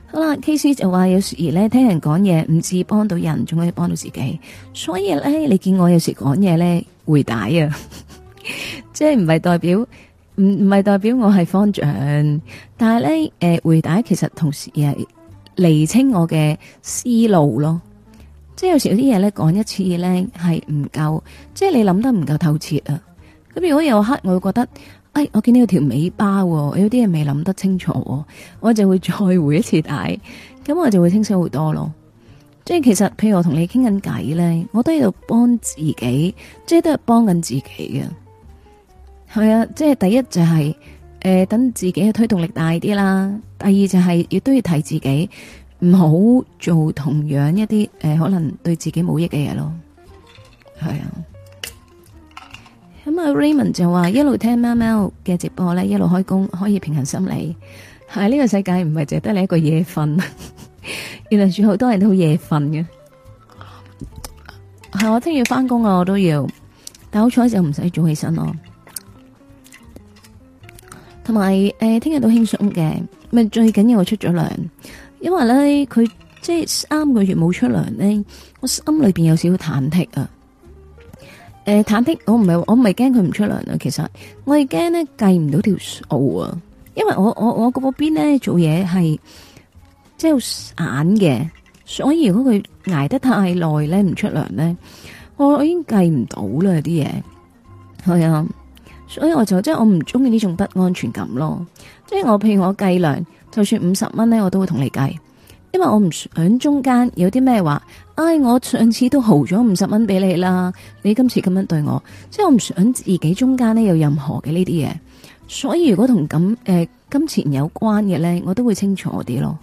好啦，K C 就話有時兒咧，聽人講嘢唔止幫到人，仲可以幫到自己。所以咧，你見我有時講嘢咧回帶啊， 即係唔係代表唔唔係代表我係方丈，但係咧誒回帶其實同時亦係厘清我嘅思路咯。即係有時候有啲嘢咧講一次咧係唔夠，即係你諗得唔夠透徹啊！咁如果有刻我會覺得，哎，我見到有條尾巴，有啲嘢未諗得清楚，我就會再回一次帶，咁我就會清晰好多咯。即係其實譬如我同你傾緊偈咧，我都喺度幫自己，即係都係幫緊自己嘅。係啊，即係第一就係誒等自己嘅推動力大啲啦，第二就係亦都要睇自己。唔好做同樣一啲誒、呃，可能對自己冇益嘅嘢咯。係啊，咁啊，Raymond 就話 一路聽喵喵嘅直播咧，一路開工可以平衡心理。喺呢、這個世界唔係淨係得你一個夜瞓， 原來仲好多人都好夜瞓嘅。係我聽日翻工啊，我都要，但好彩就唔使早起身咯。同埋誒，聽、呃、日都輕鬆嘅，咪最緊要我出咗糧。因為咧，佢即係三個月冇出糧咧，我心裏邊有少少忐忑啊。誒，忐忑，呃、我唔係我唔係驚佢唔出糧啊。其實我係驚咧計唔到條數啊。因為我我我嗰邊咧做嘢係即係散嘅，所以如果佢捱得太耐咧唔出糧咧，我我已經計唔到啦啲嘢。係啊，所以我就即係、就是、我唔中意呢種不安全感咯。即係我譬如我計量。就算五十蚊咧，我都會同你計，因為我唔想中間有啲咩話，唉、哎，我上次都豪咗五十蚊俾你啦，你今次咁樣對我，即係我唔想自己中間呢有任何嘅呢啲嘢，所以如果同咁誒金錢有關嘅呢，我都會清楚啲咯，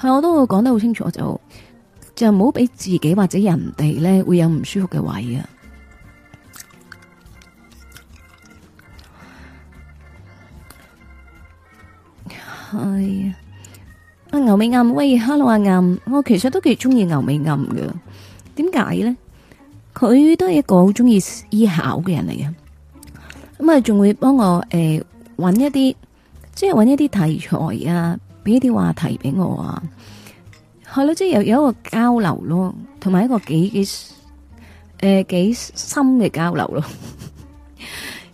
係我都會講得好清楚，就就唔好俾自己或者人哋呢會有唔舒服嘅位啊。係啊，阿牛尾暗，喂，哈嘍，阿暗，我其實都幾中意牛尾暗嘅，點解咧？佢都係一個好中意思考嘅人嚟嘅，咁啊，仲會幫我誒，搵一啲，即係搵一啲題材啊，俾一啲話題俾我啊，係咯，即係有有一個交流咯，同埋一個幾幾誒幾深嘅交流咯。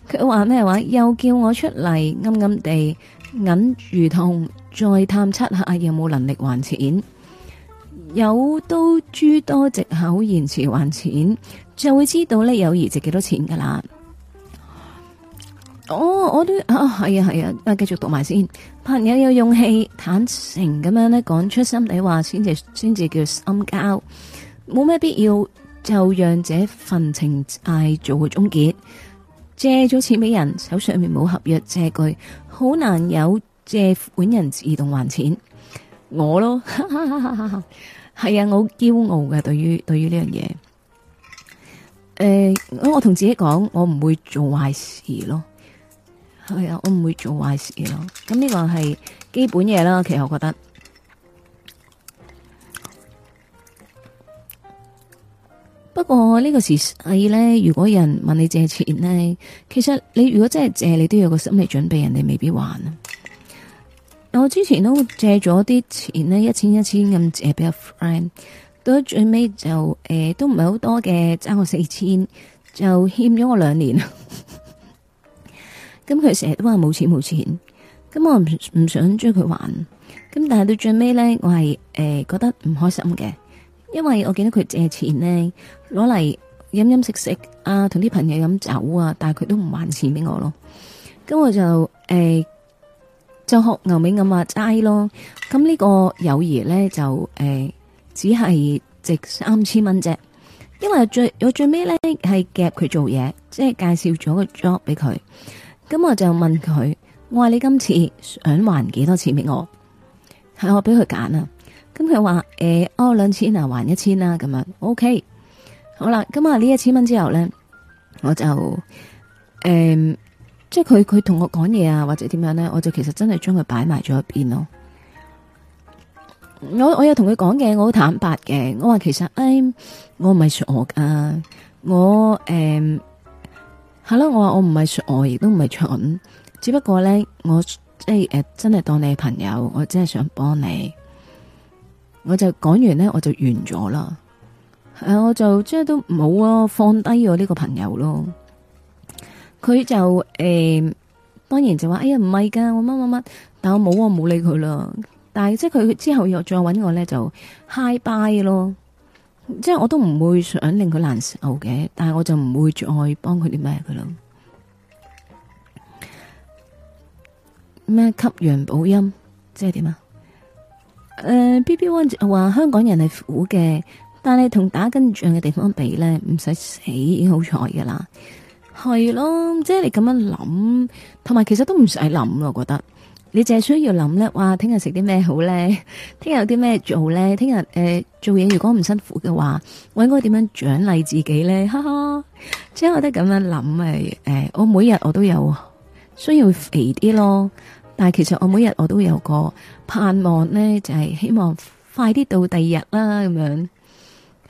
佢話咩話？又叫我出嚟，暗暗地。忍住痛，再探測下有冇能力還錢。有都諸多借口延遲還錢，就會知道咧友誼值幾多錢噶啦。哦，我都啊，係、哦、啊，係啊，繼續讀埋先。朋友有勇氣坦誠咁樣咧，講出心底話，先至先至叫深交。冇咩必要就讓這份情債做個終結。借咗錢俾人，手上面冇合約借據。好難有借款人自動還錢，我咯，哈哈哈哈係啊，我好驕傲嘅對於對於呢樣嘢，誒、呃，我同自己講，我唔會做壞事咯，係啊，我唔會做壞事咯，咁呢個係基本嘢啦，其實我覺得。不過呢個時勢咧，如果有人問你借錢呢，其實你如果真係借，你都有個心理準備，人哋未必還。我之前都借咗啲錢呢，一千一千咁借俾個 friend，到咗最尾就誒、呃、都唔係好多嘅，爭我四千就欠咗我兩年。咁佢成日都話冇錢冇錢，咁我唔唔想追佢還，咁但係到最尾呢，我係誒、呃、覺得唔開心嘅。因為我見到佢借錢呢，攞嚟飲飲食食啊，同啲朋友飲酒啊，但係佢都唔還錢俾我咯。咁我就誒、欸、就學牛尾咁話齋咯。咁呢個友誼呢，就誒、欸、只係值三千蚊啫。因為最我最尾呢係夾佢做嘢，即係介紹咗個 job 俾佢。咁我就問佢，我話你今次想還幾多錢俾我？係我俾佢揀啊！咁佢話誒，我兩千啊，還一千啦，咁樣 OK，好啦，咁啊呢一千蚊之後咧，我就誒，即係佢佢同我講嘢啊，或者點樣咧，我就其實真係將佢擺埋咗一邊咯。我我有同佢講嘅，我好坦白嘅，我話其實，誒，我唔係傻噶，我誒，係咯，我話我唔係傻，亦都唔係蠢。只不過咧，我即係誒，真係當你朋友，我真係想幫你。我就講完咧，我就完咗啦。係，我就即係都冇啊，放低我呢個朋友咯。佢就誒、欸，當然就話，哎呀唔係噶，我乜乜乜，但我冇啊，冇理佢啦。但係即係佢之後又再搵我咧，就 high bye 咯。即係我都唔會想令佢難受嘅，但係我就唔會再幫佢啲咩佢啦。咩吸陽補陰，即係點啊？誒，B B one 話香港人係苦嘅，但係同打緊仗嘅地方比咧，唔使死已經好彩噶啦，係咯。即係、就是、你咁樣諗，同埋其實都唔使諗。我覺得你淨係需要諗咧，哇聽日食啲咩好咧？聽日有啲咩做呢？咧？聽日誒，做嘢如果唔辛苦嘅話，我應該點樣獎勵自己咧？哈 哈！即係我覺得咁樣諗，係誒，我每日我都有需要肥啲咯，但係其實我每日我都有個。盼望咧就係、是，希望快啲到第二日啦，咁樣，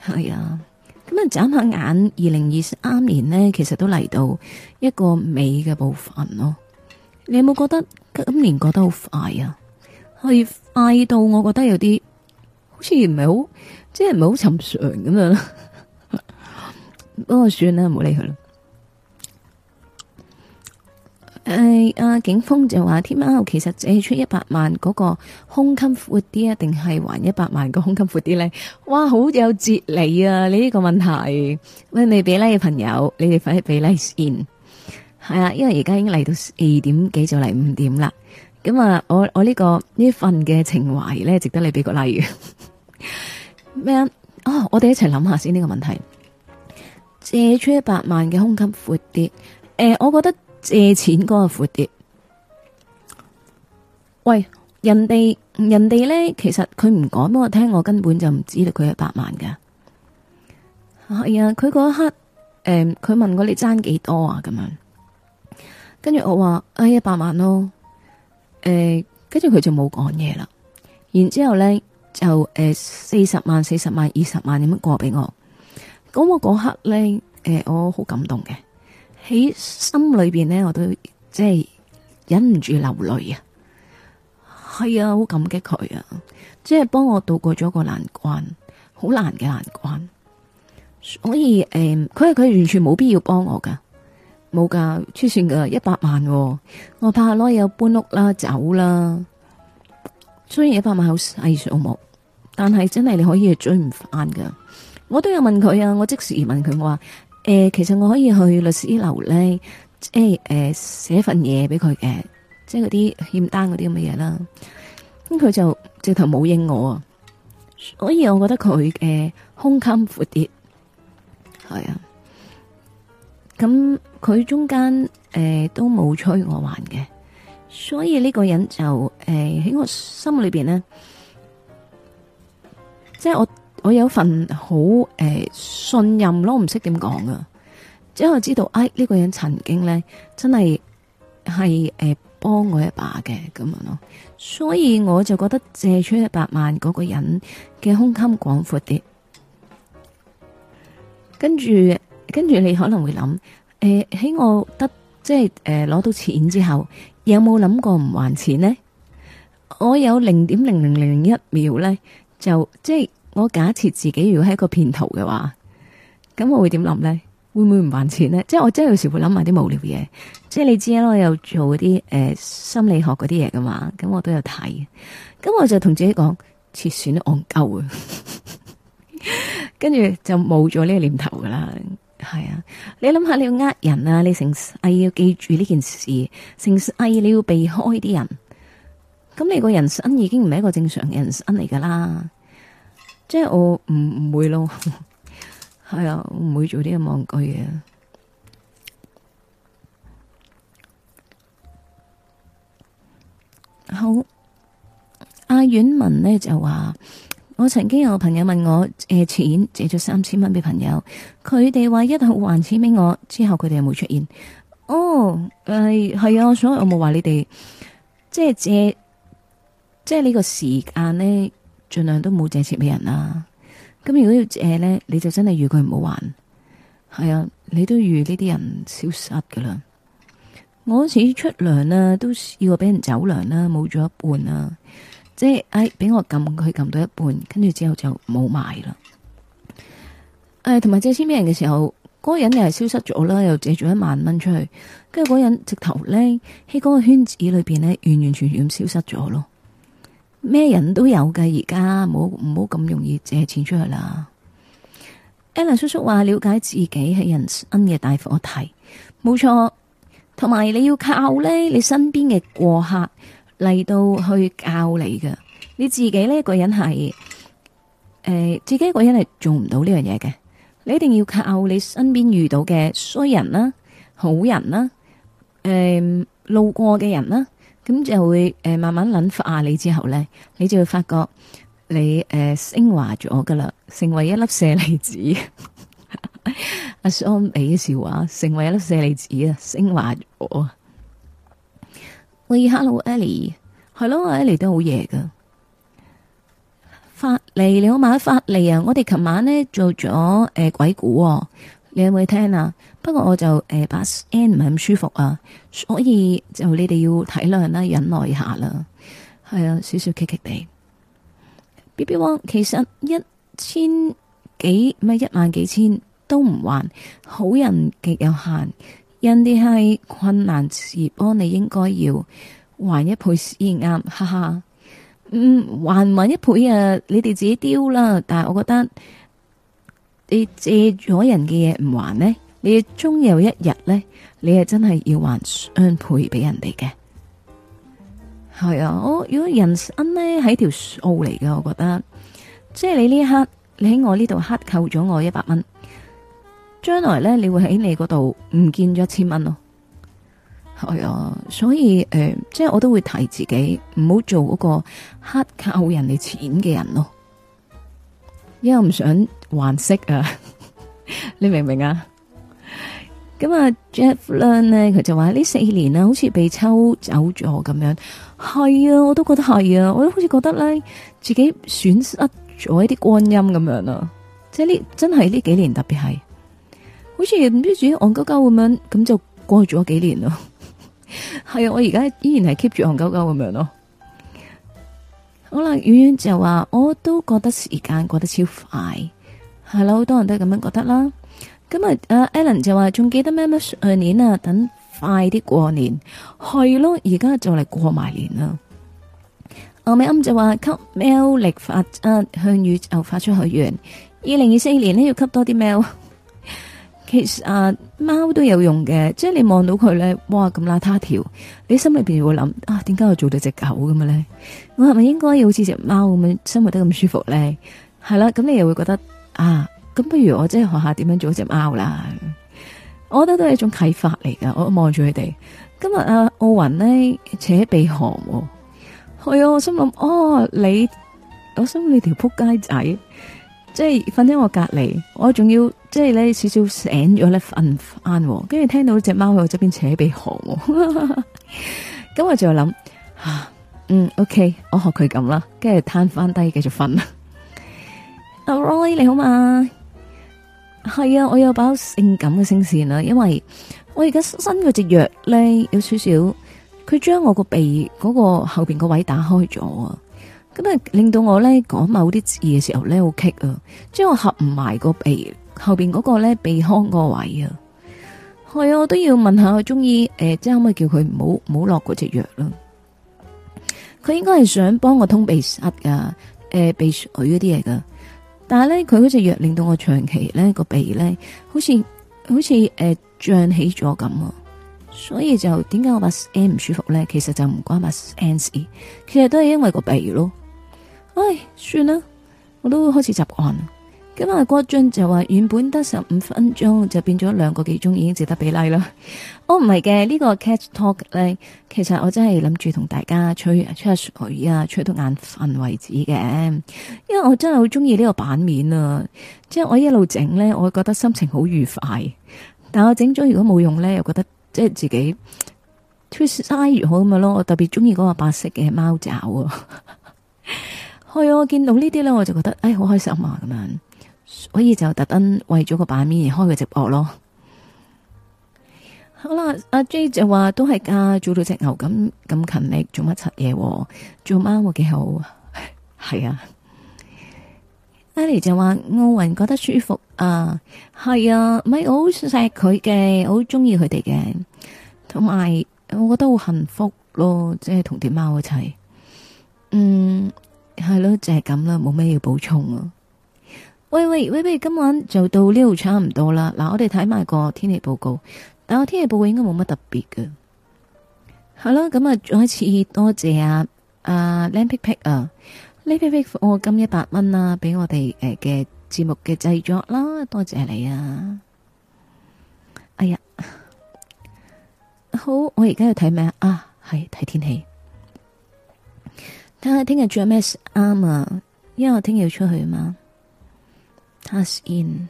係啊，咁啊眨下眼，二零二三年咧其實都嚟到一個尾嘅部分咯。你有冇覺得今年過得好快啊？可以快到我覺得有啲好似唔係好，即係唔係好尋常咁樣。 不過算啦，唔好理佢啦。誒，阿、哎啊、景峰就話：，天喵其實借出一百萬嗰、那個胸襟闊啲啊，定係還、還一百萬個胸襟闊啲呢？哇，好有哲理啊！你呢個問題，喂，你俾嘅、like、朋友，你哋快啲俾咧、like、先。係啊，因為而家已經嚟到四點幾，就嚟五點啦。咁啊，我我、這個、呢個呢份嘅情懷咧，值得你俾個例如。咩 啊？哦，我哋一齊諗下先呢個問題。借出一百萬嘅胸襟闊啲，誒、哎，我覺得。借錢嗰個闊跌，喂人哋人哋咧，其實佢唔講俾我聽，我根本就唔知道佢係八萬噶。係、哎、啊，佢嗰一刻，誒、呃，佢問我你爭幾多少啊？咁樣，跟住我話誒，一、哎、百萬咯。誒，跟住佢就冇講嘢啦。然之後咧就誒，四十、呃、萬、四十萬、二十萬，點樣過俾我？咁我嗰刻咧，誒、呃，我好感動嘅。喺心裏邊咧，我都即係忍唔住流淚啊！係啊，好感激佢啊！即係幫我度過咗個難關，好難嘅難關。所以誒，佢係佢完全冇必要幫我噶，冇噶，黐線噶，一百萬啊，我怕攞嘢搬屋啦，走啦。雖然一百萬好細數目，但係真係你可以追唔翻噶。我都有問佢啊，我即時問佢我話。誒，其實我可以去律師樓咧，即係誒寫份嘢俾佢嘅，即係嗰啲欠單嗰啲咁嘅嘢啦。咁佢就直頭冇應我啊，所以我覺得佢嘅胸襟闊啲，係啊。咁佢中間誒都冇催我還嘅，所以呢個人就誒喺我心裏邊咧，即係我。我有份好誒、呃、信任咯，唔識點講㗎，即係我知道誒呢個人曾經呢，真係係誒幫我一把嘅咁樣咯，所以我就覺得借出一百萬嗰個人嘅胸襟廣闊啲。跟住跟住，你可能會諗誒喺我得即係誒攞到錢之後，有冇諗過唔還錢呢？我有零點零零零一秒呢，就即係。我假設自己如果係一個騙徒嘅話，咁我會點諗呢？會唔會唔還錢呢？即係我真係有時會諗埋啲無聊嘢。即係你知啦，我有做啲誒、呃、心理學嗰啲嘢，噶嘛？咁我都有睇。咁我就同自己講，切選戇鳩啊！跟 住就冇咗呢個念頭噶啦。係啊，你諗下，你要呃人啊，你成世要記住呢件事，成世要你要避開啲人，咁你個人生已經唔係一個正常嘅人生嚟噶啦。即係我唔唔會咯，係 啊，我唔會做啲咁盲鬼嘢。好，阿、啊、婉文呢就話：我曾經有朋友問我借，借錢借咗三千蚊俾朋友，佢哋話一號還錢俾我，之後佢哋又冇出現。哦，誒、哎，係啊，所以我冇話你哋，即係借，即係呢個時間呢。盡量都冇借錢俾人啦。咁如果要借呢，你就真係預佢唔好還。係啊，你都預呢啲人消失噶啦。我嗰時出糧啊，都要我俾人走糧啦，冇咗一半啦。即係唉，俾、哎、我撳佢撳到一半，跟住之後就冇賣啦。誒、哎，同埋借錢俾人嘅時候，嗰、嗰個人又係消失咗啦，又借咗一萬蚊出去。跟住嗰人直頭呢，喺嗰個圈子裏邊呢，完完全全消失咗咯。咩人都有嘅，而家唔好咁容易借錢出去啦。Alan 叔叔話：了解自己係人生嘅大課題，冇錯。同埋你要靠呢你身邊嘅過客嚟到去教你嘅。你自己呢一個人係，誒、呃，自己一個人係做唔到呢樣嘢嘅。你一定要靠你身邊遇到嘅衰人啦、好人啦、誒、呃、路過嘅人啦。咁就會誒慢慢諗化你之後咧，你就會發覺你誒、呃、升華咗噶啦，成為一粒舍利子。 阿 son，你嘅笑話，成為一粒舍利子啊，升華咗啊！喂，hello，Ellie，係咯，Ellie 都好夜噶。發利你好嘛？發利啊，我哋琴晚咧做咗誒、呃、鬼故、哦，你有冇會聽啊？不過我就誒，把、欸、聲唔係咁舒服啊，所以就你哋要體諒啦，忍耐一下啦，係啊，少少棘棘地。B B 王，其實一千幾咪一萬幾千都唔還，好人極有限。人哋係困難時幫你應該要還一倍先啱，哈哈。嗯，還唔還一倍啊，你哋自己丟啦。但係我覺得你借咗人嘅嘢唔還呢？你終有一日咧，你係真係要還雙倍俾人哋嘅，係啊！我如果人生咧係條數嚟嘅，我覺得，即係你呢一刻，你喺我呢度克扣咗我一百蚊，將來咧你會喺你嗰度唔見咗一千蚊咯，係啊！所以誒、呃，即係我都會提自己唔好做嗰個克扣人哋錢嘅人咯，因為我唔想還息啊！ 你明唔明啊？咁啊，Jeff Lun 咧，佢就話呢四年啦，好似被抽走咗咁樣。係啊，我都覺得係啊，我都好似覺得咧，自己損失咗一啲光陰咁樣啊。即係呢，真係呢幾年特別係，好似唔知自己戇鳩鳩咁樣，咁就過去咗幾年咯。係啊，我而家依然係 keep 住戇鳩鳩咁樣咯、啊。好啦，婉婉就話，我都覺得時間過得超快，係啦、啊，好多人都係咁樣覺得啦。咁啊，阿 Alan 就話仲記得咩咩去年啊，等快啲過年去咯，而家就嚟過埋年啦。我咪啱就話吸貓力發，啊、向宇宙發出去完。二零二四年呢，要吸多啲貓。 其實啊，貓都有用嘅，即係你望到佢咧，哇咁邋遢條，你心裏邊會諗啊，點解我做到隻狗咁嘅咧？我係咪應該要好似隻貓咁樣生活得咁舒服咧？係啦，咁你又會覺得啊？咁不如我即係學下點樣做隻貓啦，我覺得都係一種啟發嚟㗎。我望住佢哋，今日阿奧雲咧扯鼻鼾、哦，係我心諗哦，你，我心想你條扑街仔，即係瞓喺我隔籬，我仲要即係咧少少醒咗咧瞓返喎。跟住聽到隻貓喺我側邊扯鼻鼾、哦，咁 我就諗、啊，嗯，OK，我學佢咁啦，跟住攤翻低繼續瞓啦。阿 Roy、right, 你好嘛？係啊，我有把我性感嘅聲線啊，因為我而家新嗰隻藥咧有少少，佢將我個鼻嗰個後邊個位打開咗，啊。咁啊令到我咧講某啲字嘅時候咧好棘啊，將我合唔埋個鼻後邊嗰個咧鼻腔個位啊，係啊，我都要問下我中醫誒、呃，即係可唔可以叫佢唔好唔好落嗰隻藥啦？佢應該係想幫我通鼻塞啊，誒、呃，鼻水嗰啲嚟噶。但係咧，佢嗰隻藥令到我長期咧個鼻咧，好似好似誒脹起咗咁啊。所以就點解我把聲唔舒服咧？其實就唔關把聲事，A, 其實都係因為個鼻咯。唉，算啦，我都開始習慣。咁啊，郭俊就話原本得十五分鐘，就變咗兩個幾鐘，已經值得俾 like 啦。哦，唔係嘅，呢個 cat talk 咧，其實我真係諗住同大家吹吹下水啊，吹到眼瞓為止嘅。因為我真係好中意呢個版面啊，即係我一路整呢，我覺得心情好愉快。但我整咗如果冇用呢，又覺得即係自己 too shy 越好咁啊咯。我特別中意嗰個白色嘅貓爪啊，係我見到呢啲呢，我就覺得誒好開心啊咁樣。所以就特登為咗個版面而開個直播咯。好啦，阿 J 就話都係噶、啊，做到隻牛咁咁勤力，做乜柒嘢？做貓會幾好？係啊。a l、啊、就話奧雲覺得舒服啊，係 啊，咪好錫佢嘅，好中意佢哋嘅。同埋我覺得好幸福咯，即係同啲貓一齊。嗯，係咯、啊，就係咁啦，冇咩要補充啊。喂喂喂，喂，今晚就到呢度差唔多啦。嗱，我哋睇埋個天氣報告，但我天氣報告應該冇乜特別嘅。好啦，咁啊，再一次多謝啊啊靚 Pick Pick 啊，呢 Pick Pick 我今一百蚊啊，俾我哋誒嘅節目嘅製作啦，多謝你啊。哎呀，好，我而家要睇咩啊？係睇天氣，睇下聽日着咩衫啊？因為我聽日要出去嘛。has in，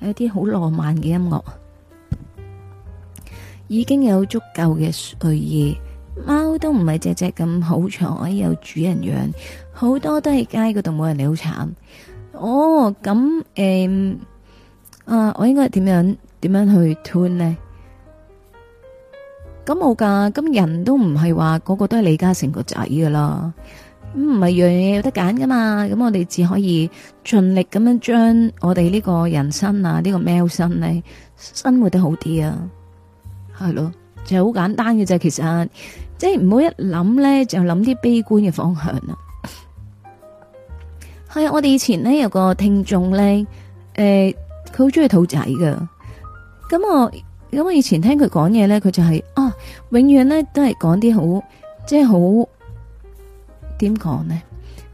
係一啲好浪漫嘅音樂，已經有足夠嘅睡意。貓都唔係隻隻咁好彩，有主人養，好多都喺街嗰度冇人理，好慘。哦，咁誒啊，我應該點樣點樣去斷呢？咁冇噶，咁人都唔係話個個都係李嘉誠個仔噶啦，咁唔係樣嘢有得揀噶嘛，咁我哋只可以盡力咁樣將我哋呢個人生啊，這個、生呢個喵生咧，生活得好啲啊，係咯，就係、是、好簡單嘅啫，其實，即係唔好一諗咧就諗啲悲觀嘅方向啦。係 我哋以前咧有個聽眾咧，誒、呃，佢好中意兔仔噶，咁我。咁我以前聽佢講嘢咧，佢就係啊，永遠咧都係講啲好即係好點講咧，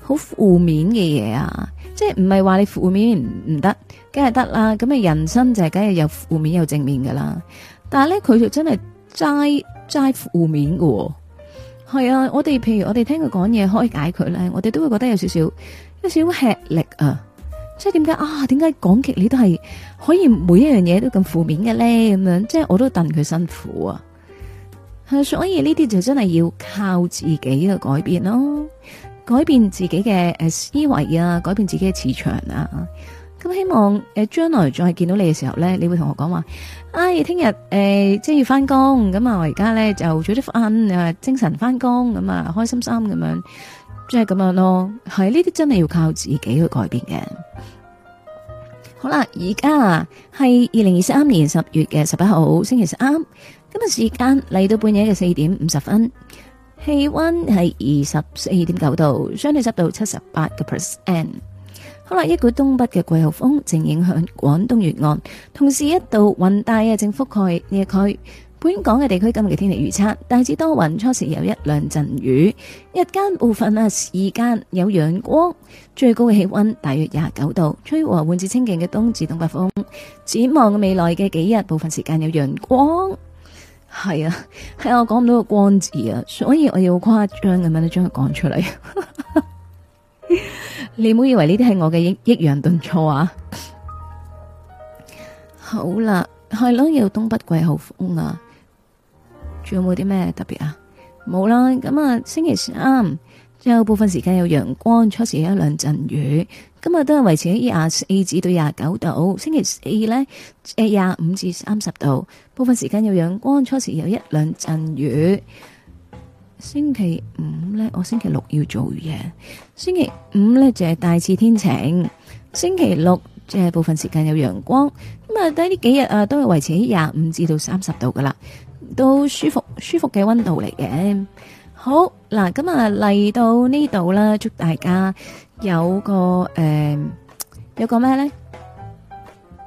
好負面嘅嘢啊，即係唔係話你負面唔得，梗係得啦。咁啊，人生就係梗係有負面有正面噶啦。但係咧，佢就真係齋齋負面噶，哦。係啊，我哋譬如我哋聽佢講嘢可以解佢咧，我哋都會覺得有少少有少少吃力啊。即係點解啊？點解講極你都係可以每一樣嘢都咁負面嘅咧？咁樣即係我都戥佢辛苦啊！係所以呢啲就真係要靠自己去改變咯，改變自己嘅誒思維啊，改變自己嘅磁場啊。咁希望誒將來再係見到你嘅時候咧，你會同我講話：，唉、哎，聽日誒即係要翻工咁啊！我而家咧就早啲瞓，又精神翻工咁啊，開心心咁樣。即係咁樣咯，係呢啲真係要靠自己去改變嘅。好啦，而家啊係二零二三年十月嘅十一號星期三，今日時間嚟到半夜嘅四點五十分，氣溫係二十四點九度，相對濕度七十八個 percent。好啦，一股東北嘅季候風正影響廣東沿岸，同時一度雲帶啊正覆蓋呢個區。本港嘅地區今日嘅天氣預測大致多雲，初時有一兩陣雨，日間部分啊時間有陽光，最高嘅氣溫大約廿九度，吹和緩至清勁嘅東至東北風。展望未來嘅幾日，部分時間有陽光。係啊，係我講唔到個光字啊，所以我要誇張咁樣咧將佢講出嚟。 你唔好以為呢啲係我嘅抑抑揚頓挫啊！好啦，係咯、啊，要東北季候風啊！仲有冇啲咩特別啊？冇啦，咁啊星期三有部分時間有陽光，初時有一兩陣雨。今日都係維持喺廿四至到廿九度。星期四呢，誒廿五至三十度，部分時間有陽光，初時有一兩陣雨。星期五呢，我星期六要做嘢。星期五呢，就係、是、大致天晴，星期六即係部分時間有陽光。咁啊，喺呢幾日啊都係維持喺廿五至到三十度噶啦。都舒服舒服嘅溫度嚟嘅，好嗱，咁啊嚟到呢度啦，祝大家有個誒有個咩咧？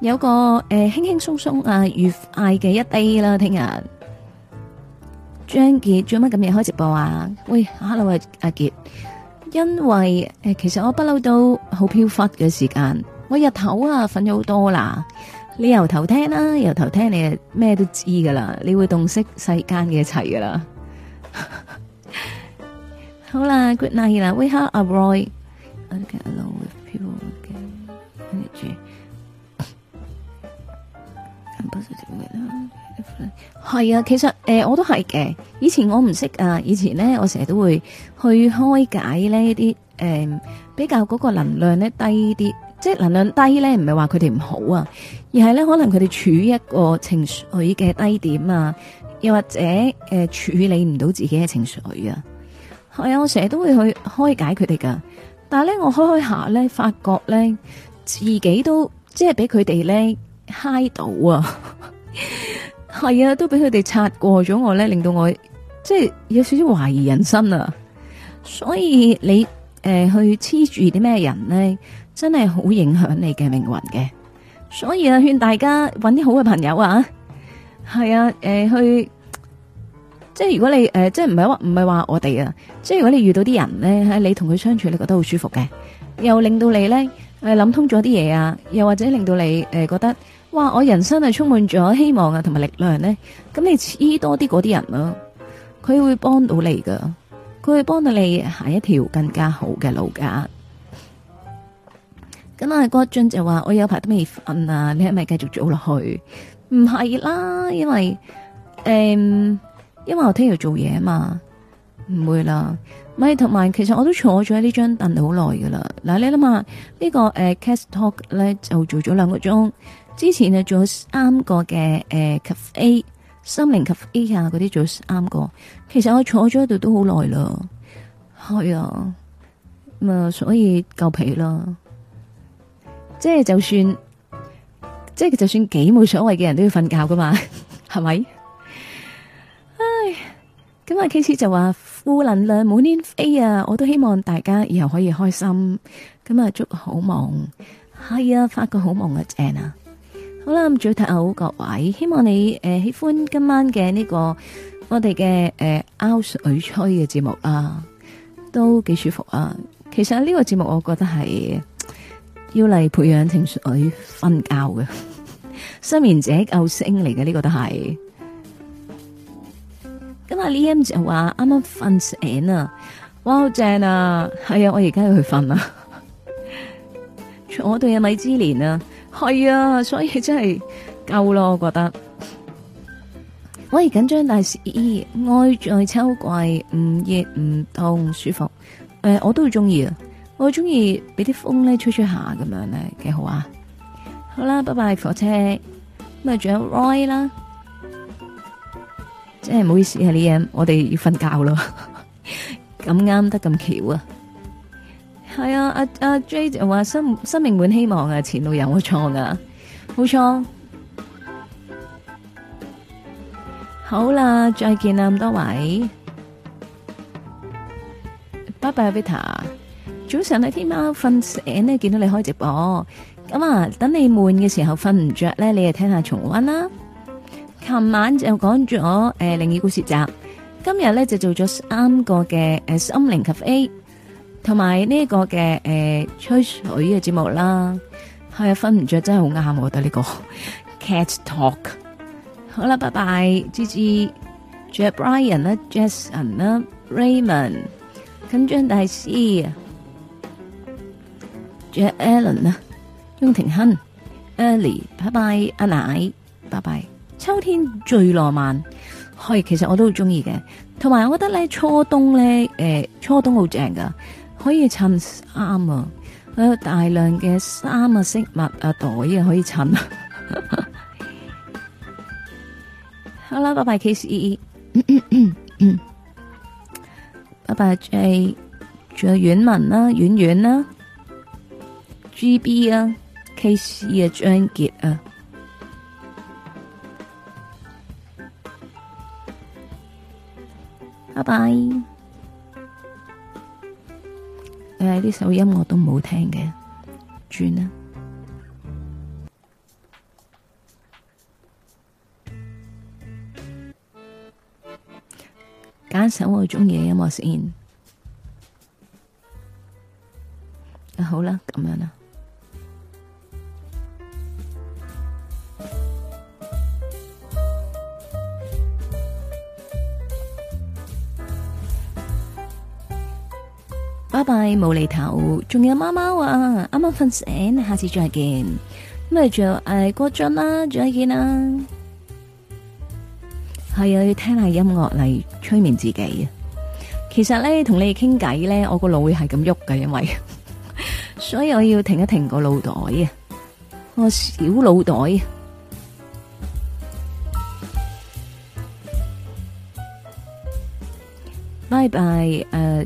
有個誒、呃、輕輕鬆鬆啊愉快嘅一 day 啦，聽日張杰做乜咁夜開直播啊？喂，Hello 啊阿杰，因為誒、呃、其實我不嬲都好飄忽嘅時間，我日頭啊瞓咗好多啦。你由頭聽啦，由頭聽你啊咩都知噶啦，你會洞悉世間嘅一切噶啦。好啦，Good night 啦，We have a break. I don't get along with people who get energy. 係啊，其實誒、呃，我都係嘅。以前我唔識啊，以前咧我成日都會去開解呢啲誒、呃、比較嗰個能量咧低啲，即係能量低咧，唔係話佢哋唔好啊。而係咧，可能佢哋處於一個情緒嘅低點啊，又或者誒、呃、處理唔到自己嘅情緒啊，係啊，我成日都會去開解佢哋噶，但係咧我開開下咧，發覺咧自己都即係俾佢哋咧嗨到，啊，係 啊，都俾佢哋擦過咗我咧，令到我即係有少少懷疑人生啊！所以你誒、呃、去黐住啲咩人咧，真係好影響你嘅命運嘅。所以啊，勸大家揾啲好嘅朋友啊，係啊，誒、呃，去即係如果你誒、呃，即係唔係話唔係話我哋啊，即係如果你遇到啲人咧，你同佢相處，你覺得好舒服嘅，又令到你咧誒諗通咗啲嘢啊，又或者令到你誒、呃、覺得，哇，我人生係充滿咗希望啊，同埋力量咧，咁你黐多啲嗰啲人咯，佢會幫到你噶，佢會幫到你行一條更加好嘅路噶。咁啊，嗰陣就話我有排都未瞓啊！你係咪繼續做落去？唔係啦，因為誒、嗯，因為我聽朝做嘢啊嘛，唔會啦。咪同埋，其實我都坐咗喺呢張凳好耐噶啦。嗱、啊，你諗下呢個誒、呃、cat talk 咧就做咗兩個鐘，之前啊做咗三個嘅誒、呃、cafe，三名 cafe 啊嗰啲做三個，其實我坐咗喺度都好耐啦，係啊，咁啊，所以夠皮啦。即係就算，即係就算幾冇所謂嘅人都要瞓覺噶嘛，係 咪？唉，咁啊，K C 就話負能量滿天飛啊！我都希望大家以後可以開心，咁啊，啊，啊，啊，祝好夢。係啊，發個好夢啊正啊。好啦，咁最後睇好各位，希望你誒、呃、喜歡今晚嘅呢、這個我哋嘅誒 out 水吹嘅節目啊都幾舒服啊。其實呢個節目我覺得係。要嚟培養情緒女瞓覺嘅失眠者救星嚟嘅呢個都係，咁阿 Liam 就話啱啱瞓醒啊，哇好正啊，係啊，我而家要去瞓啊。我對阿米芝蓮啊，係啊，所以真係夠咯，我覺得，我而緊張大師，但我愛在秋季，唔熱唔痛舒服，誒、呃，我都會中意啊。我中意俾啲風咧吹吹下咁樣咧，幾好啊！好啦，拜拜火車咁啊，仲有 Roy 啦，真係唔好意思啊呢 e M，我哋要瞓覺咯，咁啱得咁巧啊！係啊，阿阿 Jay 就話生生命滿希望啊，前路有冇錯啊，冇錯。好啦，再見啦，咁多位，拜拜阿 Vita 早晨啊，天貓瞓醒咧，見到你開直播咁啊。等你悶嘅時候，瞓唔着咧，你就聽下重溫啦。琴晚就講咗誒，靈異故事集。今日咧就做咗三個嘅誒，心靈及 A 同埋呢一個嘅誒吹水嘅節目啦。係啊，瞓唔着真係好啱，我覺得呢個 Cat Talk。好啦，拜拜，Gigi，Jeff Brian 啦，Jason 啦，Raymond，緊張大師。J. Alan 啦，雍庭亨 Early 拜拜，Early, bye, 阿奶，拜拜。Bye, 秋天最浪漫，係，其實我都好中意嘅。同埋，我覺得咧初冬咧，誒，初冬好正噶，可以襯衫啊，我有大量嘅衫啊，飾物啊袋啊，可以襯啊。呵呵好啦，拜拜 KCEE、嗯嗯嗯、拜拜，J，仲有婉文啦，婉婉啦。G B 啊，K C 啊，張杰啊，拜拜。誒，呢首音樂都唔好聽嘅，轉啦。揀首我中意嘅音樂先。好啦，咁樣啦。拜拜，無厘頭，仲有貓貓啊！啱啱瞓醒，下次再見。咁啊，仲有係過盡啦，再見啦。係啊，我要聽下音樂嚟催眠自己啊。其實咧，同你哋傾偈咧，我個腦會係咁喐噶，因為所以我要停一停個腦袋啊，個小腦袋。拜拜，誒、呃。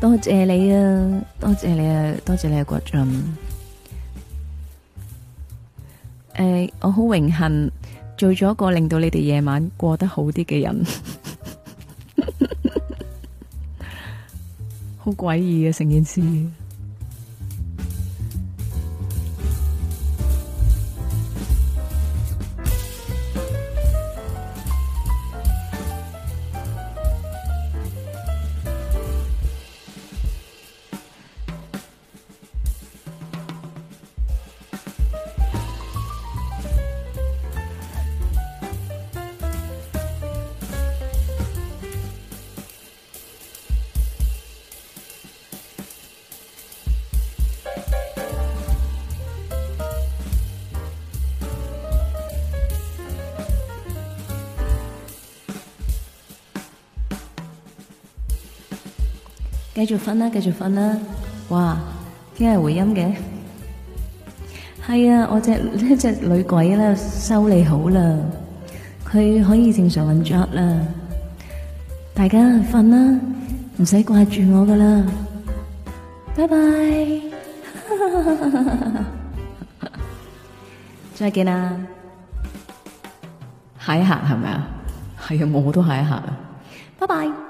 多謝你啊，多謝你啊，多謝你啊，郭俊。誒、uh，我好榮幸做咗一個令到你哋夜晚過得好啲嘅人，好詭異啊，成件事。Mm hmm. 繼續瞓啦，繼續瞓啦。哇，聽日回音嘅？係啊，我隻呢隻女鬼咧，修理好啦，佢可以正常運作啦。大家瞓啦，唔使掛住我噶啦。拜拜， 再見啊啦！下一刻係咪啊？係啊，我都下一刻啊。拜拜。